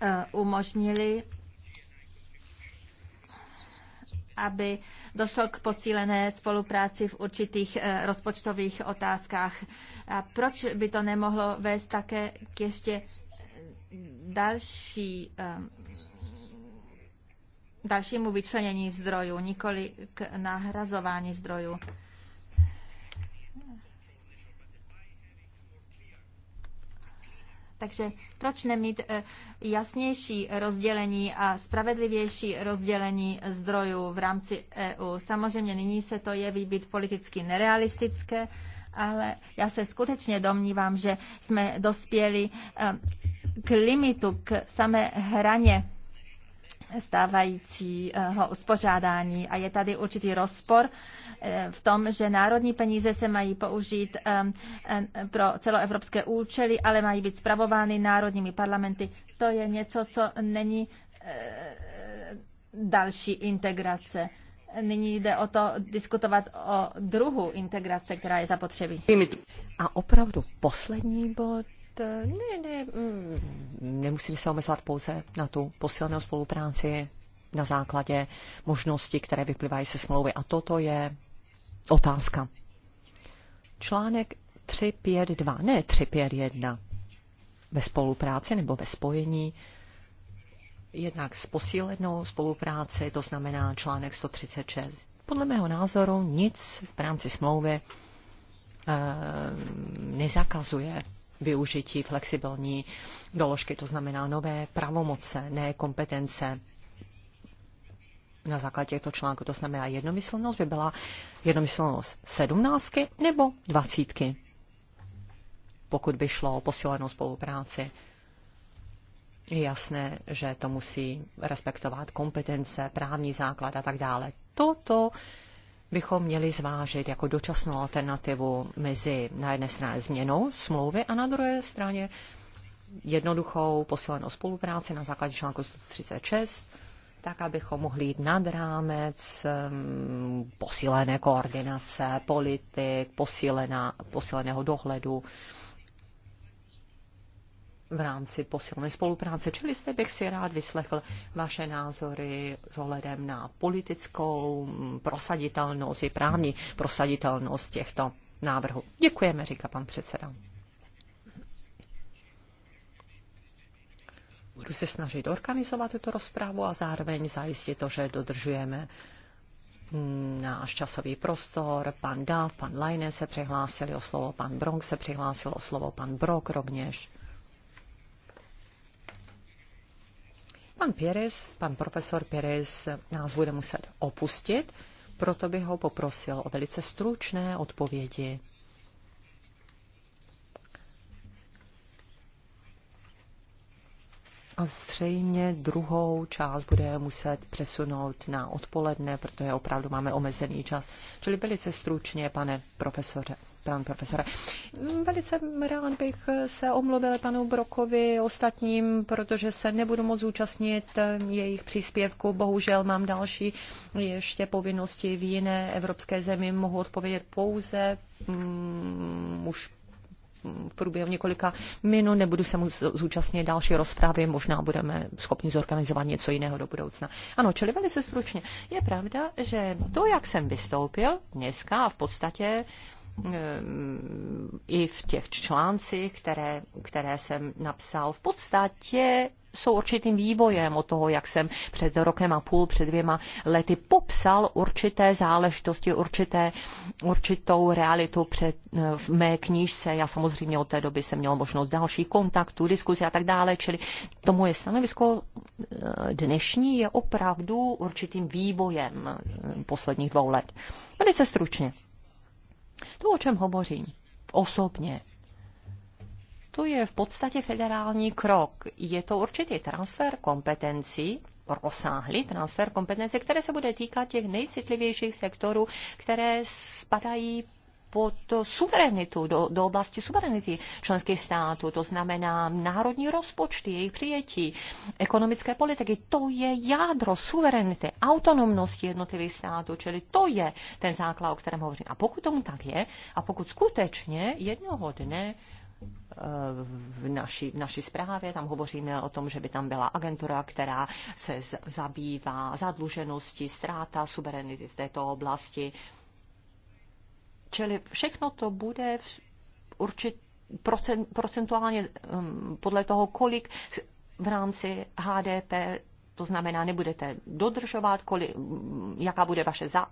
Speaker 3: eh, umožnili, aby došlo k posílené spolupráci v určitých eh, rozpočtových otázkách. A proč by to nemohlo vést také k ještě další eh, dalšímu vyčlenění zdrojů, nikoli k nahrazování zdrojů. Takže proč nemít eh, jasnější rozdělení a spravedlivější rozdělení zdrojů v rámci EU? Samozřejmě nyní se to jeví být politicky nerealistické, ale já se skutečně domnívám, že jsme dospěli eh, k limitu, k samé hraně stávajícího uspořádání a je tady určitý rozpor eh, v tom, že národní peníze se mají použít eh, eh, pro celoevropské účely, ale mají být spravovány národními parlamenty. To je něco, co není další integrace. Nyní jde o to diskutovat o druhu integrace, která je zapotřebí.
Speaker 4: A opravdu poslední bod ne, ne, mm, nemusíme se omezovat pouze na tu posilnou spolupráci na základě možností, které vyplývají se smlouvy. A toto je otázka. Článek 352, ne 351, ve spolupráci nebo ve spojení, jednak s posílenou spolupráci, to znamená článek 136. Podle mého názoru nic v rámci smlouvy eh, nezakazuje využití flexibilní doložky, to znamená nové pravomoce, ne kompetence na základě těchto článků. To znamená jednomyslnost by byla jednomyslnost sedmnáctky nebo dvacítky, pokud by šlo o posílenou spolupráci. Je jasné, že to musí respektovat kompetence, právní základ a tak dále. Toto bychom měli zvážit jako dočasnou alternativu mezi na jedné straně změnou smlouvy a na druhé straně jednoduchou posílenou spolupráci na základě článku 136, tak abychom mohli jít nad rámec posílené koordinace politik, posílená, posíleného dohledu v rámci posilné spolupráce. Čili jste bych si rád vyslechl vaše názory s ohledem na politickou prosaditelnost i právní prosaditelnost těchto návrhů. Děkujeme, říká pan předseda. Budu se snažit organizovat tuto rozprávu a zároveň zajistit to, že dodržujeme náš časový prostor. Pan Dav, pan Lajne se přihlásili o slovo, pan Bronk se přihlásil o slovo, pan Brok rovněž. Pan Pérez, pan profesor Pérez, nás bude muset opustit, proto bych ho poprosil o velice stručné odpovědi. A zřejmě druhou část bude muset přesunout na odpoledne, protože opravdu máme omezený čas. Čili velice stručně, pane profesore pan profesore. Velice rád bych se omluvil panu Brokovi ostatním, protože se nebudu moc zúčastnit jejich příspěvku. Bohužel mám další ještě povinnosti v jiné evropské zemi. Mohu odpovědět pouze mm, už v průběhu několika minut, nebudu se mu zúčastnit další rozprávy, možná budeme schopni zorganizovat něco jiného do budoucna. Ano, čili velice stručně. Je pravda, že to, jak jsem vystoupil dneska a v podstatě Eh, i v těch článcích, které, které jsem napsal, v podstatě jsou určitým vývojem od toho, jak jsem před rokem a půl, před dvěma lety popsal určité záležitosti, určité, určitou realitu před, eh, v mé knížce. Já samozřejmě od té doby jsem měl možnost dalších kontaktů, diskuzí a tak dále, čili to moje stanovisko eh, dnešní je opravdu určitým vývojem posledních dvou let. Velice stručně. To, o čem hovořím osobně, to je v podstatě federální krok. Je to určitý transfer kompetencí, rozsáhlý transfer kompetence, které se bude týkat těch nejcitlivějších sektorů, které spadají pod suverenitu, do, do oblasti suverenity členských států, to znamená národní rozpočty, jejich přijetí, ekonomické politiky. To je jádro suverenity, autonomnosti jednotlivých států, čili to je ten základ, o kterém hovořím. A pokud tomu tak je, a pokud skutečně jednoho dne eh, v naší, v naší zprávě, tam hovoříme o tom, že by tam byla agentura, která se zabývá zadlužeností, ztráta suverenity v této oblasti, Čili všechno to bude určit procent, procentuálně um, podle toho, kolik v rámci HDP to znamená, nebudete dodržovat, kolik, mm, jaká bude vaše za,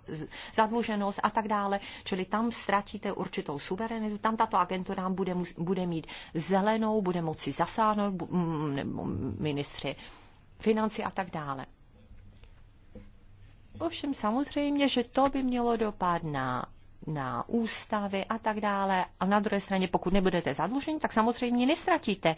Speaker 4: zadluženost a tak dále. Čili tam ztratíte určitou suverenitu, tam tato agentura bude, bude mít zelenou, bude moci zasáhnout mm, nebo ministři financí a tak dále. Ovšem samozřejmě, že to by mělo dopad na na ústavy a tak dále. A na druhé straně, pokud nebudete zadluženi, tak samozřejmě nestratíte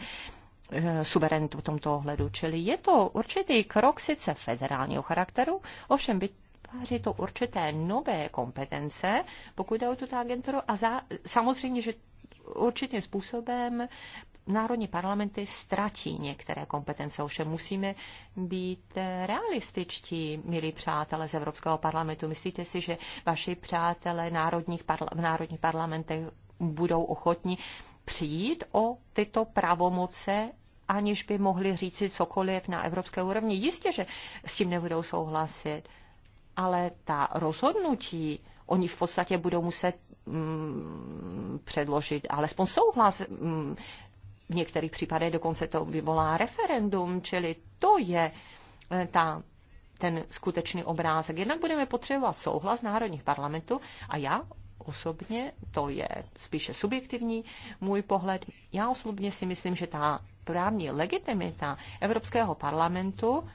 Speaker 4: eh, suverenitu v tomto ohledu. Čili je to určitý krok sice federálního charakteru, ovšem vytváří to určité nové kompetence, pokud jde o tuto agenturu a za, samozřejmě, že určitým způsobem národní parlamenty ztratí některé kompetence. Ovšem musíme být eh, realističtí, milí přátelé z Evropského parlamentu. Myslíte si, že vaši přátelé národních parla- v národních parlamentech budou ochotní přijít o tyto pravomoce aniž by mohli říci cokoliv na evropské úrovni. Jistě, že s tím nebudou souhlasit, ale ta rozhodnutí oni v podstatě budou muset mm, předložit alespoň souhlas mm, v některých případech dokonce to vyvolá referendum, čili to je eh, ta ten skutečný obrázek. Jednak budeme potřebovat souhlas národních parlamentů a já osobně, to je spíše subjektivní můj pohled, já osobně si myslím, že ta právní legitimita Evropského parlamentu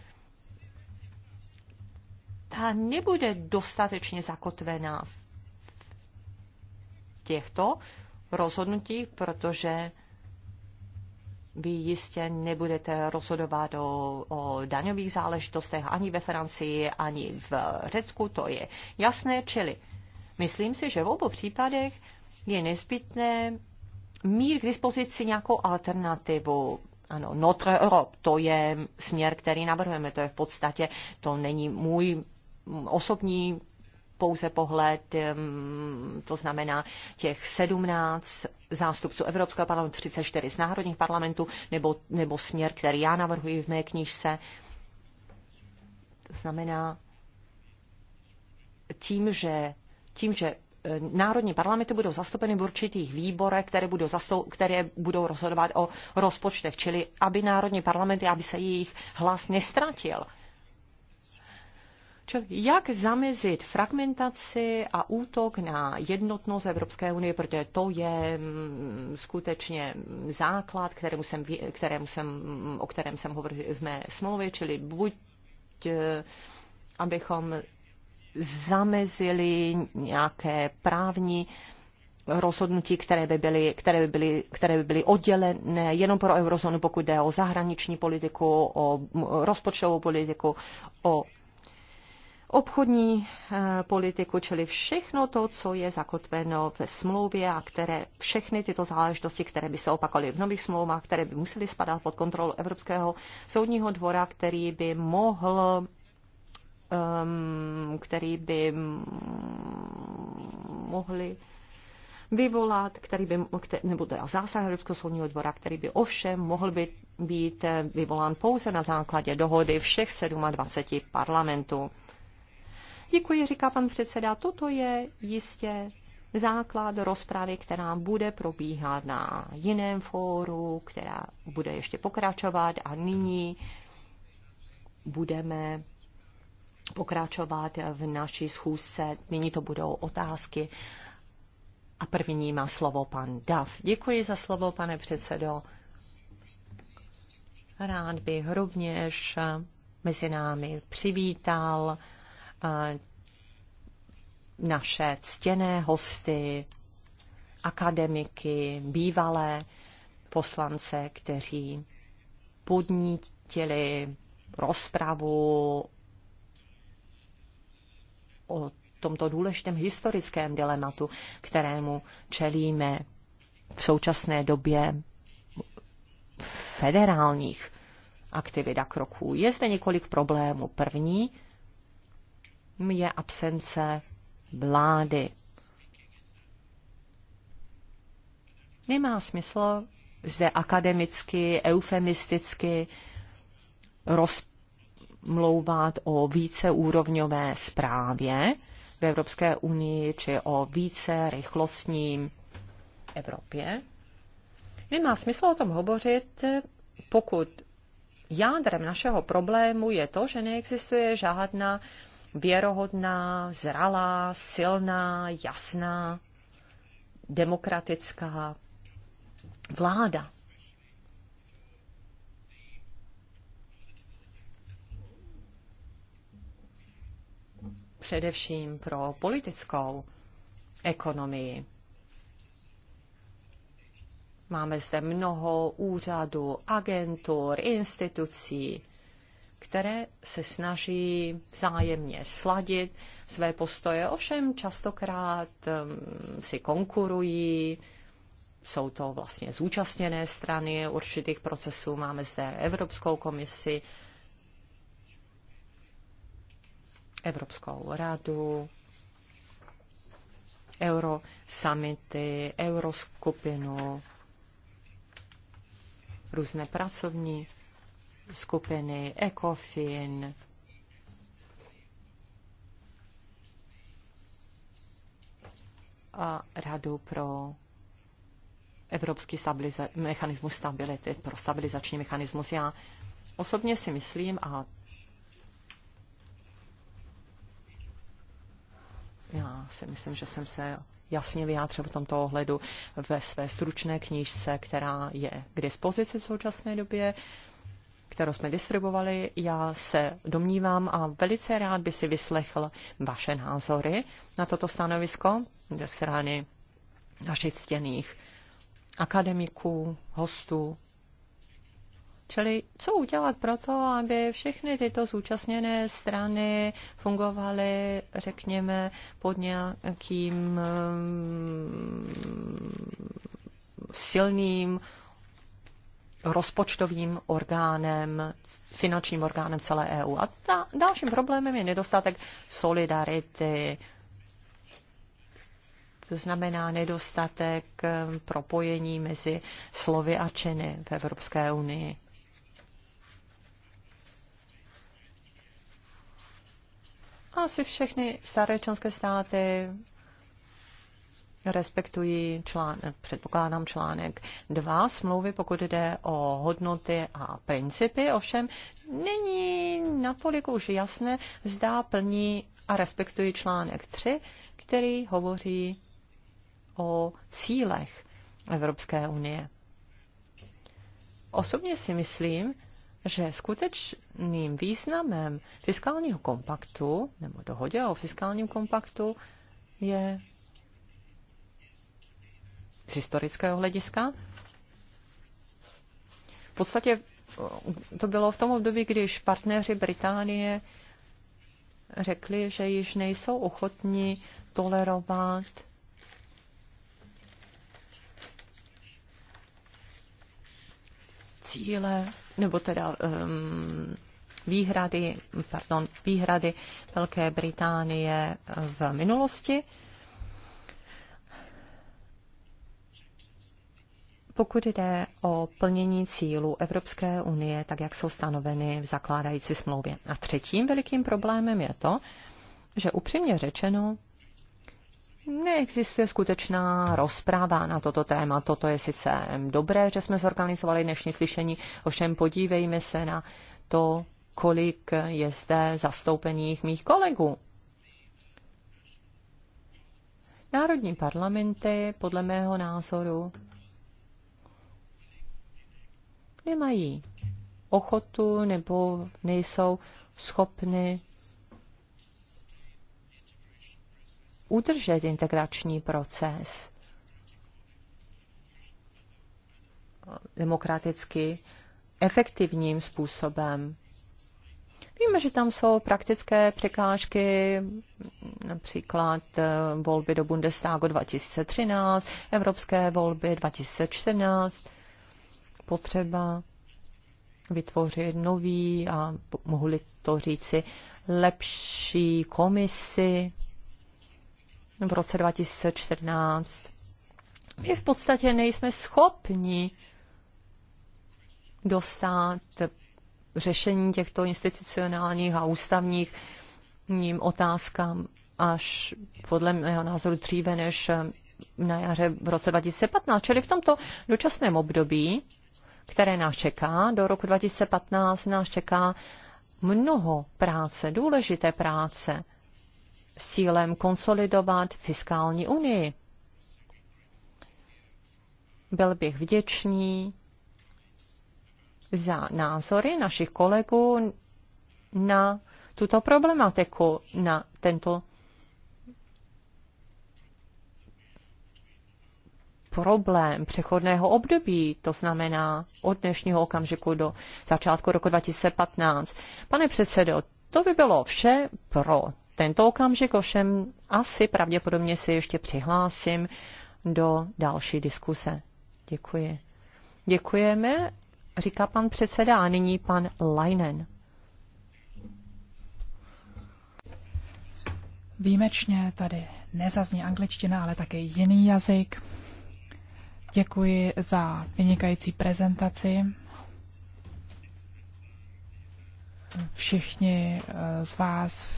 Speaker 4: ta nebude dostatečně zakotvená v těchto rozhodnutích, protože vy jistě nebudete rozhodovat o, o daňových záležitostech ani ve Francii, ani v Řecku, to je jasné, čili myslím si, že v obou případech je nezbytné mít k dispozici nějakou alternativu. Ano, Notre Europe, to je směr, který navrhujeme, to je v podstatě, to není můj osobní pouze pohled, mm, to znamená těch 17 zástupců Evropského parlamentu, 34 z národních parlamentů, nebo, nebo směr, který já navrhuji v mé knižce. To znamená, tím, že, tím, že e, národní parlamenty budou zastoupeny v určitých výborech, které budou, zastou, které budou rozhodovat o rozpočtech, čili aby národní parlamenty, aby se jejich hlas nestratil Čili jak zamezit fragmentaci a útok na jednotnost Evropské unie, protože to je mm, skutečně základ, kterému jsem, kterému jsem, mm, o kterém jsem hovořil v mé smlouvě, čili buď e, abychom zamezili nějaké právní rozhodnutí, které by byly, které by byly, které by byly oddělené jenom pro eurozónu, pokud jde o zahraniční politiku, o mm, rozpočtovou politiku, o obchodní eh, politiku, čili všechno to, co je zakotveno ve smlouvě a které všechny tyto záležitosti, které by se opakovaly v nových smlouvách, které by musely spadat pod kontrolu Evropského soudního dvora, který by mohl ehm, který by mohli vyvolat, který by, nebo teda zásah Evropského soudního dvora, který by ovšem mohl být, být eh, vyvolán pouze na základě dohody všech 27 parlamentů. Děkuji, říká pan předseda. Toto je jistě základ rozpravy, která bude probíhat na jiném fóru, která bude ještě pokračovat a nyní budeme pokračovat v naší schůzce. Nyní to budou otázky a první má slovo pan Dav. Děkuji za slovo, pane předsedo. Rád bych rovněž mezi námi přivítal naše ctěné hosty, akademiky, bývalé poslance, kteří podnítili rozpravu o tomto důležitém historickém dilematu, kterému čelíme v současné době federálních aktivit a kroků. Je zde několik problémů. První je absence vlády. Nemá smysl zde akademicky, eufemisticky rozmlouvat o víceúrovňové správě v Evropské unii či o více rychlostním Evropě. Nemá smysl o tom hovořit, pokud jádrem našeho problému je to, že neexistuje žádná věrohodná, zralá, silná, jasná, demokratická vláda. Především pro politickou ekonomii. Máme zde mnoho úřadů, agentur, institucí, které se snaží vzájemně sladit své postoje, ovšem častokrát um, si konkurují, jsou to vlastně zúčastněné strany určitých procesů. Máme zde Evropskou komisi, Evropskou radu, Eurosummity, euroskupinu, různé pracovní skupiny ECOFIN, a Radu pro Evropský stabiliza- mechanismus stability, pro stabilizační mechanismus. Já osobně si myslím a já si myslím, že jsem se jasně vyjádřil v tomto ohledu ve své stručné knížce, která je k dispozici v současné době kterou jsme distribuovali. Já se domnívám a velice rád by si vyslechl vaše názory na toto stanovisko ze strany našich ctěných akademiků, hostů. Čili co udělat pro to, aby všechny tyto zúčastněné strany fungovaly, řekněme, pod nějakým mm, silným rozpočtovým orgánem, finančním orgánem celé EU. A dalším problémem je nedostatek solidarity, to znamená nedostatek eh, propojení mezi slovy a činy v Evropské unii. Asi všechny staré členské státy respektují článek, předpokládám článek 2 smlouvy, pokud jde o hodnoty a principy, ovšem není natolik už jasné, zdá plní a respektují článek 3, který hovoří o cílech Evropské unie. Osobně si myslím, že skutečným významem fiskálního kompaktu nebo dohodě o fiskálním kompaktu je z historického hlediska. V podstatě eh, to bylo v tom období, když partneři Británie řekli, že již nejsou ochotní tolerovat cíle, nebo teda um, výhrady, pardon, výhrady Velké Británie v minulosti Pokud jde o plnění cílů Evropské unie, tak jak jsou stanoveny v zakládající smlouvě. A třetím velikým problémem je to, že upřímně řečeno neexistuje skutečná rozpráva na toto téma. Toto je sice dobré, že jsme zorganizovali dnešní slyšení, ovšem podívejme se na to, kolik je zde zastoupených mých kolegů. Národní parlamenty, podle mého názoru, nemají ochotu nebo nejsou schopny udržet integrační proces demokraticky efektivním způsobem. Víme, že tam jsou praktické překážky, například eh, volby do Bundestagu 2013, evropské volby 2014 potřeba vytvořit nový a mohli to říci lepší komisi v roce 2014. My v podstatě nejsme schopni dostat řešení těchto institucionálních a ústavních ním otázkám až podle mého názoru dříve než na jaře v roce 2015. Čili v tomto dočasném období které nás čeká. Do roku 2015 nás čeká mnoho práce, důležité práce s cílem konsolidovat fiskální unii. Byl bych vděčný za názory našich kolegů na tuto problematiku, na tento problém přechodného období, to znamená od dnešního okamžiku do začátku roku 2015. Pane předsedo, to by bylo vše pro tento okamžik, ovšem asi pravděpodobně si ještě přihlásím do další diskuse. Děkuji. Děkujeme, říká pan předseda a nyní pan Leinen.
Speaker 2: Výjimečně tady nezazní angličtina, ale také jiný jazyk. Děkuji za vynikající prezentaci. Všichni eh, z vás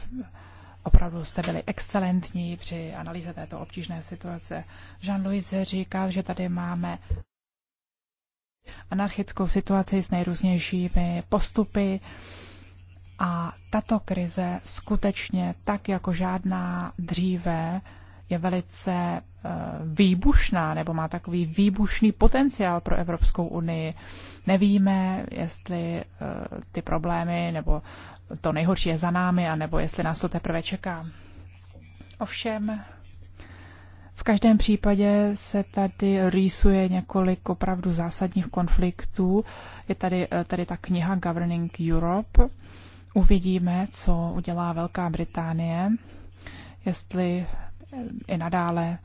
Speaker 2: opravdu jste byli excelentní při analýze této obtížné situace. Jean-Louis říkal, že tady máme anarchickou situaci s nejrůznějšími postupy a tato krize skutečně tak jako žádná dříve je velice eh, výbušná nebo má takový výbušný potenciál pro Evropskou unii. Nevíme, jestli eh, ty problémy nebo to nejhorší je za námi, anebo jestli nás to teprve čeká. Ovšem, v každém případě se tady rýsuje několik opravdu zásadních konfliktů. Je tady, eh, tady ta kniha Governing Europe. Uvidíme, co udělá Velká Británie, jestli i nadále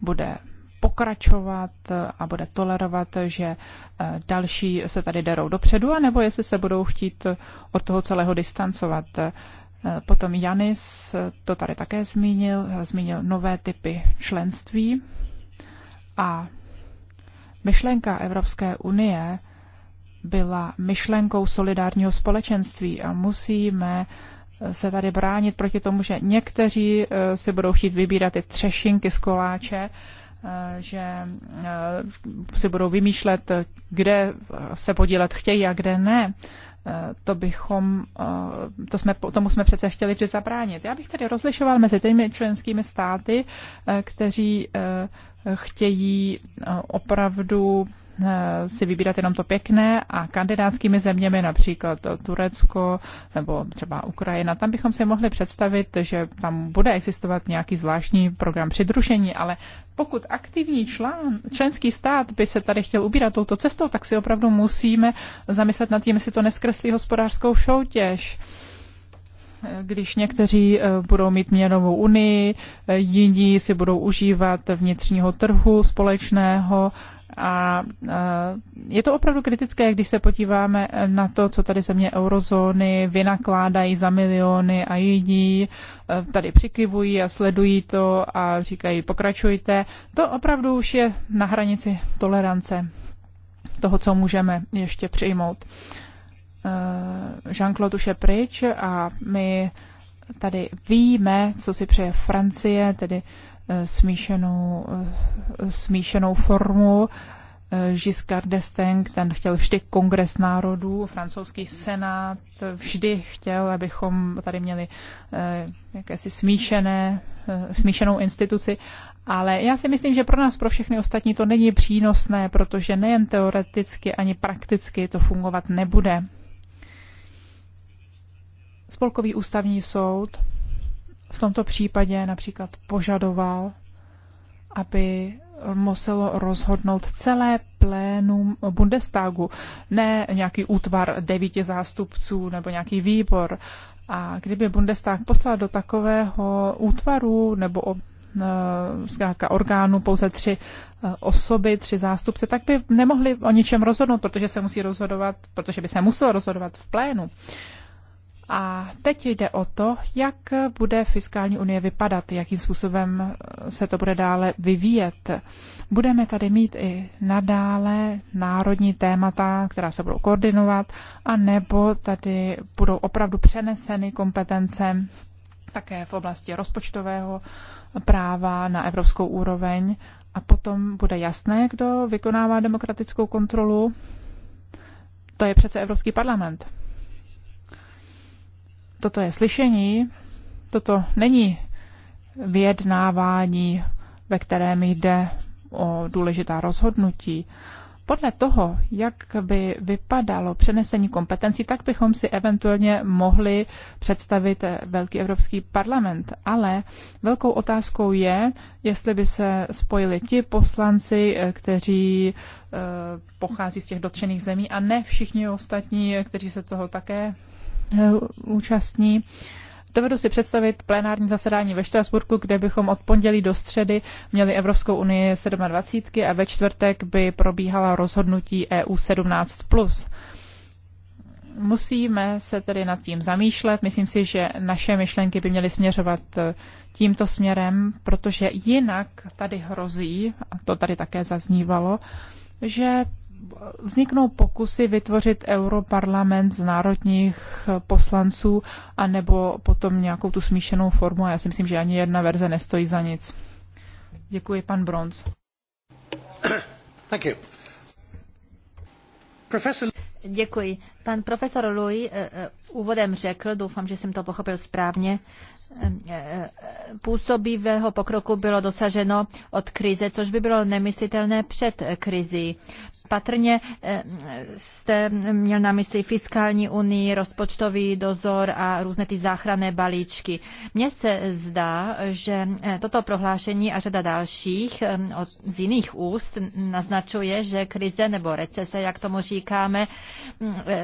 Speaker 2: bude pokračovat a bude tolerovat, že eh, další se tady derou dopředu, anebo jestli se budou chtít od toho celého distancovat. Eh, potom Janis to tady také zmínil, eh, zmínil nové typy členství a myšlenka Evropské unie byla myšlenkou solidárního společenství a musíme se tady bránit proti tomu, že někteří eh, si budou chtít vybírat ty třešinky z koláče, eh, že eh, si budou vymýšlet, kde se podílet chtějí a kde ne. To bychom, to jsme, tomu jsme přece chtěli vždy zabránit. Já bych tady rozlišoval mezi těmi členskými státy, kteří chtějí opravdu Eh, si vybírat jenom to pěkné a kandidátskými zeměmi, například Turecko nebo třeba Ukrajina, tam bychom si mohli představit, že tam bude existovat nějaký zvláštní program přidružení, ale pokud aktivní člán, členský stát by se tady chtěl ubírat touto cestou, tak si opravdu musíme zamyslet nad tím, jestli to neskreslí hospodářskou soutěž když někteří eh, budou mít měnovou unii, eh, jiní si budou užívat vnitřního trhu společného a e, je to opravdu kritické, když se podíváme na to, co tady země eurozóny vynakládají za miliony a jedí, e, tady přikivují a sledují to a říkají pokračujte. To opravdu už je na hranici tolerance toho, co můžeme ještě přijmout. E, Jean-Claude už je pryč a my tady víme, co si přeje Francie, tedy smíšenou, smíšenou formu. Giscard d'Estaing, ten chtěl vždy kongres národů, francouzský senát vždy chtěl, abychom tady měli eh, jakési smíšené, eh, smíšenou instituci. Ale já si myslím, že pro nás, pro všechny ostatní, to není přínosné, protože nejen teoreticky, ani prakticky to fungovat nebude. Spolkový ústavní soud v tomto případě například požadoval, aby muselo rozhodnout celé plénum Bundestagu, ne nějaký útvar devíti zástupců nebo nějaký výbor. A kdyby Bundestag poslal do takového útvaru nebo e, zkrátka orgánu pouze tři e, osoby, tři zástupce, tak by nemohli o ničem rozhodnout, protože se musí rozhodovat, protože by se muselo rozhodovat v plénu. A teď jde o to, jak bude fiskální unie vypadat, jakým způsobem se to bude dále vyvíjet. Budeme tady mít i nadále národní témata, která se budou koordinovat, a nebo tady budou opravdu přeneseny kompetence také v oblasti rozpočtového práva na evropskou úroveň a potom bude jasné, kdo vykonává demokratickou kontrolu. To je přece Evropský parlament toto je slyšení, toto není vyjednávání, ve kterém jde o důležitá rozhodnutí. Podle toho, jak by vypadalo přenesení kompetencí, tak bychom si eventuálně mohli představit Velký Evropský parlament. Ale velkou otázkou je, jestli by se spojili ti poslanci, kteří eh, pochází z těch dotčených zemí a ne všichni ostatní, kteří se toho také Eh, účastní. Dovedu si představit plenární zasedání ve Štrasburku, kde bychom od pondělí do středy měli Evropskou unii 27 a ve čtvrtek by probíhala rozhodnutí EU 17 musíme se tedy nad tím zamýšlet. Myslím si, že naše myšlenky by měly směřovat eh, tímto směrem, protože jinak tady hrozí, a to tady také zaznívalo, že vzniknou pokusy vytvořit europarlament z národních poslanců a nebo potom nějakou tu smíšenou formu. Já si myslím, že ani jedna verze nestojí za nic. Děkuji, pan Bronz.
Speaker 1: Thank
Speaker 4: you.
Speaker 3: Professor... Děkuji. Pan profesor Lui eh, eh, úvodem řekl, doufám, že jsem to pochopil správně, eh, působivého pokroku bylo dosaženo od krize, což by bylo nemyslitelné před krizí. Patrně jste měl na mysli fiskální unii, rozpočtový dozor a různé ty záchranné balíčky. Mně se zdá, že toto prohlášení a řada dalších od, z jiných úst naznačuje, že krize nebo recese, jak tomu říkáme,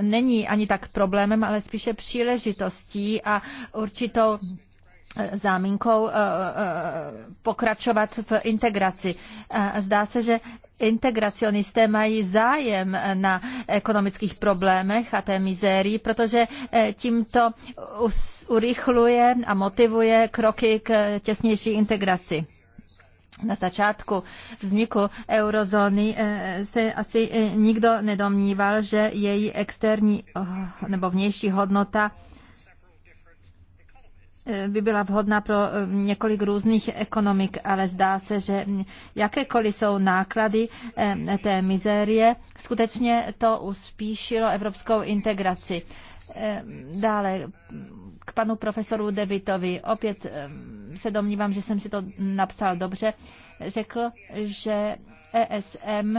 Speaker 3: není ani tak problémem, ale spíše příležitostí a určitou záminkou eh, eh, pokračovat v integraci. Eh, zdá se, že integracionisté mají zájem na ekonomických problémech a té mizérii, protože tímto urychluje a motivuje kroky k těsnější integraci na začátku vzniku eurozóny eh, se asi eh, nikdo nedomníval, že její externí eh, nebo vnější hodnota by byla vhodná pro několik různých ekonomik, ale zdá se, že jakékoliv jsou náklady té mizérie, skutečně to uspíšilo evropskou integraci. Ehm, dále k panu profesoru Devitovi. Opět ehm, se domnívám, že jsem si to napsal dobře. Řekl, že ESM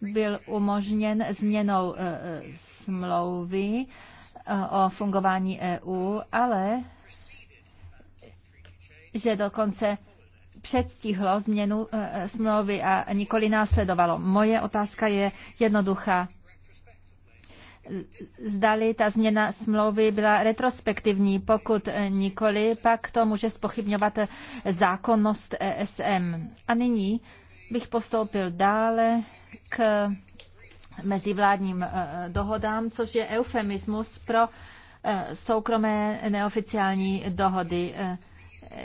Speaker 3: byl umožněn změnou e, smlouvy e, o fungování EU, ale že dokonce předstihlo změnu e, smlouvy a nikoli následovalo. Moje otázka je jednoduchá zdali ta změna smlouvy byla retrospektivní. Pokud nikoli, pak to může spochybňovat zákonnost ESM. A nyní bych postoupil dále k mezivládním eh, dohodám, což je eufemismus pro eh, soukromé neoficiální dohody. Eh,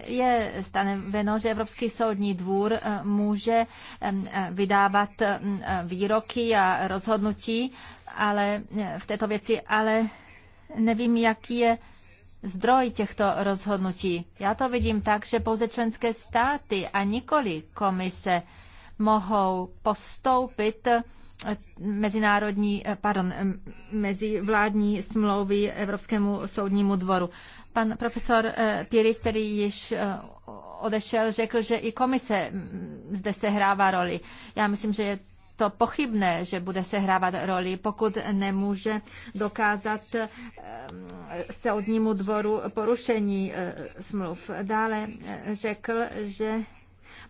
Speaker 3: je stanoveno, že Evropský soudní dvůr eh, může eh, vydávat eh, výroky a rozhodnutí ale v této věci, ale nevím, jaký je zdroj těchto rozhodnutí. Já to vidím tak, že pouze členské státy a nikoli komise mohou postoupit mezinárodní, pardon, mezi vládní smlouvy Evropskému soudnímu dvoru. Pan profesor eh, Pieris, který již eh, odešel, řekl, že i komise zde sehrává roli. Já myslím, že je to pochybné, že bude sehrávat roli, pokud nemůže dokázat eh, soudnímu dvoru porušení smluv. Dále řekl, že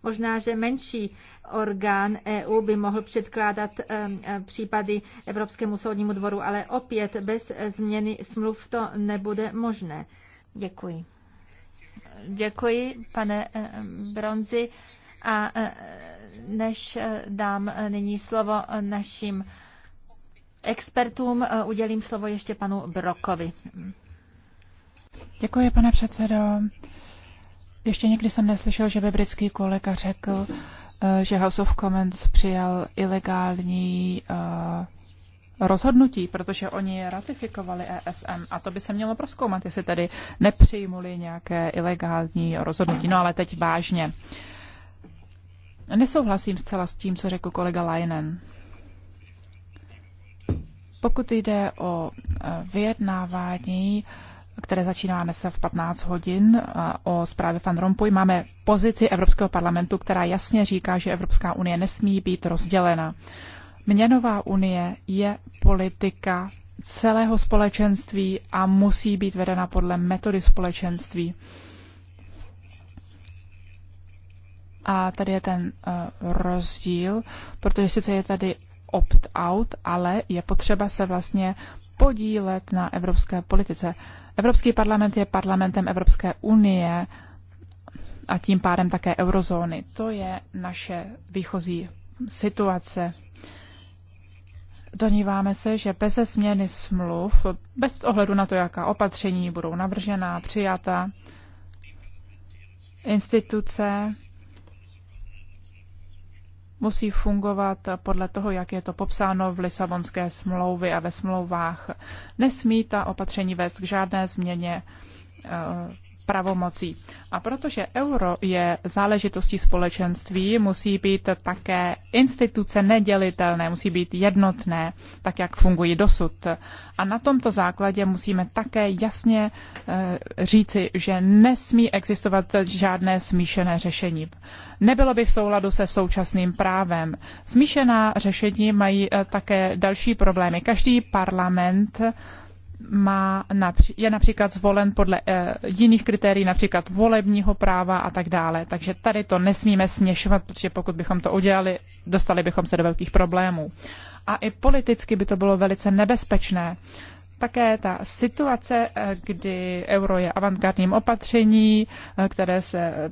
Speaker 3: možná, že menší orgán EU by mohl předkládat případy Evropskému soudnímu dvoru, ale opět bez změny smluv to nebude možné. Děkuji. Děkuji, pane eh, Bronzi. A eh, než eh, dám nyní slovo našim expertům, udělím slovo ještě panu Brokovi.
Speaker 2: Děkuji, pane předsedo. Ještě nikdy jsem neslyšel, že by britský kolega řekl, že House of Commons přijal ilegální uh, rozhodnutí, protože oni ratifikovali ESM a to by se mělo proskoumat, jestli tedy nepřijmuli nějaké ilegální rozhodnutí. No ale teď vážně. Nesouhlasím zcela s tím, co řekl kolega Leinen. Pokud jde o e, vyjednávání, které začíná dnes v 15 hodin e, o zprávě Van Rompuy. Máme pozici Evropského parlamentu, která jasně říká, že Evropská unie nesmí být rozdělena. Měnová unie je politika celého společenství a musí být vedena podle metody společenství. A tady je ten uh, rozdíl, protože sice je tady opt-out, ale je potřeba se vlastně podílet na evropské politice. Evropský parlament je parlamentem Evropské unie a tím pádem také eurozóny. To je naše výchozí situace. Doníváme se, že bez změny smluv, bez ohledu na to, jaká opatření budou navržená, přijata, instituce musí fungovat podle toho, jak je to popsáno v Lisabonské smlouvě a ve smlouvách. Nesmí ta opatření vést k žádné změně eh, pravomocí. A protože euro je záležitostí společenství, musí být také instituce nedělitelné, musí být jednotné, tak jak fungují dosud. A na tomto základě musíme také jasně eh, říci, že nesmí existovat žádné smíšené řešení. Nebylo by v souladu se současným právem. Smíšená řešení mají eh, také další problémy. Každý parlament má je například zvolen podle eh, jiných kritérií, například volebního práva a tak dále. Takže tady to nesmíme směšovat, protože pokud bychom to udělali, dostali bychom se do velkých problémů. A i politicky by to bylo velice nebezpečné. Také ta situace, eh, kdy euro je avantgardním opatření, eh, které se,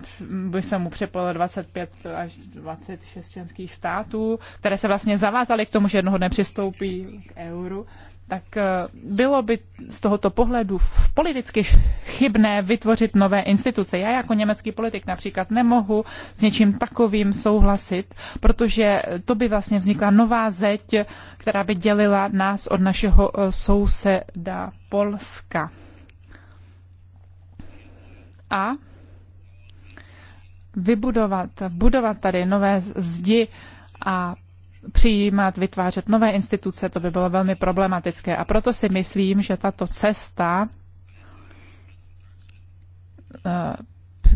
Speaker 2: by se mu připojilo 25 až 26 členských států, které se vlastně zavázaly k tomu, že jednoho nepřistoupí k euru, tak eh, bylo by z tohoto pohledu politicky chybné vytvořit nové instituce. Já jako německý politik například nemohu s něčím takovým souhlasit, protože to by vlastně vznikla nová zeď, která by dělila nás od našeho eh, souseda Polska. A vybudovat, budovat tady nové zdi a přijímat, vytvářet nové instituce, to by bylo velmi problematické. A proto si myslím, že tato cesta, eh,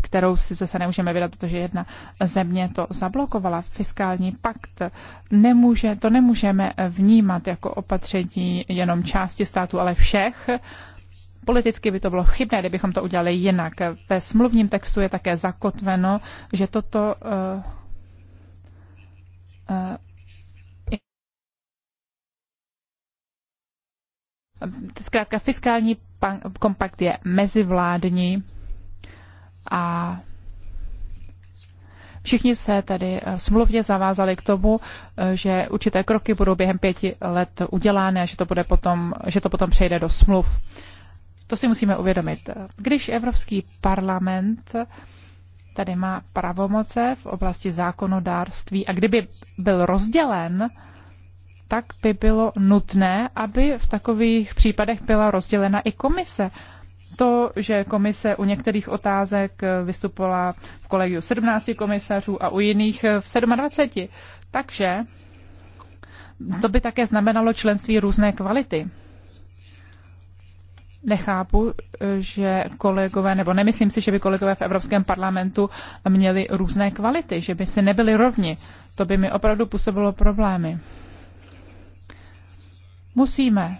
Speaker 2: kterou si zase nemůžeme vydat, protože jedna země to zablokovala, fiskální pakt, nemůže, to nemůžeme vnímat jako opatření jenom části státu, ale všech, Politicky by to bylo chybné, kdybychom to udělali jinak. Ve smluvním textu je také zakotveno, že toto uh, uh, zkrátka fiskální kompakt je mezivládní a Všichni se tady eh, smluvně zavázali k tomu, eh, že určité kroky budou během pěti let udělány a že to, bude potom, že to potom přejde do smluv. To si musíme uvědomit. Když Evropský parlament tady má pravomoce v oblasti zákonodárství a kdyby byl rozdělen, tak by bylo nutné, aby v takových případech byla rozdělena i komise. To, že komise u některých otázek vystupovala v kolegiu 17 komisařů a u jiných v 27. Takže to by také znamenalo členství různé kvality. Nechápu, že kolegové, nebo nemyslím si, že by kolegové v Evropském parlamentu měli různé kvality, že by si nebyli rovni. To by mi opravdu působilo problémy. Musíme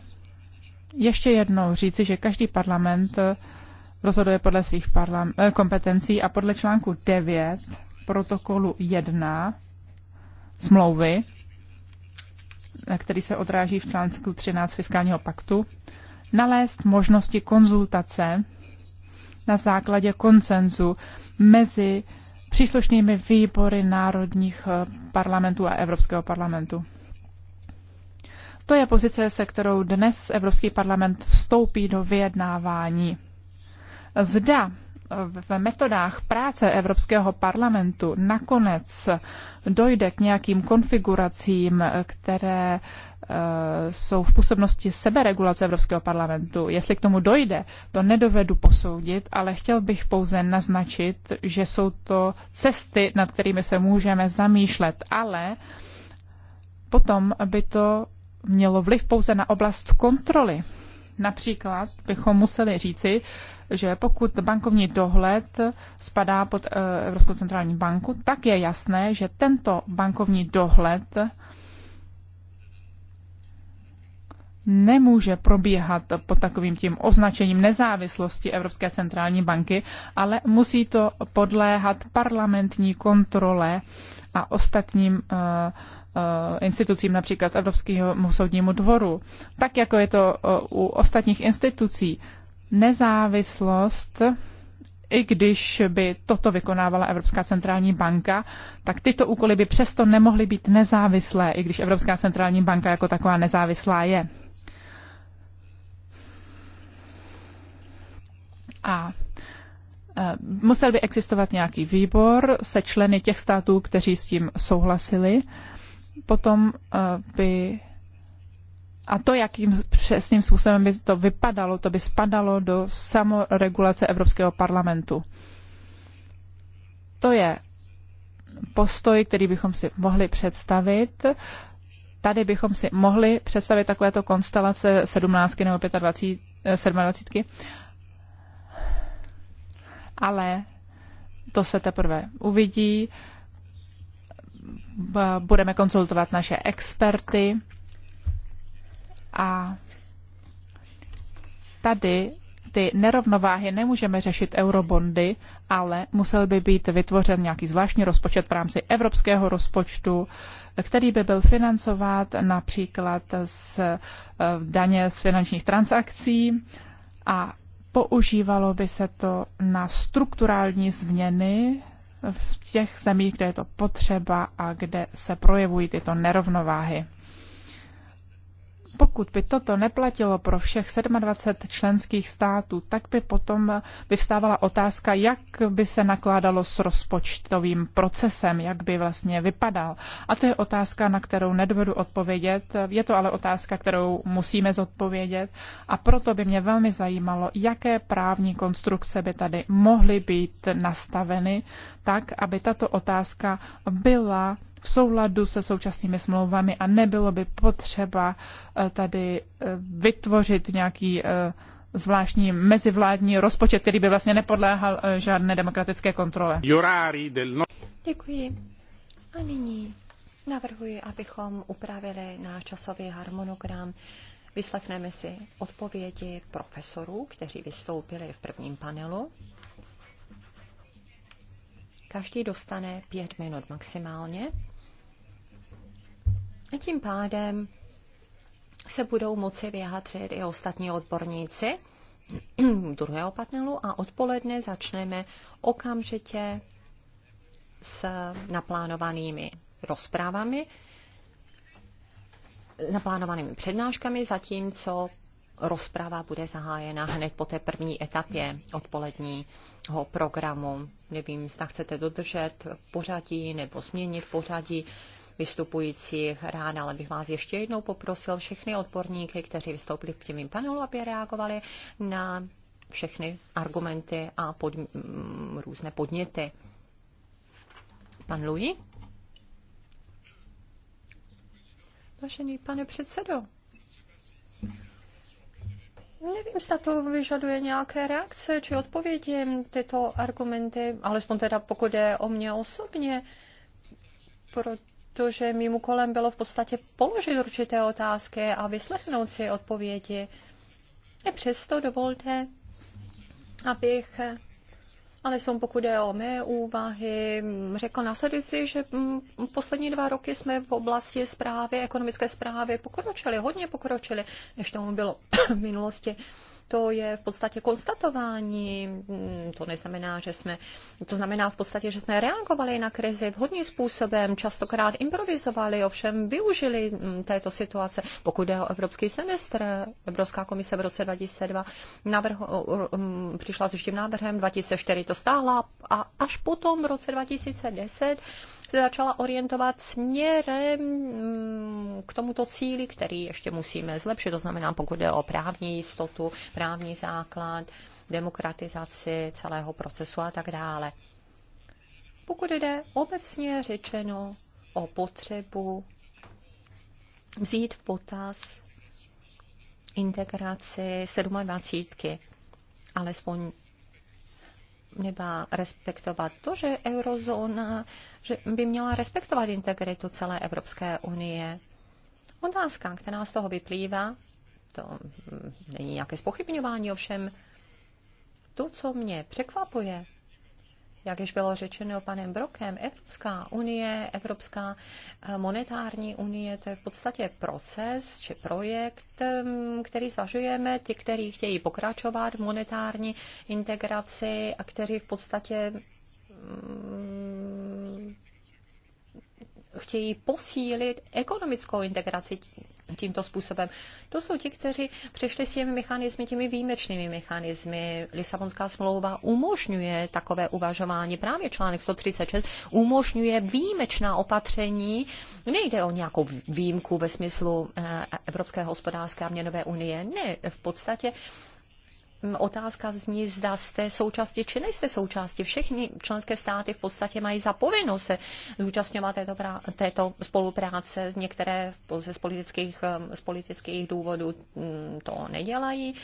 Speaker 2: ještě jednou říci, že každý parlament rozhoduje podle svých eh, kompetencí a podle článku 9 protokolu 1 smlouvy, eh, který se odráží v článku 13 fiskálního paktu, nalézt možnosti konzultace na základě koncenzu mezi příslušnými výbory národních eh, parlamentů a Evropského parlamentu. To je pozice, se kterou dnes Evropský parlament vstoupí do vyjednávání. Zda eh, v metodách práce Evropského parlamentu nakonec dojde k nějakým konfiguracím, které eh, jsou v působnosti seberegulace Evropského parlamentu. Jestli k tomu dojde, to nedovedu posoudit, ale chtěl bych pouze naznačit, že jsou to cesty, nad kterými se můžeme zamýšlet, ale potom by to mělo vliv pouze na oblast kontroly. Například bychom museli říci, že pokud bankovní dohled spadá pod eh, Evropskou centrální banku, tak je jasné, že tento bankovní dohled nemůže probíhat pod takovým tím označením nezávislosti Evropské centrální banky, ale musí to podléhat parlamentní kontrole a ostatním uh, Eh, institucím, například Evropského soudnímu dvoru, tak jako je to eh, u ostatních institucí. Nezávislost, i když by toto vykonávala Evropská centrální banka, tak tyto úkoly by přesto nemohly být nezávislé, i když Evropská centrální banka jako taková nezávislá je. A eh, musel by existovat nějaký výbor se členy těch států, kteří s tím souhlasili potom eh, by a to, jakým přesným způsobem by to vypadalo, to by spadalo do samoregulace Evropského parlamentu. To je postoj, který bychom si mohli představit. Tady bychom si mohli představit takovéto konstelace 17 nebo 27. Eh, Ale to se teprve uvidí. Eh, budeme konzultovat naše experty a tady ty nerovnováhy nemůžeme řešit eurobondy, ale musel by být vytvořen nějaký zvláštní rozpočet v rámci evropského rozpočtu, který by byl financovat například z eh, daně z finančních transakcí a používalo by se to na strukturální změny v těch zemích, kde je to potřeba a kde se projevují tyto nerovnováhy. Pokud by toto neplatilo pro všech 27 členských států, tak by potom vyvstávala otázka, jak by se nakládalo s rozpočtovým procesem, jak by vlastně vypadal. A to je otázka, na kterou nedovedu odpovědět. Je to ale otázka, kterou musíme zodpovědět. A proto by mě velmi zajímalo, jaké právní konstrukce by tady mohly být nastaveny tak, aby tato otázka byla v souladu se současnými smlouvami a nebylo by potřeba eh, tady eh, vytvořit nějaký eh, zvláštní mezivládní rozpočet, který by vlastně nepodléhal žádné demokratické kontrole. No-
Speaker 4: Děkuji. A nyní navrhuji, abychom upravili náš časový harmonogram. Vyslechneme si odpovědi profesorů, kteří vystoupili v prvním panelu. Každý dostane pět minut maximálně a tím pádem se budou moci vyjádřit i ostatní odborníci [CLEARS THROAT] druhého panelu a odpoledne začneme okamžitě s naplánovanými rozprávami, naplánovanými přednáškami, zatímco rozprava bude zahájena hned po té první etapě odpoledního programu. Nevím, zda chcete dodržet pořadí nebo změnit pořadí vystupujících rána, ale bych vás ještě jednou poprosil všechny odborníky, kteří vystoupili v těmým panelu, aby reagovali na všechny argumenty a pod, m, mm, různé podněty. Pan Louis? Vážený pane předsedo, Nevím, zda to vyžaduje nějaké reakce či odpovědi tyto argumenty, alespoň teda pokud je o mě osobně, proto to, že mým úkolem bylo v podstatě položit určité otázky a vyslechnout si odpovědi. I přesto dovolte, abych ale jsou pokud je o mé úvahy, řekl následující, že mm, poslední dva roky jsme v oblasti zprávy, ekonomické zprávy pokročili, hodně pokročili, než tomu bylo [COUGHS] v minulosti to je v podstatě konstatování. Mm, to neznamená, že jsme, to znamená v podstatě, že jsme reagovali na krizi vhodným způsobem, častokrát improvizovali, ovšem využili mm, této situace. Pokud je o evropský semestr, Evropská komise v roce 2002 navrho, mm, přišla s tím návrhem, 2004 to stála a až potom v roce 2010 se začala orientovat směrem mm, k tomuto cíli, který ještě musíme zlepšit, to znamená pokud jde o právní jistotu, právní základ, demokratizaci celého procesu a tak dále. Pokud jde obecně řečeno o potřebu vzít v potaz integraci 27. alespoň měla respektovat to, že eurozóna že by měla respektovat integritu celé Evropské unie. Otázka, která z toho vyplývá, to není nějaké spochybňování, ovšem to, co mě překvapuje, jak již bylo řečeno panem Brokem, Evropská unie, Evropská eh, monetární unie, to je v podstatě proces či projekt, mm, který zvažujeme, ti, kteří chtějí pokračovat v monetární integraci a kteří v podstatě mm, chtějí posílit ekonomickou integraci tímto způsobem. To jsou ti, kteří přešli s těmi mechanizmy, těmi výjimečnými mechanizmy. Lisabonská smlouva umožňuje takové uvažování. Právě článek 136 umožňuje výjimečná opatření. Nejde o nějakou výjimku ve smyslu eh, Evropské hospodářské a měnové unie. Ne, v podstatě otázka zní, zda jste součástí či nejste součástí. Všechny členské státy v podstatě mají zapovinnost se zúčastňovat této, této spolupráce. Některé z politických, z politických důvodů to nedělají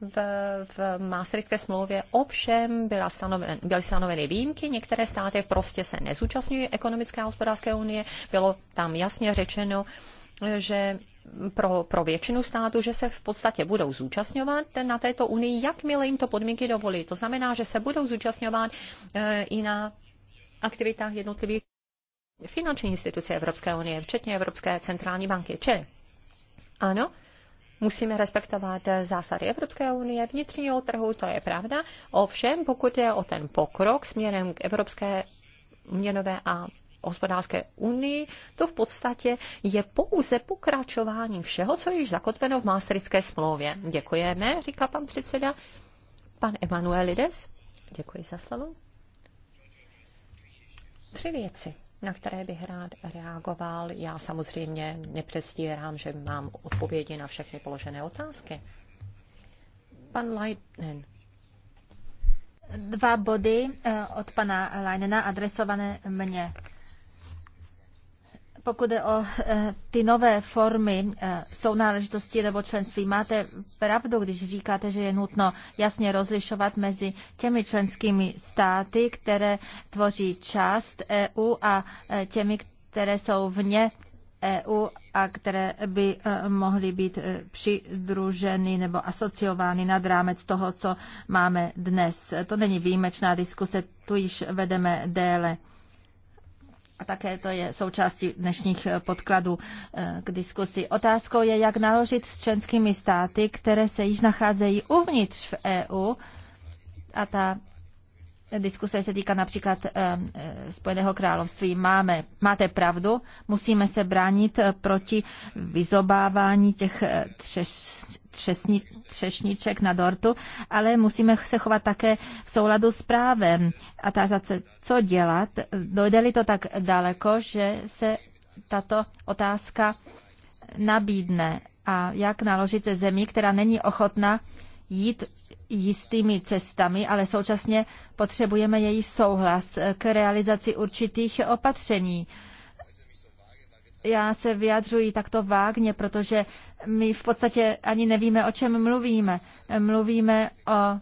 Speaker 4: v, v Maastrichtské smlouvě ovšem byla stanoven, byly stanoveny výjimky, některé státy prostě se nezúčastňují ekonomické a hospodářské unie, bylo tam jasně řečeno, že pro, pro většinu států, že se v podstatě budou zúčastňovat na této unii, jakmile jim to podmínky dovolí. To znamená, že se budou zúčastňovat e, i na aktivitách jednotlivých finanční instituce Evropské unie, včetně Evropské centrální banky. Čili ano, musíme respektovat eh, zásady Evropské unie, vnitřního trhu, to je pravda. Ovšem, pokud je o ten pokrok směrem k Evropské měnové a hospodářské unii, to v podstatě je pouze pokračování všeho, co je již zakotveno v Maastrichtské smlouvě. Děkujeme, říká pan předseda. Pan Emanuelides, děkuji za slovo. Tři věci na které bych rád reagoval. Já samozřejmě nepředstírám, že mám odpovědi na všechny položené otázky.
Speaker 3: Pan Leitnen. Dva body eh, od pana Leinena adresované mně. Pokud je o eh, ty nové formy eh, sounáležitosti nebo členství, máte pravdu, když říkáte, že je nutno jasně rozlišovat mezi těmi členskými státy, které tvoří část EU a eh, těmi, které jsou vně EU a které by mohly být přidruženy nebo asociovány nad rámec toho, co máme dnes. To není výjimečná diskuse, tu již vedeme déle a také to je součástí dnešních podkladů eh, k diskusi. Otázkou je, jak naložit s členskými státy, které se již nacházejí uvnitř v EU a ta diskuse se týká například eh, eh, Spojeného království. Máme, máte pravdu, musíme se bránit proti vyzobávání těch třesni, třešniček na dortu, ale musíme se chovat také v souladu s právem a tázat se, co dělat. Dojde-li to tak daleko, že se tato otázka nabídne a jak naložit se zemí, která není ochotna jít jistými cestami, ale současně potřebujeme její souhlas k realizaci určitých opatření já se vyjadřuji takto vágně, protože my v podstatě ani nevíme, o čem mluvíme. Mluvíme o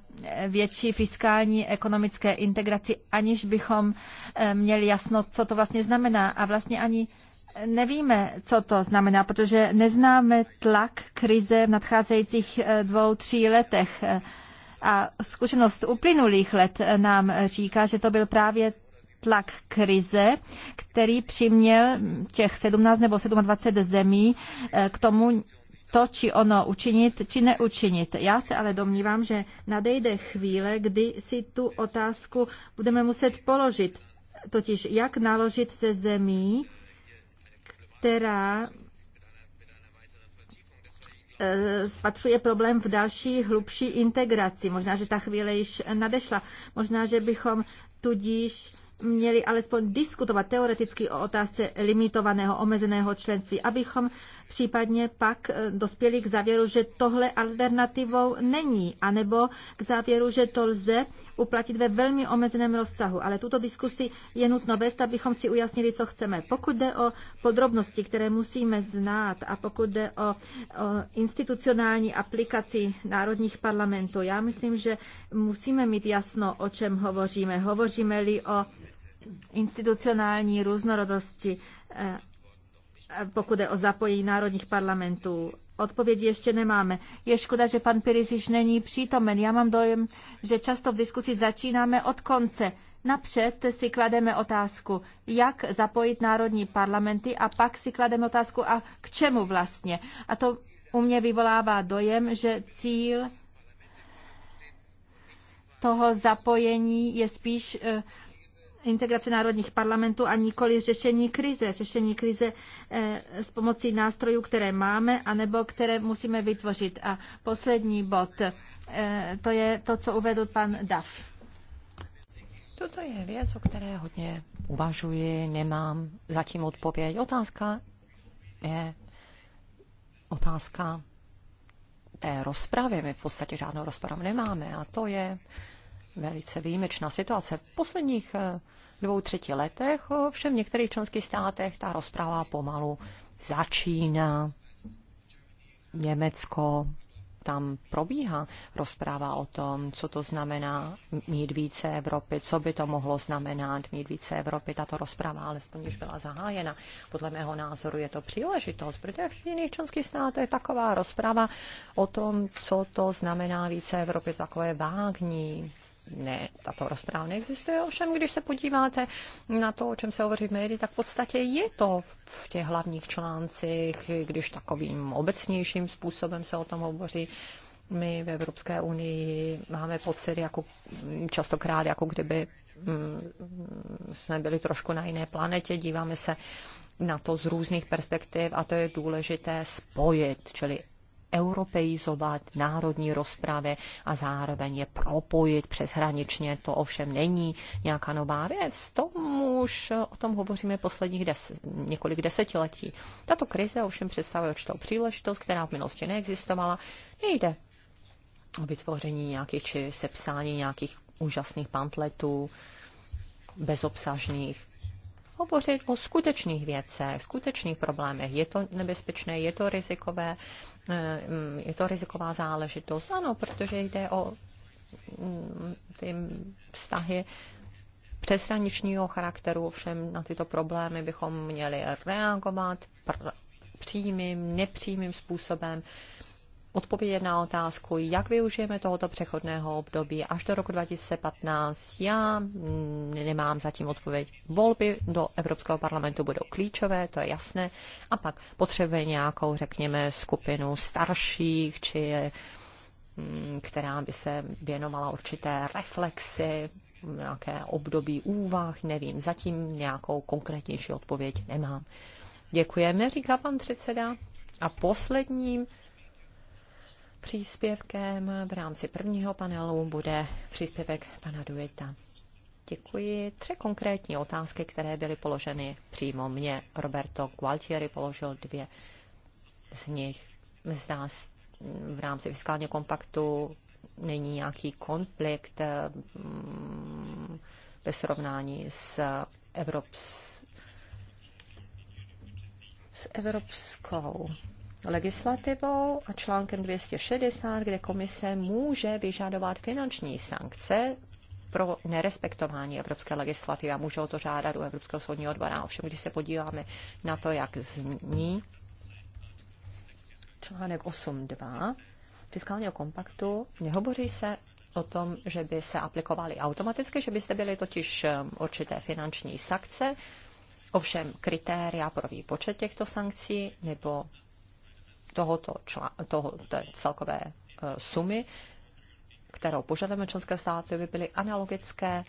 Speaker 3: větší fiskální ekonomické integraci, aniž bychom eh, měli jasno, co to vlastně znamená. A vlastně ani nevíme, co to znamená, protože neznáme tlak krize v nadcházejících eh, dvou, tří letech. Eh, a zkušenost uplynulých let nám říká, že to byl právě tlak krize, který přiměl těch 17 nebo 27 zemí eh, k tomu to či ono učinit či neučinit. Já se ale domnívám, že nadejde chvíle, kdy si tu otázku budeme muset položit, totiž jak naložit se zemí, která eh, spatřuje problém v další hlubší integraci. Možná, že ta chvíle již nadešla. Možná, že bychom tudíž měli alespoň diskutovat teoreticky o otázce limitovaného, omezeného členství, abychom případně pak eh, dospěli k závěru, že tohle alternativou není, anebo k závěru, že to lze uplatit ve velmi omezeném rozsahu. Ale tuto diskusi je nutno vést, abychom si ujasnili, co chceme. Pokud jde o podrobnosti, které musíme znát a pokud jde o, o institucionální aplikaci národních parlamentů, já myslím, že musíme mít jasno, o čem hovoříme. Hovoříme-li o institucionální různorodosti, eh, pokud je o zapojení národních parlamentů. Odpovědi ještě nemáme. Je škoda, že pan Piris již není přítomen. Já mám dojem, že často v diskusi začínáme od konce. Napřed si klademe otázku, jak zapojit národní parlamenty a pak si klademe otázku, a k čemu vlastně. A to u mě vyvolává dojem, že cíl toho zapojení je spíš eh, integrace národních parlamentů a nikoli řešení krize. Řešení krize eh, s pomocí nástrojů, které máme, anebo které musíme vytvořit. A poslední bod, eh, to je to, co uvedl pan Duff.
Speaker 4: Toto je věc, o které hodně uvažuji, nemám zatím odpověď. Otázka je otázka té rozpravy. My v podstatě žádnou rozpravu nemáme a to je velice výjimečná situace. V posledních eh, dvou třetí letech, ovšem v některých členských státech ta rozprava pomalu začíná. Německo, tam probíhá rozpráva o tom, co to znamená mít více Evropy, co by to mohlo znamenat mít více Evropy. Tato rozpráva alespoň již byla zahájena. Podle mého názoru je to příležitost, protože v jiných členských státech taková rozprava o tom, co to znamená více Evropy, takové vágní, ne, tato rozpráva neexistuje, ovšem když se podíváte na to, o čem se hovoří v médii, tak v podstatě je to v těch hlavních článcích, když takovým obecnějším způsobem se o tom hovoří, my v Evropské unii máme pocit, jako častokrát, jako kdyby mm, jsme byli trošku na jiné planetě, díváme se na to z různých perspektiv a to je důležité spojit, čili zeuropeizovat národní rozpravy a zároveň je propojit přeshraničně. To ovšem není nějaká nová věc. To už o tom hovoříme posledních des, několik desetiletí. Tato krize ovšem představuje určitou příležitost, která v minulosti neexistovala. Nejde o vytvoření nějakých či sepsání nějakých úžasných pamfletů, bezobsažných. Hovořit o skutečných věcech, skutečných problémech. Je to nebezpečné, je to rizikové Eh, je to riziková záležitost. Ano, protože jde o mm, ty vztahy přeshraničního charakteru, ovšem na tyto problémy bychom měli reagovat přímým, nepřímým způsobem odpovědět na otázku, jak využijeme tohoto přechodného období až do roku 2015. Já mm, nemám zatím odpověď. Volby do Evropského parlamentu budou klíčové, to je jasné. A pak potřebuje nějakou, řekněme, skupinu starších, či mm, která by se věnovala určité reflexy, nějaké období úvah, nevím, zatím nějakou konkrétnější odpověď nemám. Děkujeme, říká pan předseda. A posledním Příspěvkem v rámci prvního panelu bude příspěvek pana Dueta. Děkuji. Tři konkrétní otázky, které byly položeny přímo mně. Roberto Gualtieri položil dvě z nich. Zdá v rámci fiskálního kompaktu není nějaký konflikt mm, ve srovnání s, Evrops, s evropskou legislativou a článkem 260, kde komise může vyžadovat finanční sankce pro nerespektování evropské legislativy a můžou to žádat u Evropského soudního dvora. Ovšem, když se podíváme na to, jak zní článek 8.2 fiskálního kompaktu, nehovoří se o tom, že by se aplikovaly automaticky, že byste byly totiž um, určité finanční sankce, ovšem kritéria pro výpočet těchto sankcí nebo tohoto čla, toho, té celkové e, sumy, kterou požadujeme členské státy, by byly analogické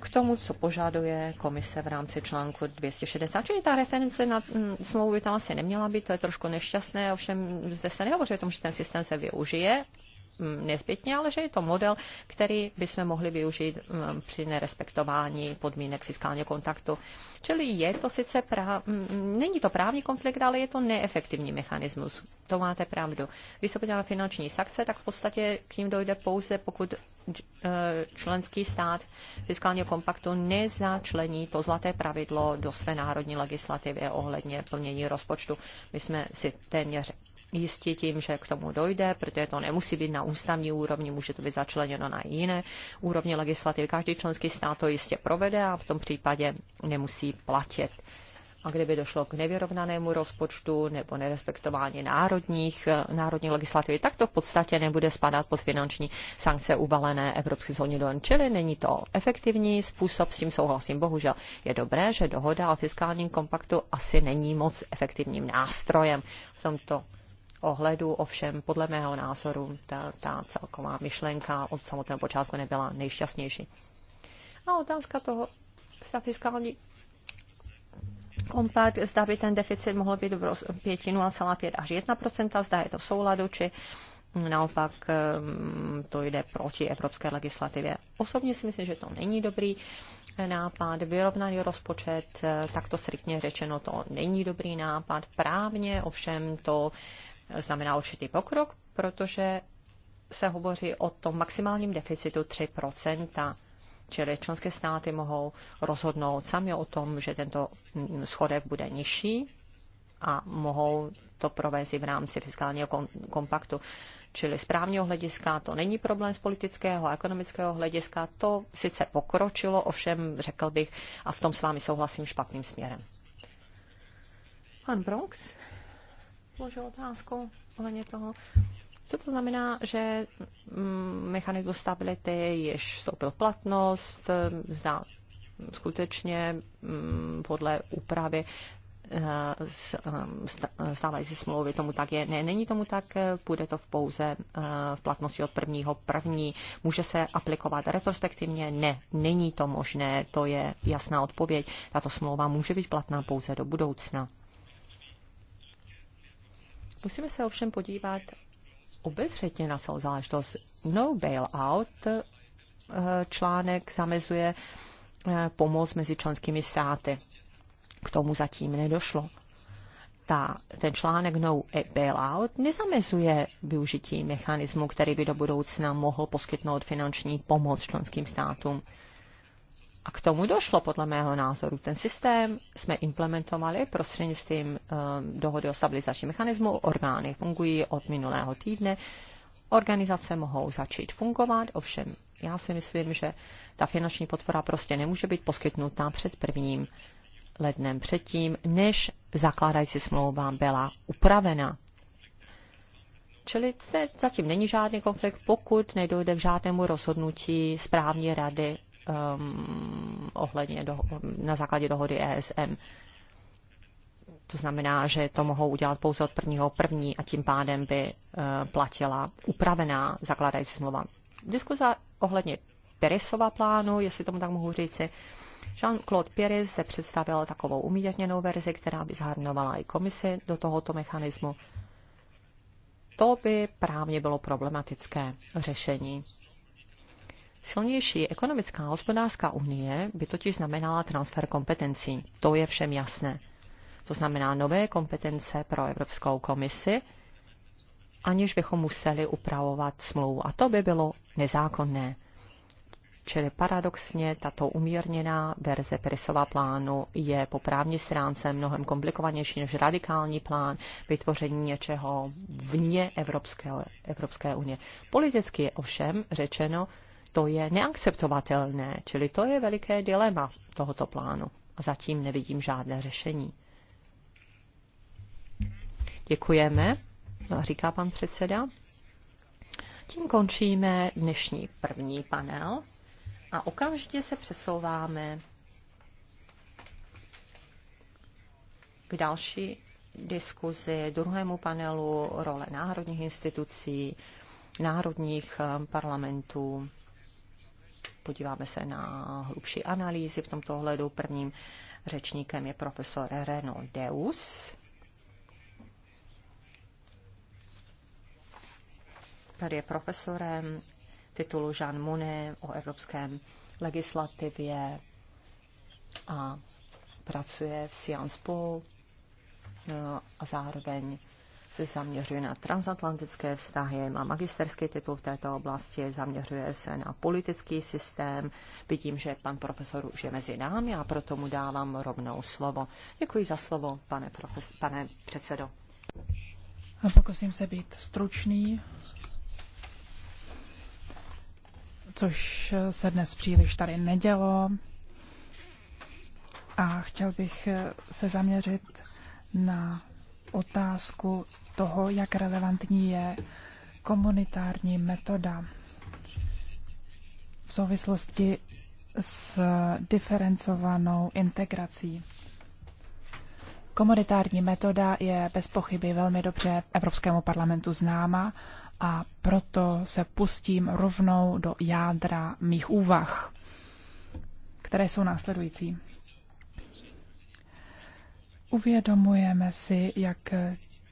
Speaker 4: k tomu, co požaduje komise v rámci článku 260. Čili ta reference na mm, smlouvu by tam asi neměla být, to je trošku nešťastné, ovšem zde se nehovoří o tom, že ten systém se využije, Mm, nezbytně, ale že je to model, který bychom mohli využít mm, při nerespektování podmínek fiskálního kontaktu. Čili je to sice práv... Mm, není to právní konflikt, ale je to neefektivní mechanismus. To máte pravdu. Když se podíváme finanční sankce, tak v podstatě k ním dojde pouze, pokud e, členský stát fiskálního kompaktu nezačlení to zlaté pravidlo do své národní legislativy ohledně plnění rozpočtu. My jsme si téměř jistí tím, že k tomu dojde, protože to nemusí být na ústavní úrovni, může to být začleněno na jiné úrovni legislativy. Každý členský stát to jistě provede a v tom případě nemusí platit. A kdyby došlo k nevyrovnanému rozpočtu nebo nerespektování národních, národní legislativy, tak to v podstatě nebude spadat pod finanční sankce uvalené Evropský soudní do Čili není to efektivní způsob, s tím souhlasím. Bohužel je dobré, že dohoda o fiskálním kompaktu asi není moc efektivním nástrojem v tomto ohledu, ovšem podle mého názoru ta, ta celková myšlenka od samotného počátku nebyla nejšťastnější. A otázka toho, zda fiskální kompakt, zda by ten deficit mohl být v rozpětí 0,5 až 1 zda je to v souladu, či naopak ehm, to jde proti evropské legislativě. Osobně si myslím, že to není dobrý eh, nápad. Vyrovnaný rozpočet, eh, takto striktně řečeno, to není dobrý nápad. Právně ovšem to znamená určitý pokrok, protože se hovoří o tom maximálním deficitu 3 Čili členské státy mohou rozhodnout sami o tom, že tento schodek bude nižší a mohou to provést i v rámci fiskálního kompaktu. Čili z právního hlediska to není problém z politického a ekonomického hlediska. To sice pokročilo, ovšem řekl bych, a v tom s vámi souhlasím, špatným směrem. Pan Bronx? položil otázku ohledně toho, co to znamená, že mm, mechanismus stability již vstoupil platnost, eh, zda skutečně mm, podle úpravy eh, eh, stávající smlouvy tomu tak je. Ne, není tomu tak, bude to v pouze v platnosti od prvního první. Může se aplikovat retrospektivně? Ne, není to možné, to je jasná odpověď. Tato smlouva může být platná pouze do budoucna. Musíme se ovšem podívat obezřetně na celou záležitost. No bailout eh, článek zamezuje eh, pomoc mezi členskými státy. K tomu zatím nedošlo. Ta, ten článek No Bailout nezamezuje využití mechanismu, který by do budoucna mohl poskytnout finanční pomoc členským státům. A k tomu došlo, podle mého názoru. Ten systém jsme implementovali prostřednictvím eh, dohody o stabilizačním mechanismu. Orgány fungují od minulého týdne. Organizace mohou začít fungovat, ovšem já si myslím, že ta finanční podpora prostě nemůže být poskytnutá před prvním lednem předtím, než zakládající smlouva byla upravena. Čili zatím není žádný konflikt, pokud nedojde k žádnému rozhodnutí správní rady um, ohledně na základě dohody ESM. To znamená, že to mohou udělat pouze od prvního první a tím pádem by uh, platila upravená zakládající smlouva. Diskuza ohledně Peresova plánu, jestli tomu tak mohu říci. Jean-Claude Pieris zde představil takovou umírněnou verzi, která by zahrnovala i komisi do tohoto mechanismu. To by právně bylo problematické řešení. Silnější ekonomická a hospodářská unie by totiž znamenala transfer kompetencí. To je všem jasné. To znamená nové kompetence pro Evropskou komisi, aniž bychom museli upravovat smlouvu. A to by bylo nezákonné. Čili paradoxně tato umírněná verze Perisova plánu je po právní stránce mnohem komplikovanější než radikální plán vytvoření něčeho vně Evropské, Evropské unie. Politicky je ovšem řečeno, to je neakceptovatelné, čili to je veliké dilema tohoto plánu. A zatím nevidím žádné řešení. Děkujeme, no říká pan předseda. Tím končíme dnešní první panel a okamžitě se přesouváme k další diskuzi, druhému panelu role národních institucí, národních eh, parlamentů podíváme se na hlubší analýzy v tomto ohledu. Prvním řečníkem je profesor Reno Deus. Tady je profesorem titulu Jean Monnet o evropském legislativě a pracuje v Sciences Po no a zároveň se zaměřuje na transatlantické vztahy, má magisterský titul v této oblasti, zaměřuje se na politický systém. Vidím, že pan profesor už je mezi námi a proto mu dávám rovnou slovo. Děkuji za slovo, pane, profes, pane předsedo.
Speaker 2: A pokusím se být stručný, což se dnes příliš tady nedělo. A chtěl bych se zaměřit na otázku toho, jak relevantní je komunitární metoda v souvislosti s diferencovanou integrací. Komunitární metoda je bez pochyby velmi dobře Evropskému parlamentu známa a proto se pustím rovnou do jádra mých úvah, které jsou následující. Uvědomujeme si, jak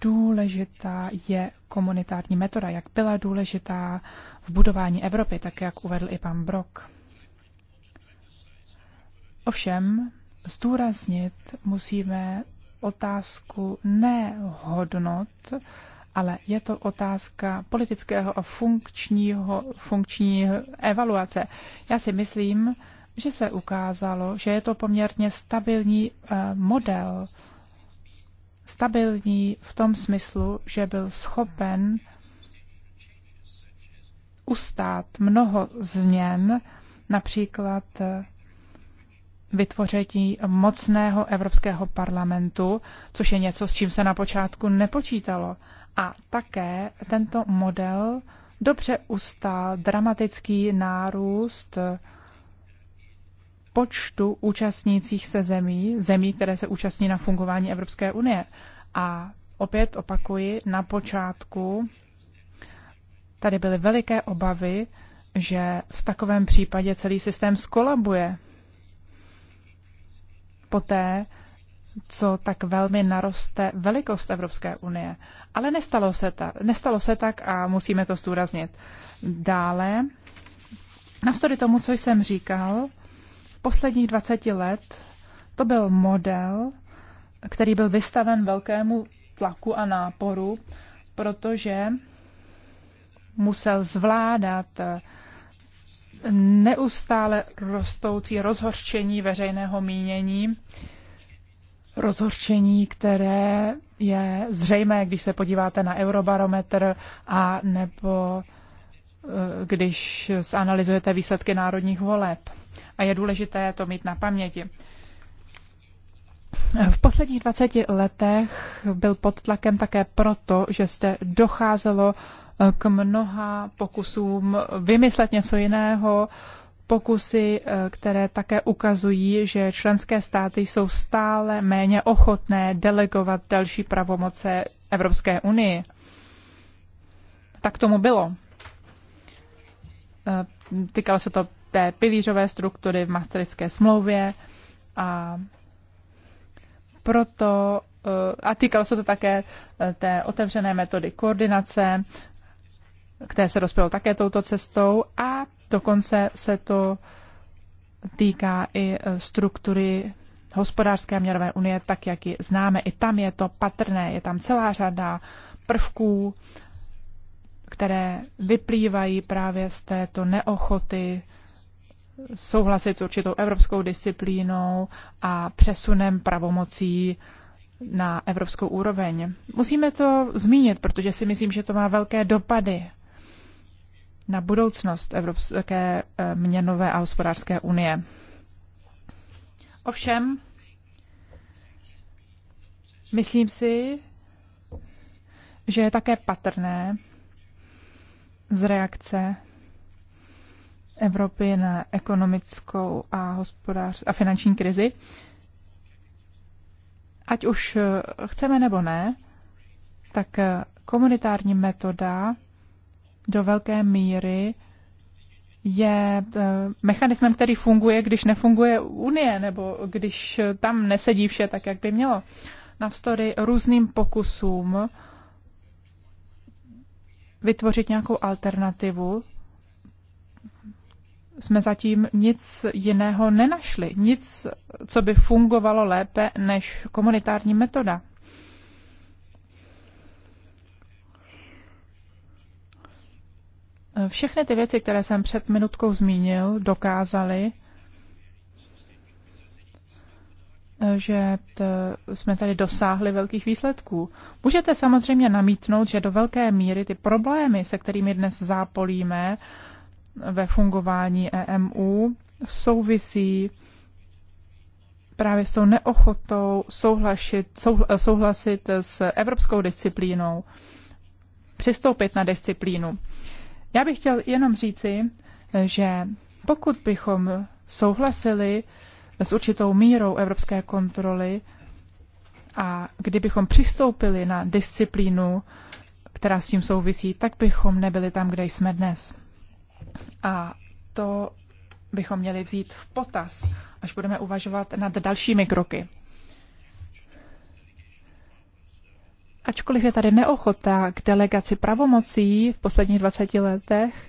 Speaker 2: důležitá je komunitární metoda, jak byla důležitá v budování Evropy, tak jak uvedl i pan Brok. Ovšem, zdůraznit musíme otázku ne hodnot, ale je to otázka politického a funkčního, funkční evaluace. Já si myslím, že se ukázalo, že je to poměrně stabilní eh, model stabilní v tom smyslu, že byl schopen ustát mnoho změn, například eh, vytvoření mocného Evropského parlamentu, což je něco, s čím se na počátku nepočítalo. A také tento model dobře ustál dramatický nárůst eh, počtu účastnících se zemí, zemí, které se účastní na fungování Evropské unie. A opět opakuji, na počátku tady byly veliké obavy, že v takovém případě celý systém skolabuje. Poté, co tak velmi naroste velikost Evropské unie. Ale nestalo se, ta, nestalo se tak a musíme to zdůraznit. Dále, navzdory tomu, co jsem říkal, posledních 20 let to byl model, který byl vystaven velkému tlaku a náporu, protože musel zvládat neustále rostoucí rozhorčení veřejného mínění, rozhorčení, které je zřejmé, když se podíváte na Eurobarometr a nebo eh, když zanalizujete výsledky národních voleb. A je důležité to mít na paměti. V posledních 20 letech byl pod tlakem také proto, že zde docházelo eh, k mnoha pokusům vymyslet něco jiného, pokusy, eh, které také ukazují, že členské státy jsou stále méně ochotné delegovat další pravomoce Evropské unii. Tak tomu bylo. Eh, Týkalo se to té pilířové struktury v Maastrichtské smlouvě a proto eh, a týkalo se to také eh, té otevřené metody koordinace, které se dospělo také touto cestou a dokonce se to týká i eh, struktury hospodářské a měrové unie, tak jak ji známe. I tam je to patrné, je tam celá řada prvků, které vyplývají právě z této neochoty souhlasit s určitou evropskou disciplínou a přesunem pravomocí na evropskou úroveň. Musíme to zmínit, protože si myslím, že to má velké dopady na budoucnost Evropské eh, měnové a hospodářské unie. Ovšem, myslím si, že je také patrné z reakce Evropy na ekonomickou a, hospodář, a finanční krizi. Ať už eh, chceme nebo ne, tak eh, komunitární metoda do velké míry je eh, mechanismem, který funguje, když nefunguje Unie, nebo když tam nesedí vše tak, jak by mělo. Navzdory různým pokusům vytvořit nějakou alternativu, jsme zatím nic jiného nenašli, nic, co by fungovalo lépe než komunitární metoda. Všechny ty věci, které jsem před minutkou zmínil, dokázaly, že jsme tady dosáhli velkých výsledků. Můžete samozřejmě namítnout, že do velké míry ty problémy, se kterými dnes zápolíme, ve fungování EMU souvisí právě s tou neochotou souhlasit, souhlasit s evropskou disciplínou, přistoupit na disciplínu. Já bych chtěl jenom říci, že pokud bychom souhlasili s určitou mírou evropské kontroly a kdybychom přistoupili na disciplínu, která s tím souvisí, tak bychom nebyli tam, kde jsme dnes. A to bychom měli vzít v potaz, až budeme uvažovat nad dalšími kroky. Ačkoliv je tady neochota k delegaci pravomocí v posledních 20 letech,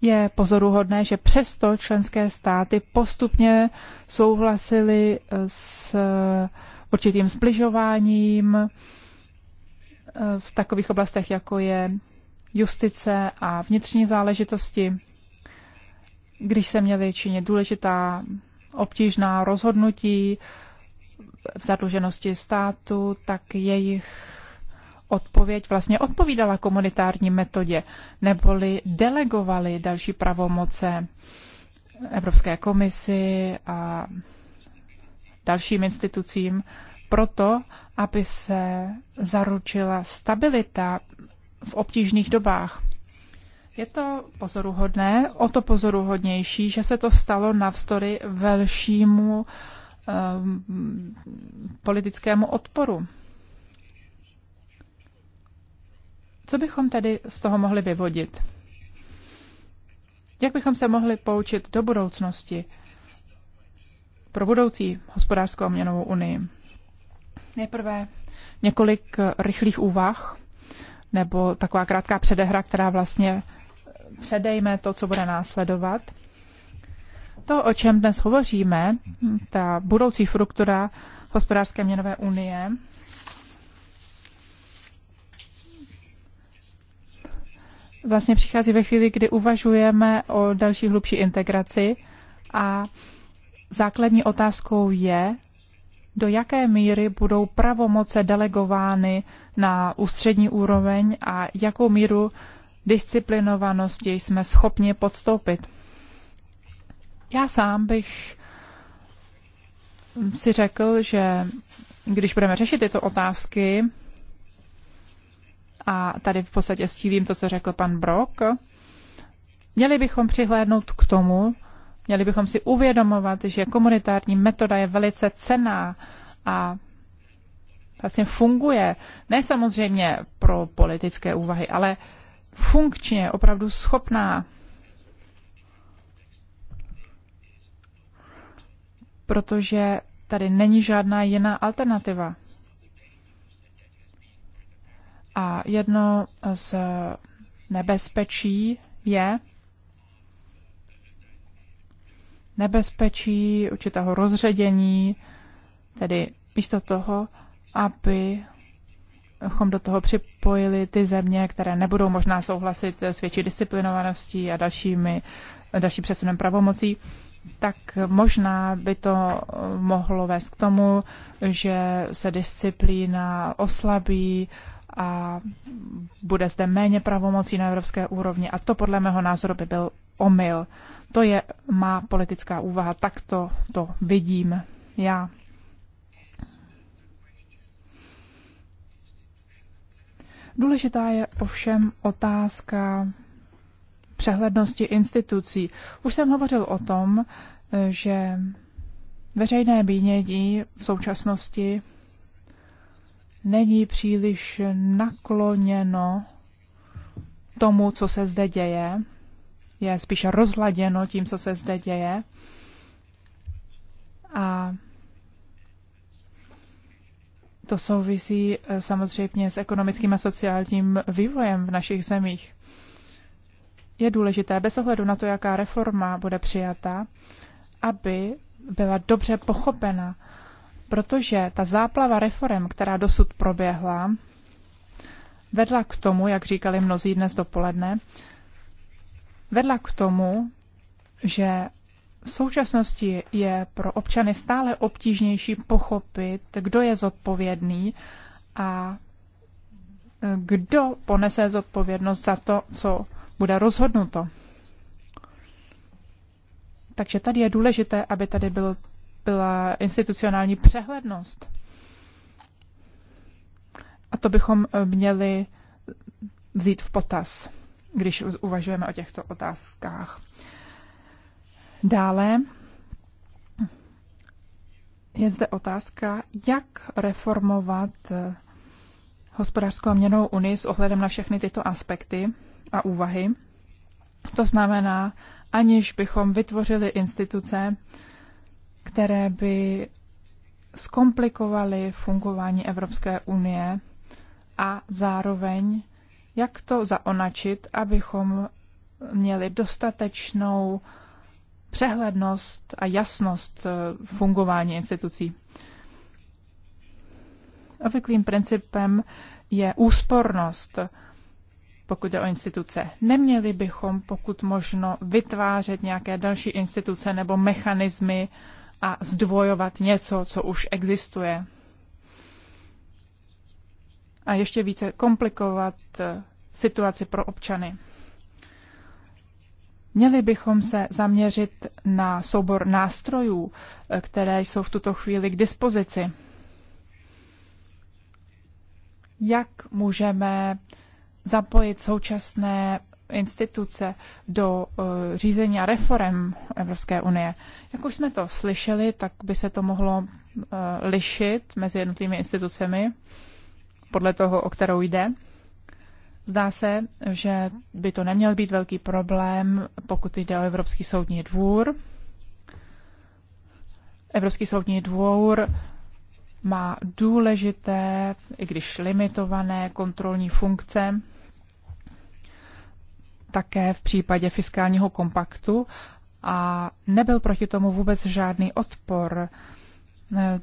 Speaker 2: je pozoruhodné, že přesto členské státy postupně souhlasily s určitým zbližováním v takových oblastech, jako je justice a vnitřní záležitosti, když se měly činit důležitá obtížná rozhodnutí v zadluženosti státu, tak jejich odpověď vlastně odpovídala komunitární metodě, neboli delegovali další pravomoce Evropské komisi a dalším institucím proto, aby se zaručila stabilita v obtížných dobách. Je to pozoruhodné, o to pozoruhodnější, že se to stalo navzdory velšímu um, politickému odporu. Co bychom tedy z toho mohli vyvodit? Jak bychom se mohli poučit do budoucnosti pro budoucí hospodářskou a měnovou unii? Nejprve několik rychlých úvah nebo taková krátká předehra, která vlastně předejme to, co bude následovat. To, o čem dnes hovoříme, ta budoucí struktura hospodářské měnové unie, vlastně přichází ve chvíli, kdy uvažujeme o další hlubší integraci a základní otázkou je, do jaké míry budou pravomoce delegovány na ústřední úroveň a jakou míru disciplinovanosti jsme schopni podstoupit. Já sám bych si řekl, že když budeme řešit tyto otázky, a tady v podstatě stívím to, co řekl pan Brok, měli bychom přihlédnout k tomu, Měli bychom si uvědomovat, že komunitární metoda je velice cená a vlastně funguje. Ne samozřejmě pro politické úvahy, ale funkčně opravdu schopná. Protože tady není žádná jiná alternativa. A jedno z nebezpečí je, nebezpečí, určitého rozředění, tedy místo toho, aby abychom do toho připojili ty země, které nebudou možná souhlasit s větší disciplinovaností a dalšími, další přesunem pravomocí, tak možná by to mohlo vést k tomu, že se disciplína oslabí a bude zde méně pravomocí na evropské úrovni. A to podle mého názoru by byl omyl. To je má politická úvaha, tak to, to vidím já. Důležitá je ovšem otázka přehlednosti institucí. Už jsem hovořil o tom, že veřejné mínění v současnosti není příliš nakloněno tomu, co se zde děje je spíše rozladěno tím, co se zde děje. A to souvisí eh, samozřejmě s ekonomickým a sociálním vývojem v našich zemích. Je důležité, bez ohledu na to, jaká reforma bude přijata, aby byla dobře pochopena, protože ta záplava reform, která dosud proběhla, vedla k tomu, jak říkali mnozí dnes dopoledne, vedla k tomu, že v současnosti je pro občany stále obtížnější pochopit, kdo je zodpovědný a e, kdo ponese zodpovědnost za to, co bude rozhodnuto. Takže tady je důležité, aby tady byl, byla institucionální přehlednost. A to bychom e, měli vzít v potaz když uvažujeme o těchto otázkách. Dále je zde otázka, jak reformovat hospodářskou a měnou unii s ohledem na všechny tyto aspekty a úvahy. To znamená, aniž bychom vytvořili instituce, které by zkomplikovaly fungování Evropské unie a zároveň jak to zaonačit, abychom měli dostatečnou přehlednost a jasnost eh, fungování institucí. Obvyklým principem je úspornost, pokud jde o instituce. Neměli bychom, pokud možno, vytvářet nějaké další instituce nebo mechanismy a zdvojovat něco, co už existuje a ještě více komplikovat eh, situaci pro občany. Měli bychom se zaměřit na soubor nástrojů, eh, které jsou v tuto chvíli k dispozici. Jak můžeme zapojit současné instituce do eh, řízení a reform Evropské unie. Jak už jsme to slyšeli, tak by se to mohlo lišit mezi jednotlivými institucemi podle toho, o kterou jde. Zdá se, že by to neměl být velký problém, pokud jde o Evropský soudní dvůr. Evropský soudní dvůr má důležité, i když limitované, kontrolní funkce také v případě fiskálního kompaktu a nebyl proti tomu vůbec žádný odpor.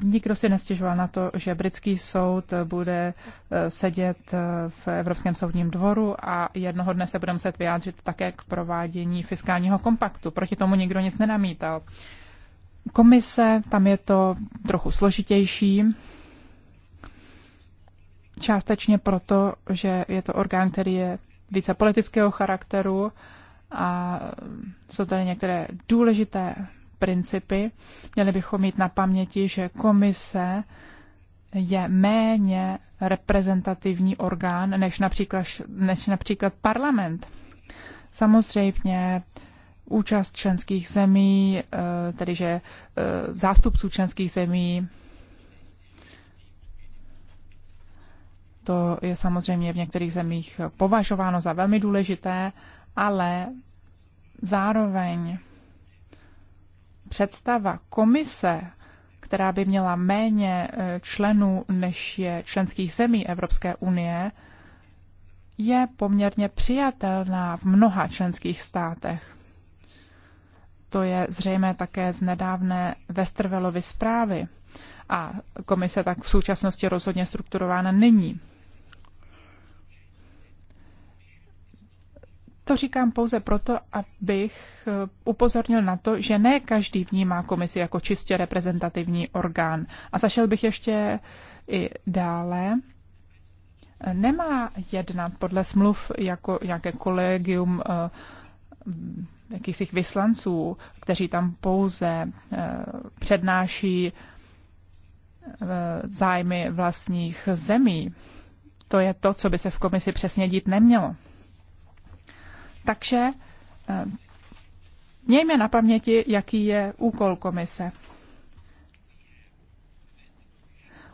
Speaker 2: Nikdo si nestěžoval na to, že britský soud bude eh, sedět eh, v Evropském soudním dvoru a jednoho dne se bude muset vyjádřit také k provádění fiskálního kompaktu. Proti tomu nikdo nic nenamítal. Komise, tam je to trochu složitější, částečně proto, že je to orgán, který je více politického charakteru a jsou tady některé důležité principy. Měli bychom mít na paměti, že komise je méně reprezentativní orgán než například, než například parlament. Samozřejmě účast členských zemí, eh, tedy že eh, zástupců členských zemí, to je samozřejmě v některých zemích považováno za velmi důležité, ale zároveň představa komise, která by měla méně e, členů, než je členských zemí Evropské unie, je poměrně přijatelná v mnoha členských státech. To je zřejmé také z nedávné Westervelovy zprávy. A komise tak v současnosti rozhodně strukturována není. To říkám pouze proto, abych eh, upozornil na to, že ne každý vnímá komisi jako čistě reprezentativní orgán. A zašel bych ještě i dále. Nemá jednat podle smluv jako nějaké kolegium eh, mm, jakýchsi vyslanců, kteří tam pouze eh, přednáší zájmy vlastních zemí. To je to, co by se v komisi přesně dít nemělo. Takže eh, mějme na paměti, jaký je úkol komise.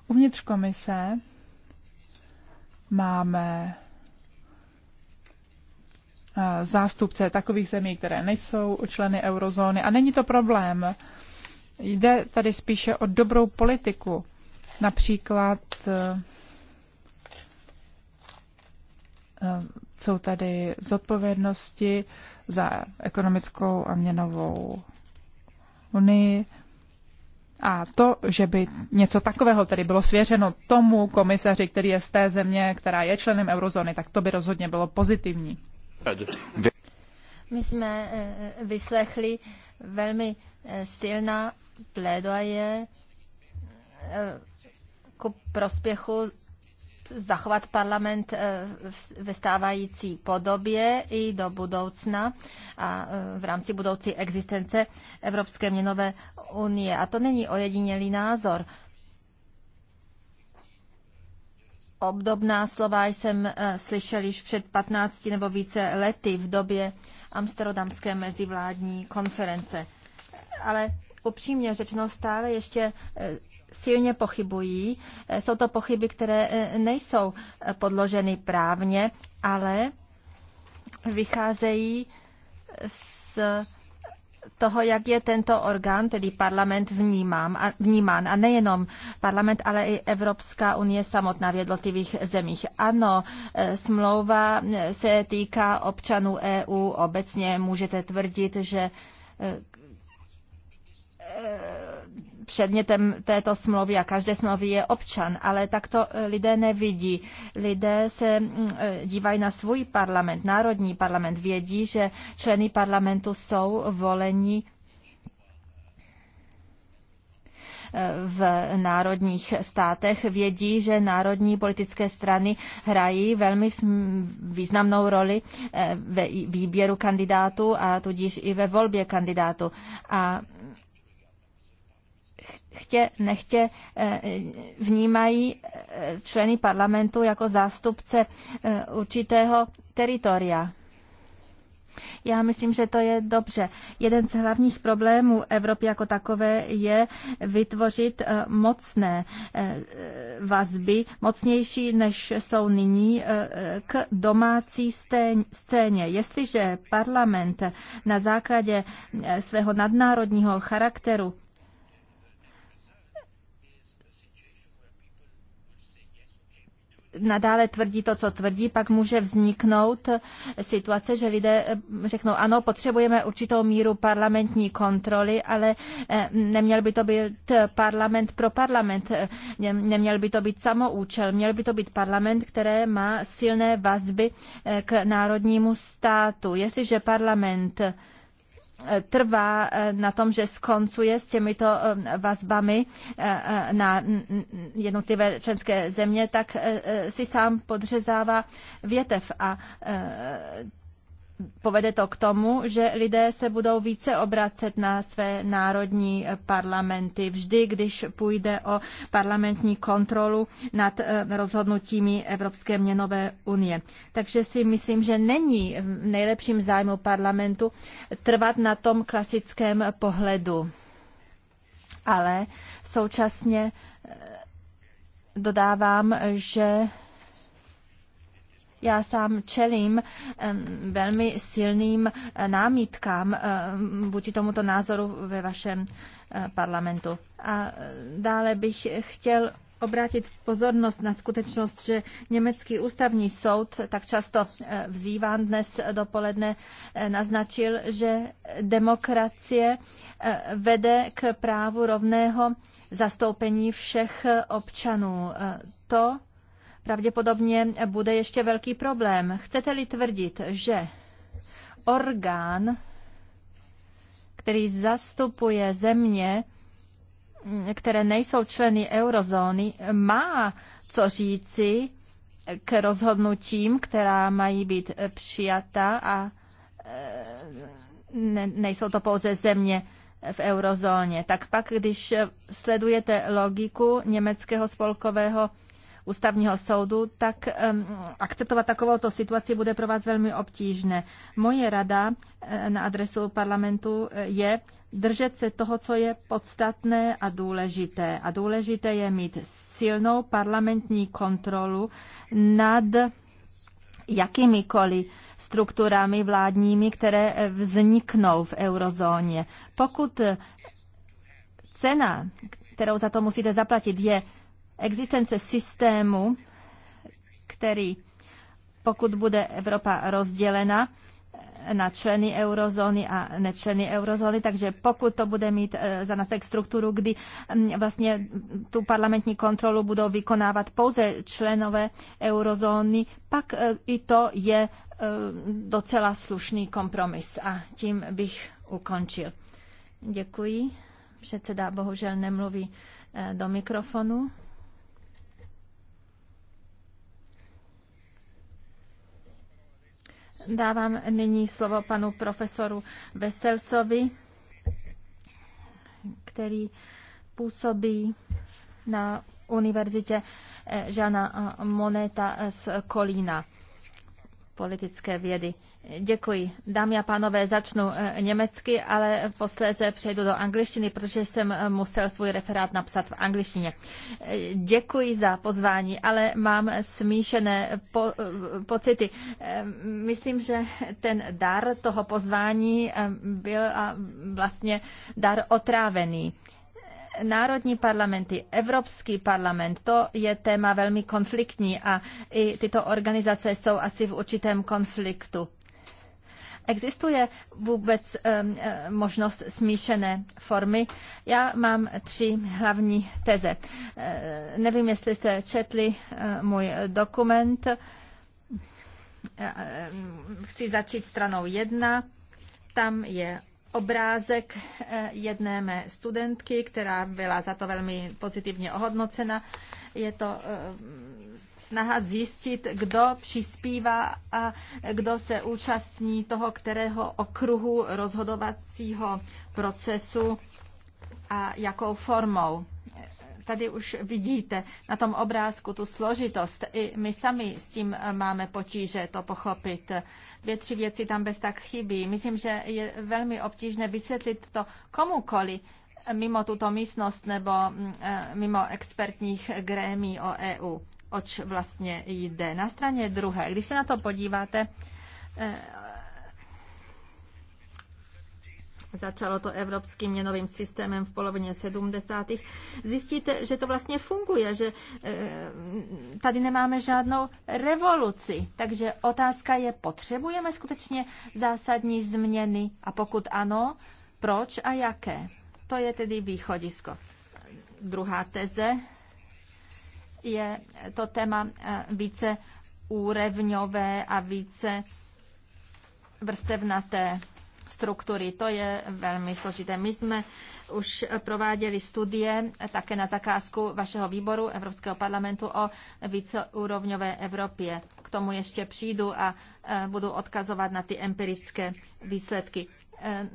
Speaker 2: Uvnitř komise máme eh, zástupce takových zemí, které nejsou členy eurozóny. A není to problém. Jde tady spíše o dobrou politiku. Například eh, jsou tady zodpovědnosti za ekonomickou a měnovou unii. A to, že by něco takového tedy bylo svěřeno tomu komisaři, který je z té země, která je členem eurozóny, tak to by rozhodně bylo pozitivní.
Speaker 3: My jsme eh, vyslechli velmi eh, silná plédoje eh, ku prospěchu zachovat parlament eh, ve stávající podobě i do budoucna a eh, v rámci budoucí existence Evropské měnové unie. A to není ojedinělý názor. Obdobná slova jsem eh, slyšel již před 15 nebo více lety v době amsterdamské mezivládní konference. Ale upřímně řečeno stále ještě eh, silně pochybují. Eh, jsou to pochyby, které eh, nejsou podloženy právně, ale vycházejí z toho, jak je tento orgán, tedy parlament, vnímám a, vnímán. A nejenom parlament, ale i Evropská unie samotná v jednotlivých zemích. Ano, smlouva se týká občanů EU obecně. Můžete tvrdit, že předmětem této smlouvy a každé smlouvy je občan, ale tak to e, lidé nevidí. Lidé se e, dívají na svůj parlament, národní parlament, vědí, že členy parlamentu jsou voleni e, v národních státech vědí, že národní politické strany hrají velmi významnou roli ve výběru kandidátů a tudíž i ve volbě kandidátů. A chtě nechtě eh, vnímají eh, členy parlamentu jako zástupce eh, určitého teritoria. Já myslím, že to je dobře. Jeden z hlavních problémů Evropy jako takové je vytvořit mocné vazby, mocnější než jsou nyní, k domácí scéně. Jestliže parlament na základě svého nadnárodního charakteru nadále tvrdí to, co tvrdí, pak může vzniknout situace, že lidé eh, řeknou, ano, potřebujeme určitou míru parlamentní kontroly, ale eh, neměl by to být parlament pro parlament, neměl by to být samoučel, měl by to být parlament, které má silné vazby eh, k národnímu státu. Jestliže parlament trvá eh, na tom, že skoncuje s těmito eh, vazbami eh, na jednotlivé členské země, tak si sám podřezává větev a povede to k tomu, že lidé se budou více obracet na své národní parlamenty vždy, když půjde o parlamentní kontrolu nad eh, rozhodnutími Evropské měnové unie. Takže si myslím, že není v nejlepším zájmu parlamentu trvat na tom klasickém pohledu. Ale současně eh, dodávám, že já sám čelím velmi silným eh, námítkám eh, vůči tomuto názoru ve vašem eh, parlamentu. A dále bych chtěl obrátit pozornost na skutečnost, že německý ústavní soud, tak často vzýván dnes dopoledne, naznačil, že demokracie vede k právu rovného zastoupení všech občanů. To pravděpodobně bude ještě velký problém. Chcete-li tvrdit, že orgán, který zastupuje země, které nejsou členy eurozóny, má co říci k rozhodnutím, která mají být přijata a e, ne, nejsou to pouze země v eurozóně. Tak pak, když sledujete logiku německého spolkového ústavního soudu, tak akceptovat takovouto situaci bude pro vás velmi obtížné. Moje rada eh, na adresu parlamentu eh, je držet se toho, co je podstatné a důležité. A důležité je mít silnou parlamentní kontrolu nad jakýmikoliv strukturami vládními, které eh, vzniknou v eurozóně. Pokud cena, kterou za to musíte zaplatit, je existence systému, který pokud bude Evropa rozdělena na členy eurozóny a nečleny eurozóny, takže pokud to bude mít e, za následek strukturu, kdy vlastně tu parlamentní kontrolu budou vykonávat pouze členové eurozóny, pak e, i to je e, docela slušný kompromis. A tím bych ukončil. Děkuji. Předseda bohužel nemluví do mikrofonu. Dávám nyní slovo panu profesoru Veselsovi, který působí na univerzitě eh, Žana Moneta z Kolína politické vědy. Děkuji. Dámy a pánové, začnu eh, německy, ale posléze přejdu do angličtiny, protože jsem eh, musel svůj referát napsat v angličtině. Eh, děkuji za pozvání, ale mám smíšené po, pocity. Myslím, že ten dar toho pozvání byl vlastně dar otrávený národní parlamenty, Evropský parlament, to je téma velmi konfliktní a i tyto organizace jsou asi v určitém konfliktu. Existuje vůbec eh, možnost smíšené formy? Já mám tři hlavní teze. Eh, nevím, jestli jste četli eh, můj dokument. Chci začít stranou jedna. Tam je obrázek jedné mé studentky, která byla za to velmi pozitivně ohodnocena. Je to snaha zjistit, kdo přispívá a kdo se účastní toho, kterého okruhu rozhodovacího procesu a jakou formou. Tady už vidíte na tom obrázku tu složitost. I my sami s tím máme potíže to pochopit. Dvě, tři věci tam bez tak chybí. Myslím, že je velmi obtížné vysvětlit to komukoli, mimo tuto místnost nebo mm, eh, mimo expertních grémí o EU oč vlastně jde. Na straně druhé, když se na to podíváte, eh, začalo to evropským měnovým systémem v polovině 70. zjistíte, že to vlastně funguje, že eh, tady nemáme žádnou revoluci. Takže otázka je, potřebujeme skutečně zásadní změny a pokud ano, proč a jaké? To je tedy východisko. Druhá teze je to téma eh, více úrevňové a více vrstevnaté struktury. To je velmi složité. My jsme už prováděli studie také na zakázku vašeho výboru Evropského parlamentu o víceúrovňové Evropě. K tomu ještě přijdu a eh, budu odkazovat na ty empirické výsledky. Eh,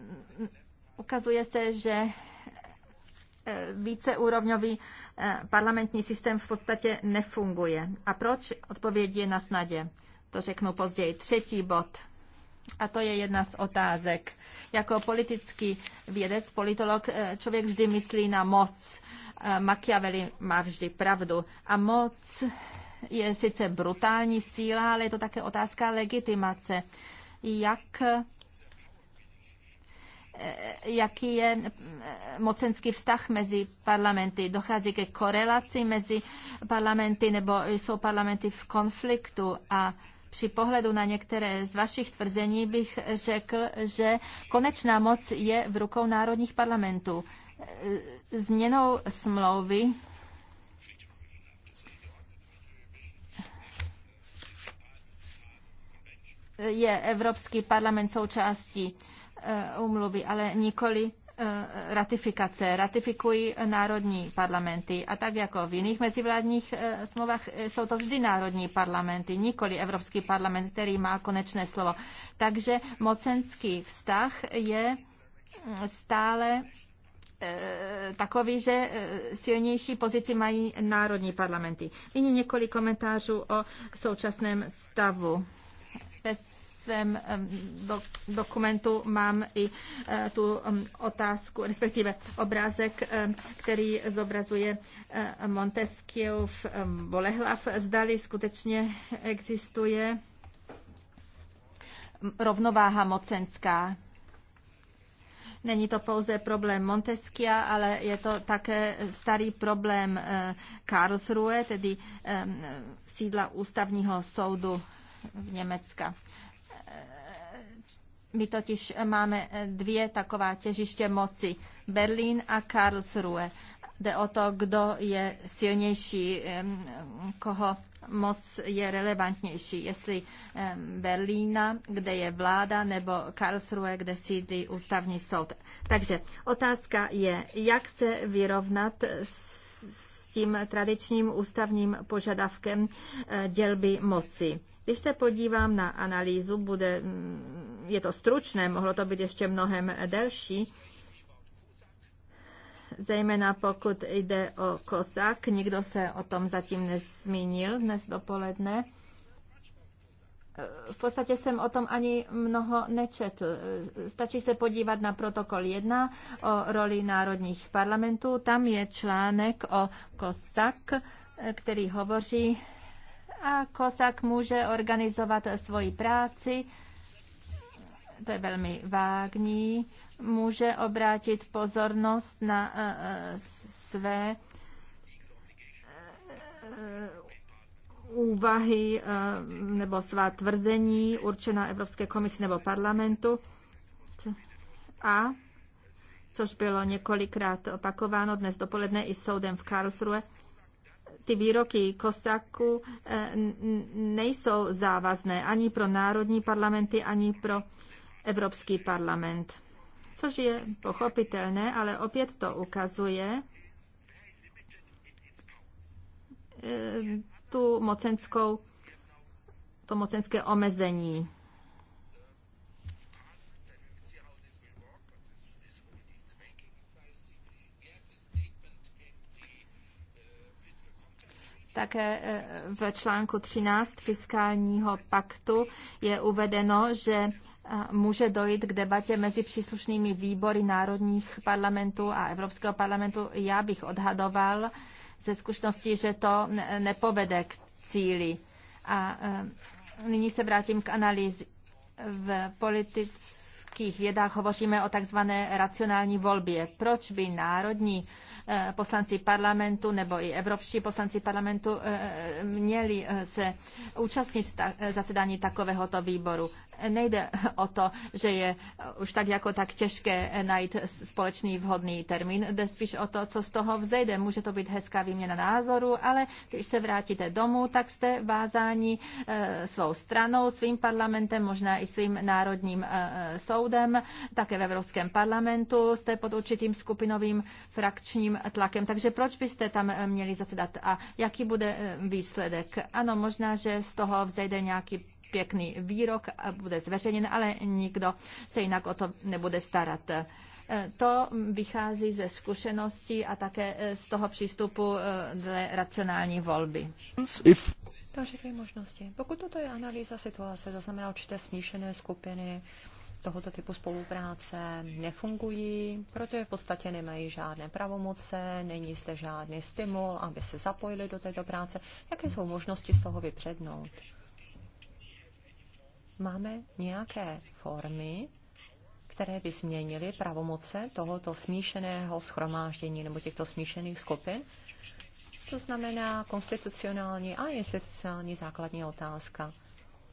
Speaker 3: ukazuje se, že Eh, víceúrovňový eh, parlamentní systém v podstatě nefunguje. A proč? Odpověď je na snadě. To řeknu později. Třetí bod. A to je jedna z otázek. Jako politický vědec, politolog, eh, člověk vždy myslí na moc. Machiavelli má vždy pravdu. A moc je sice brutální síla, ale je to také otázka legitimace. Jak Eh, jaký je eh, mocenský vztah mezi parlamenty. Dochází ke korelaci mezi parlamenty nebo jsou parlamenty v konfliktu a při pohledu na některé z vašich tvrzení bych řekl, že konečná moc je v rukou národních parlamentů. Eh, změnou smlouvy je Evropský parlament součástí uh, ale nikoli eh, ratifikace. Ratifikují národní parlamenty a tak jako v jiných mezivládních eh, smlouvách jsou to vždy národní parlamenty, nikoli Evropský parlament, který má konečné slovo. Takže mocenský vztah je mm, stále takový, že silnější pozici mají národní parlamenty. Nyní několik komentářů o současném stavu. Bez svém dokumentu mám i e, tu otázku, respektive obrázek, který zobrazuje e, Montesquieu v Bolehlav. Zdali skutečně existuje rovnováha mocenská. Není to pouze problém Montesquia, ale je to také starý problém e, Karlsruhe, tedy sídla ústavního soudu v Německa. My totiž máme eh, dvě taková těžiště moci, Berlín a Karlsruhe. Jde o to, kdo je silnější, koho moc je relevantnější, jestli Berlína, kde je vláda, nebo Karlsruhe, kde sídlí ústavní soud. Takže otázka je, jak se vyrovnat s tím tradičním ústavním požadavkem eh, dělby moci. Když se podívám na analýzu, bude, mm, je to stručné, mohlo to být ještě mnohem delší, zejména pokud jde o kosak. Nikdo se o tom zatím nezmínil dnes dopoledne. V podstatě jsem o tom ani mnoho nečetl. Stačí se podívat na protokol 1 o roli národních parlamentů. Tam je článek o kosak, který hovoří a Kosak může organizovat svoji práci, to je velmi vágní, může obrátit pozornost na eh, eh, své eh, úvahy nebo svá tvrzení určená Evropské komisi nebo parlamentu a což bylo několikrát opakováno dnes dopoledne i soudem v Karlsruhe, ty výroky Kosaku eh, nejsou závazné ani pro národní parlamenty, ani pro Evropský parlament. Což je pochopitelné, ale opět to ukazuje eh, tu mocenskou, to mocenské omezení.
Speaker 1: Také e,
Speaker 3: v článku 13 fiskálního paktu je uvedeno, že e, může dojít k debatě mezi příslušnými výbory národních parlamentů a Evropského parlamentu. Já bych odhadoval ze zkušenosti, že to nepovede k cíli. A e, nyní se vrátím k analýzi. V politických vědách hovoříme o takzvané racionální volbě. Proč by národní Eh, poslanci parlamentu nebo i evropští poslanci parlamentu eh, měli eh, se účastnit zasedání takovéhoto výboru. Nejde o to, že je už tak jako tak těžké najít společný vhodný termín, jde spíš o to, co z toho vzejde. Může to být hezká výměna názoru, ale když se vrátíte domů, tak jste vázáni svou stranou, svým parlamentem, možná i svým národním soudem, také v Evropském parlamentu jste pod určitým skupinovým frakčním tím tlakem. Takže proč byste tam eh, měli zasedat a jaký bude eh, výsledek? Ano, možná, že z toho vzejde nějaký pěkný výrok a bude zveřejněn, ale nikdo se jinak o to nebude starat. Eh, to vychází ze zkušeností a také z toho přístupu dle racionální volby.
Speaker 1: If...
Speaker 4: Takže dvě možnosti. Pokud toto je analýza situace, to znamená určité smíšené skupiny, tohoto typu spolupráce nefungují, protože v podstatě nemají žádné pravomoce, není zde žádný stimul, aby se zapojili do této práce. Jaké jsou možnosti z toho vypřednout? Máme nějaké formy, které by změnily pravomoce tohoto smíšeného schromáždění nebo těchto smíšených skupin? To znamená konstitucionální a institucionální základní otázka.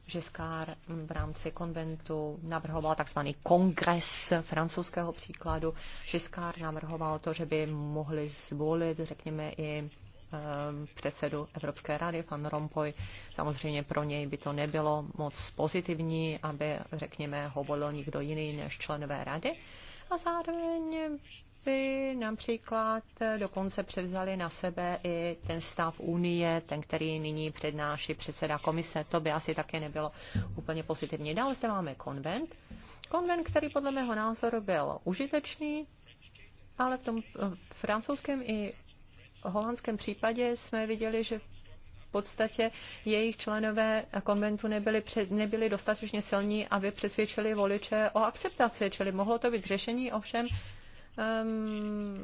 Speaker 4: Žeskár v rámci konventu navrhoval takzvaný kongres francouzského příkladu. Žeskár navrhoval to, že by mohli zvolit, řekněme, i eh, předsedu Evropské rady, pan Rompoy. Samozřejmě pro něj by to nebylo moc pozitivní, aby, řekněme, ho volil nikdo jiný než členové rady a zároveň by například dokonce převzali na sebe i ten stav Unie, ten, který nyní přednáší předseda komise. To by asi také nebylo úplně pozitivní. Dále zde máme konvent. Konvent, který podle mého názoru byl užitečný, ale v tom eh, francouzském i holandském případě jsme viděli, že podstatě jejich členové konventu nebyli, před, nebyli dostatečně silní, aby přesvědčili voliče o akceptaci, čili mohlo to být řešení, ovšem Um,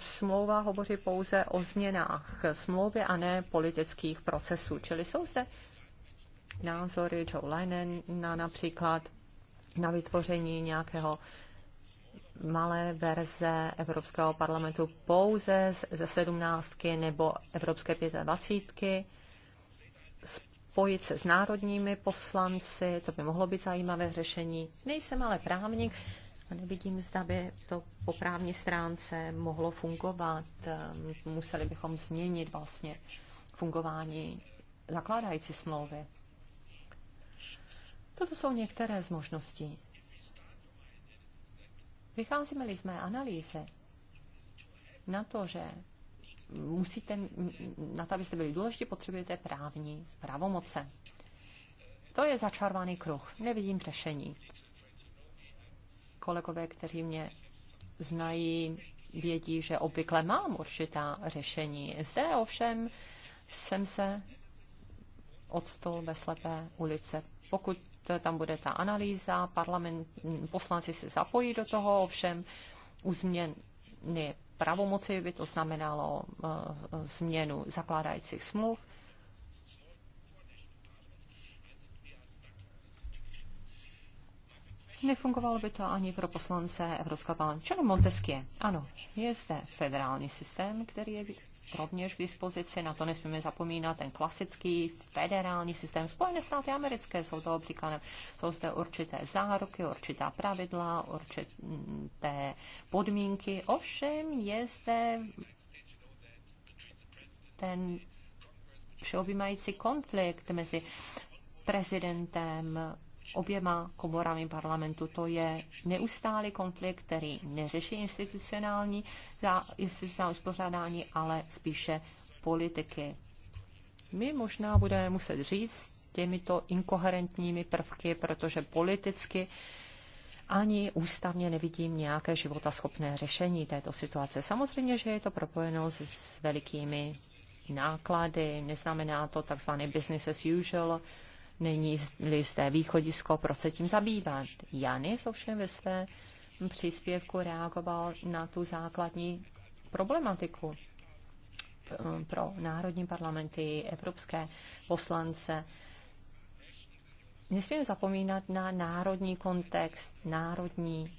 Speaker 4: smlouva hovoří pouze o změnách smlouvy a ne politických procesů. Čili jsou zde názory Joe Lennon na například na vytvoření nějakého malé verze Evropského parlamentu pouze ze sedmnáctky nebo Evropské pětadvacítky spojit se s národními poslanci, to by mohlo být zajímavé řešení. Nejsem ale právník a nevidím, zda by to po právní stránce mohlo fungovat. Ehm, museli bychom změnit vlastně fungování zakládající smlouvy. Toto jsou některé z možností. Vycházíme-li z mé analýzy na to, že musíte, na to, abyste byli důležití, potřebujete právní pravomoce. To je začarovaný kruh. Nevidím řešení. Kolegové, kteří mě znají, vědí, že obvykle mám určitá řešení. Zde ovšem jsem se odstol ve slepé ulice. Pokud tam bude ta analýza, parlament, poslanci se zapojí do toho, ovšem u změny pravomoci by to znamenalo eh, změnu zakládajících smluv, Nefungovalo by to ani pro poslance Evropského parlamentu. Čili Montesquieu. Ano, je zde federální systém, který je rovněž k dispozici, na to nesmíme zapomínat, ten klasický federální systém Spojené státy americké jsou toho příkladem. Jsou zde určité záruky, určitá pravidla, určité podmínky, ovšem je zde ten všeobjímající konflikt mezi prezidentem oběma komorami parlamentu. To je neustálý konflikt, který neřeší institucionální, za, institucionální uspořádání, ale spíše politiky. My možná budeme muset říct těmito inkoherentními prvky, protože politicky ani ústavně nevidím nějaké životaschopné řešení této situace. Samozřejmě, že je to propojeno s, s velikými náklady, neznamená to takzvaný business as usual, není zde východisko, proč se tím zabývat. Janis ovšem ve své příspěvku reagoval na tu základní problematiku pro národní parlamenty, evropské poslance. Nesmíme zapomínat na národní kontext, národní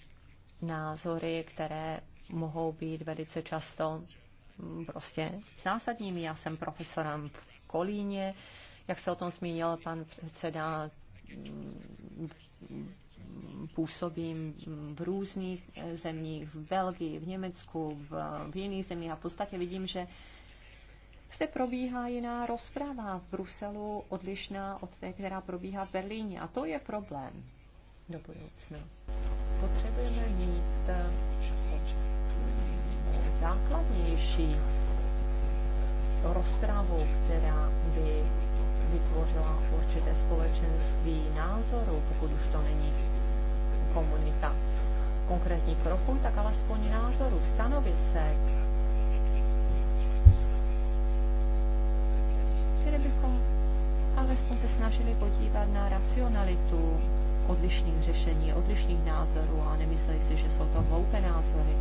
Speaker 4: názory, které mohou být velice často prostě zásadními. Já jsem profesorem v Kolíně, jak se o tom zmínil pan předseda, působím v různých eh, zemích, v Belgii, v Německu, v, v jiných zemích a v podstatě vidím, že se probíhá jiná rozprava v Bruselu, odlišná od té, která probíhá v Berlíně. A to je problém do budoucna. Potřebujeme mít
Speaker 1: eh,
Speaker 4: základnější rozpravu, která by vytvořila určité společenství názorů, pokud už to není komunita konkrétní kroků, tak alespoň názorů, stanovisek. Čili bychom alespoň se snažili podívat na racionalitu odlišných řešení, odlišných názorů a nemysleli si, že jsou to hloupé názory.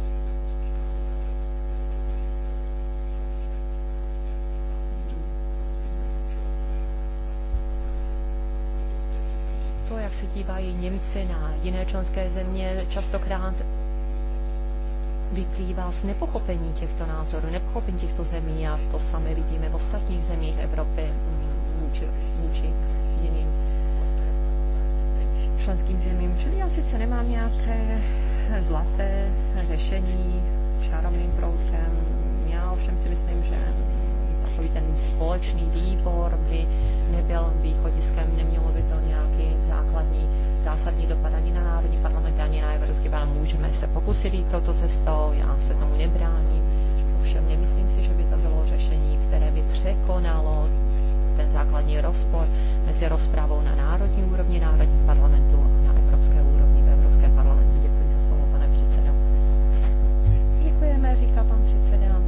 Speaker 1: jak se dívají Němci
Speaker 4: na jiné členské země, častokrát vyplývá z nepochopení těchto názorů, nepochopení těchto zemí a to samé vidíme v ostatních zemích Evropy vůči, vůči jiným členským zemím. Čili já sice nemám nějaké zlaté řešení čarovným proutkem. Já ovšem si myslím, že takový ten společný výbor by nebyl východiskem, nemělo by to nějaký základní zásadní dopad ani na národní parlament, ani na Evropský parlament. Můžeme se pokusit jít touto cestou, já se tomu nebráním, ovšem nemyslím si, že by to bylo řešení, které by překonalo ten základní rozpor mezi rozpravou na národní úrovni národních parlamentů a na evropské úrovni v Evropském parlamentu. Děkuji za slovo, pane předsedo. Děkujeme, říká pan předseda.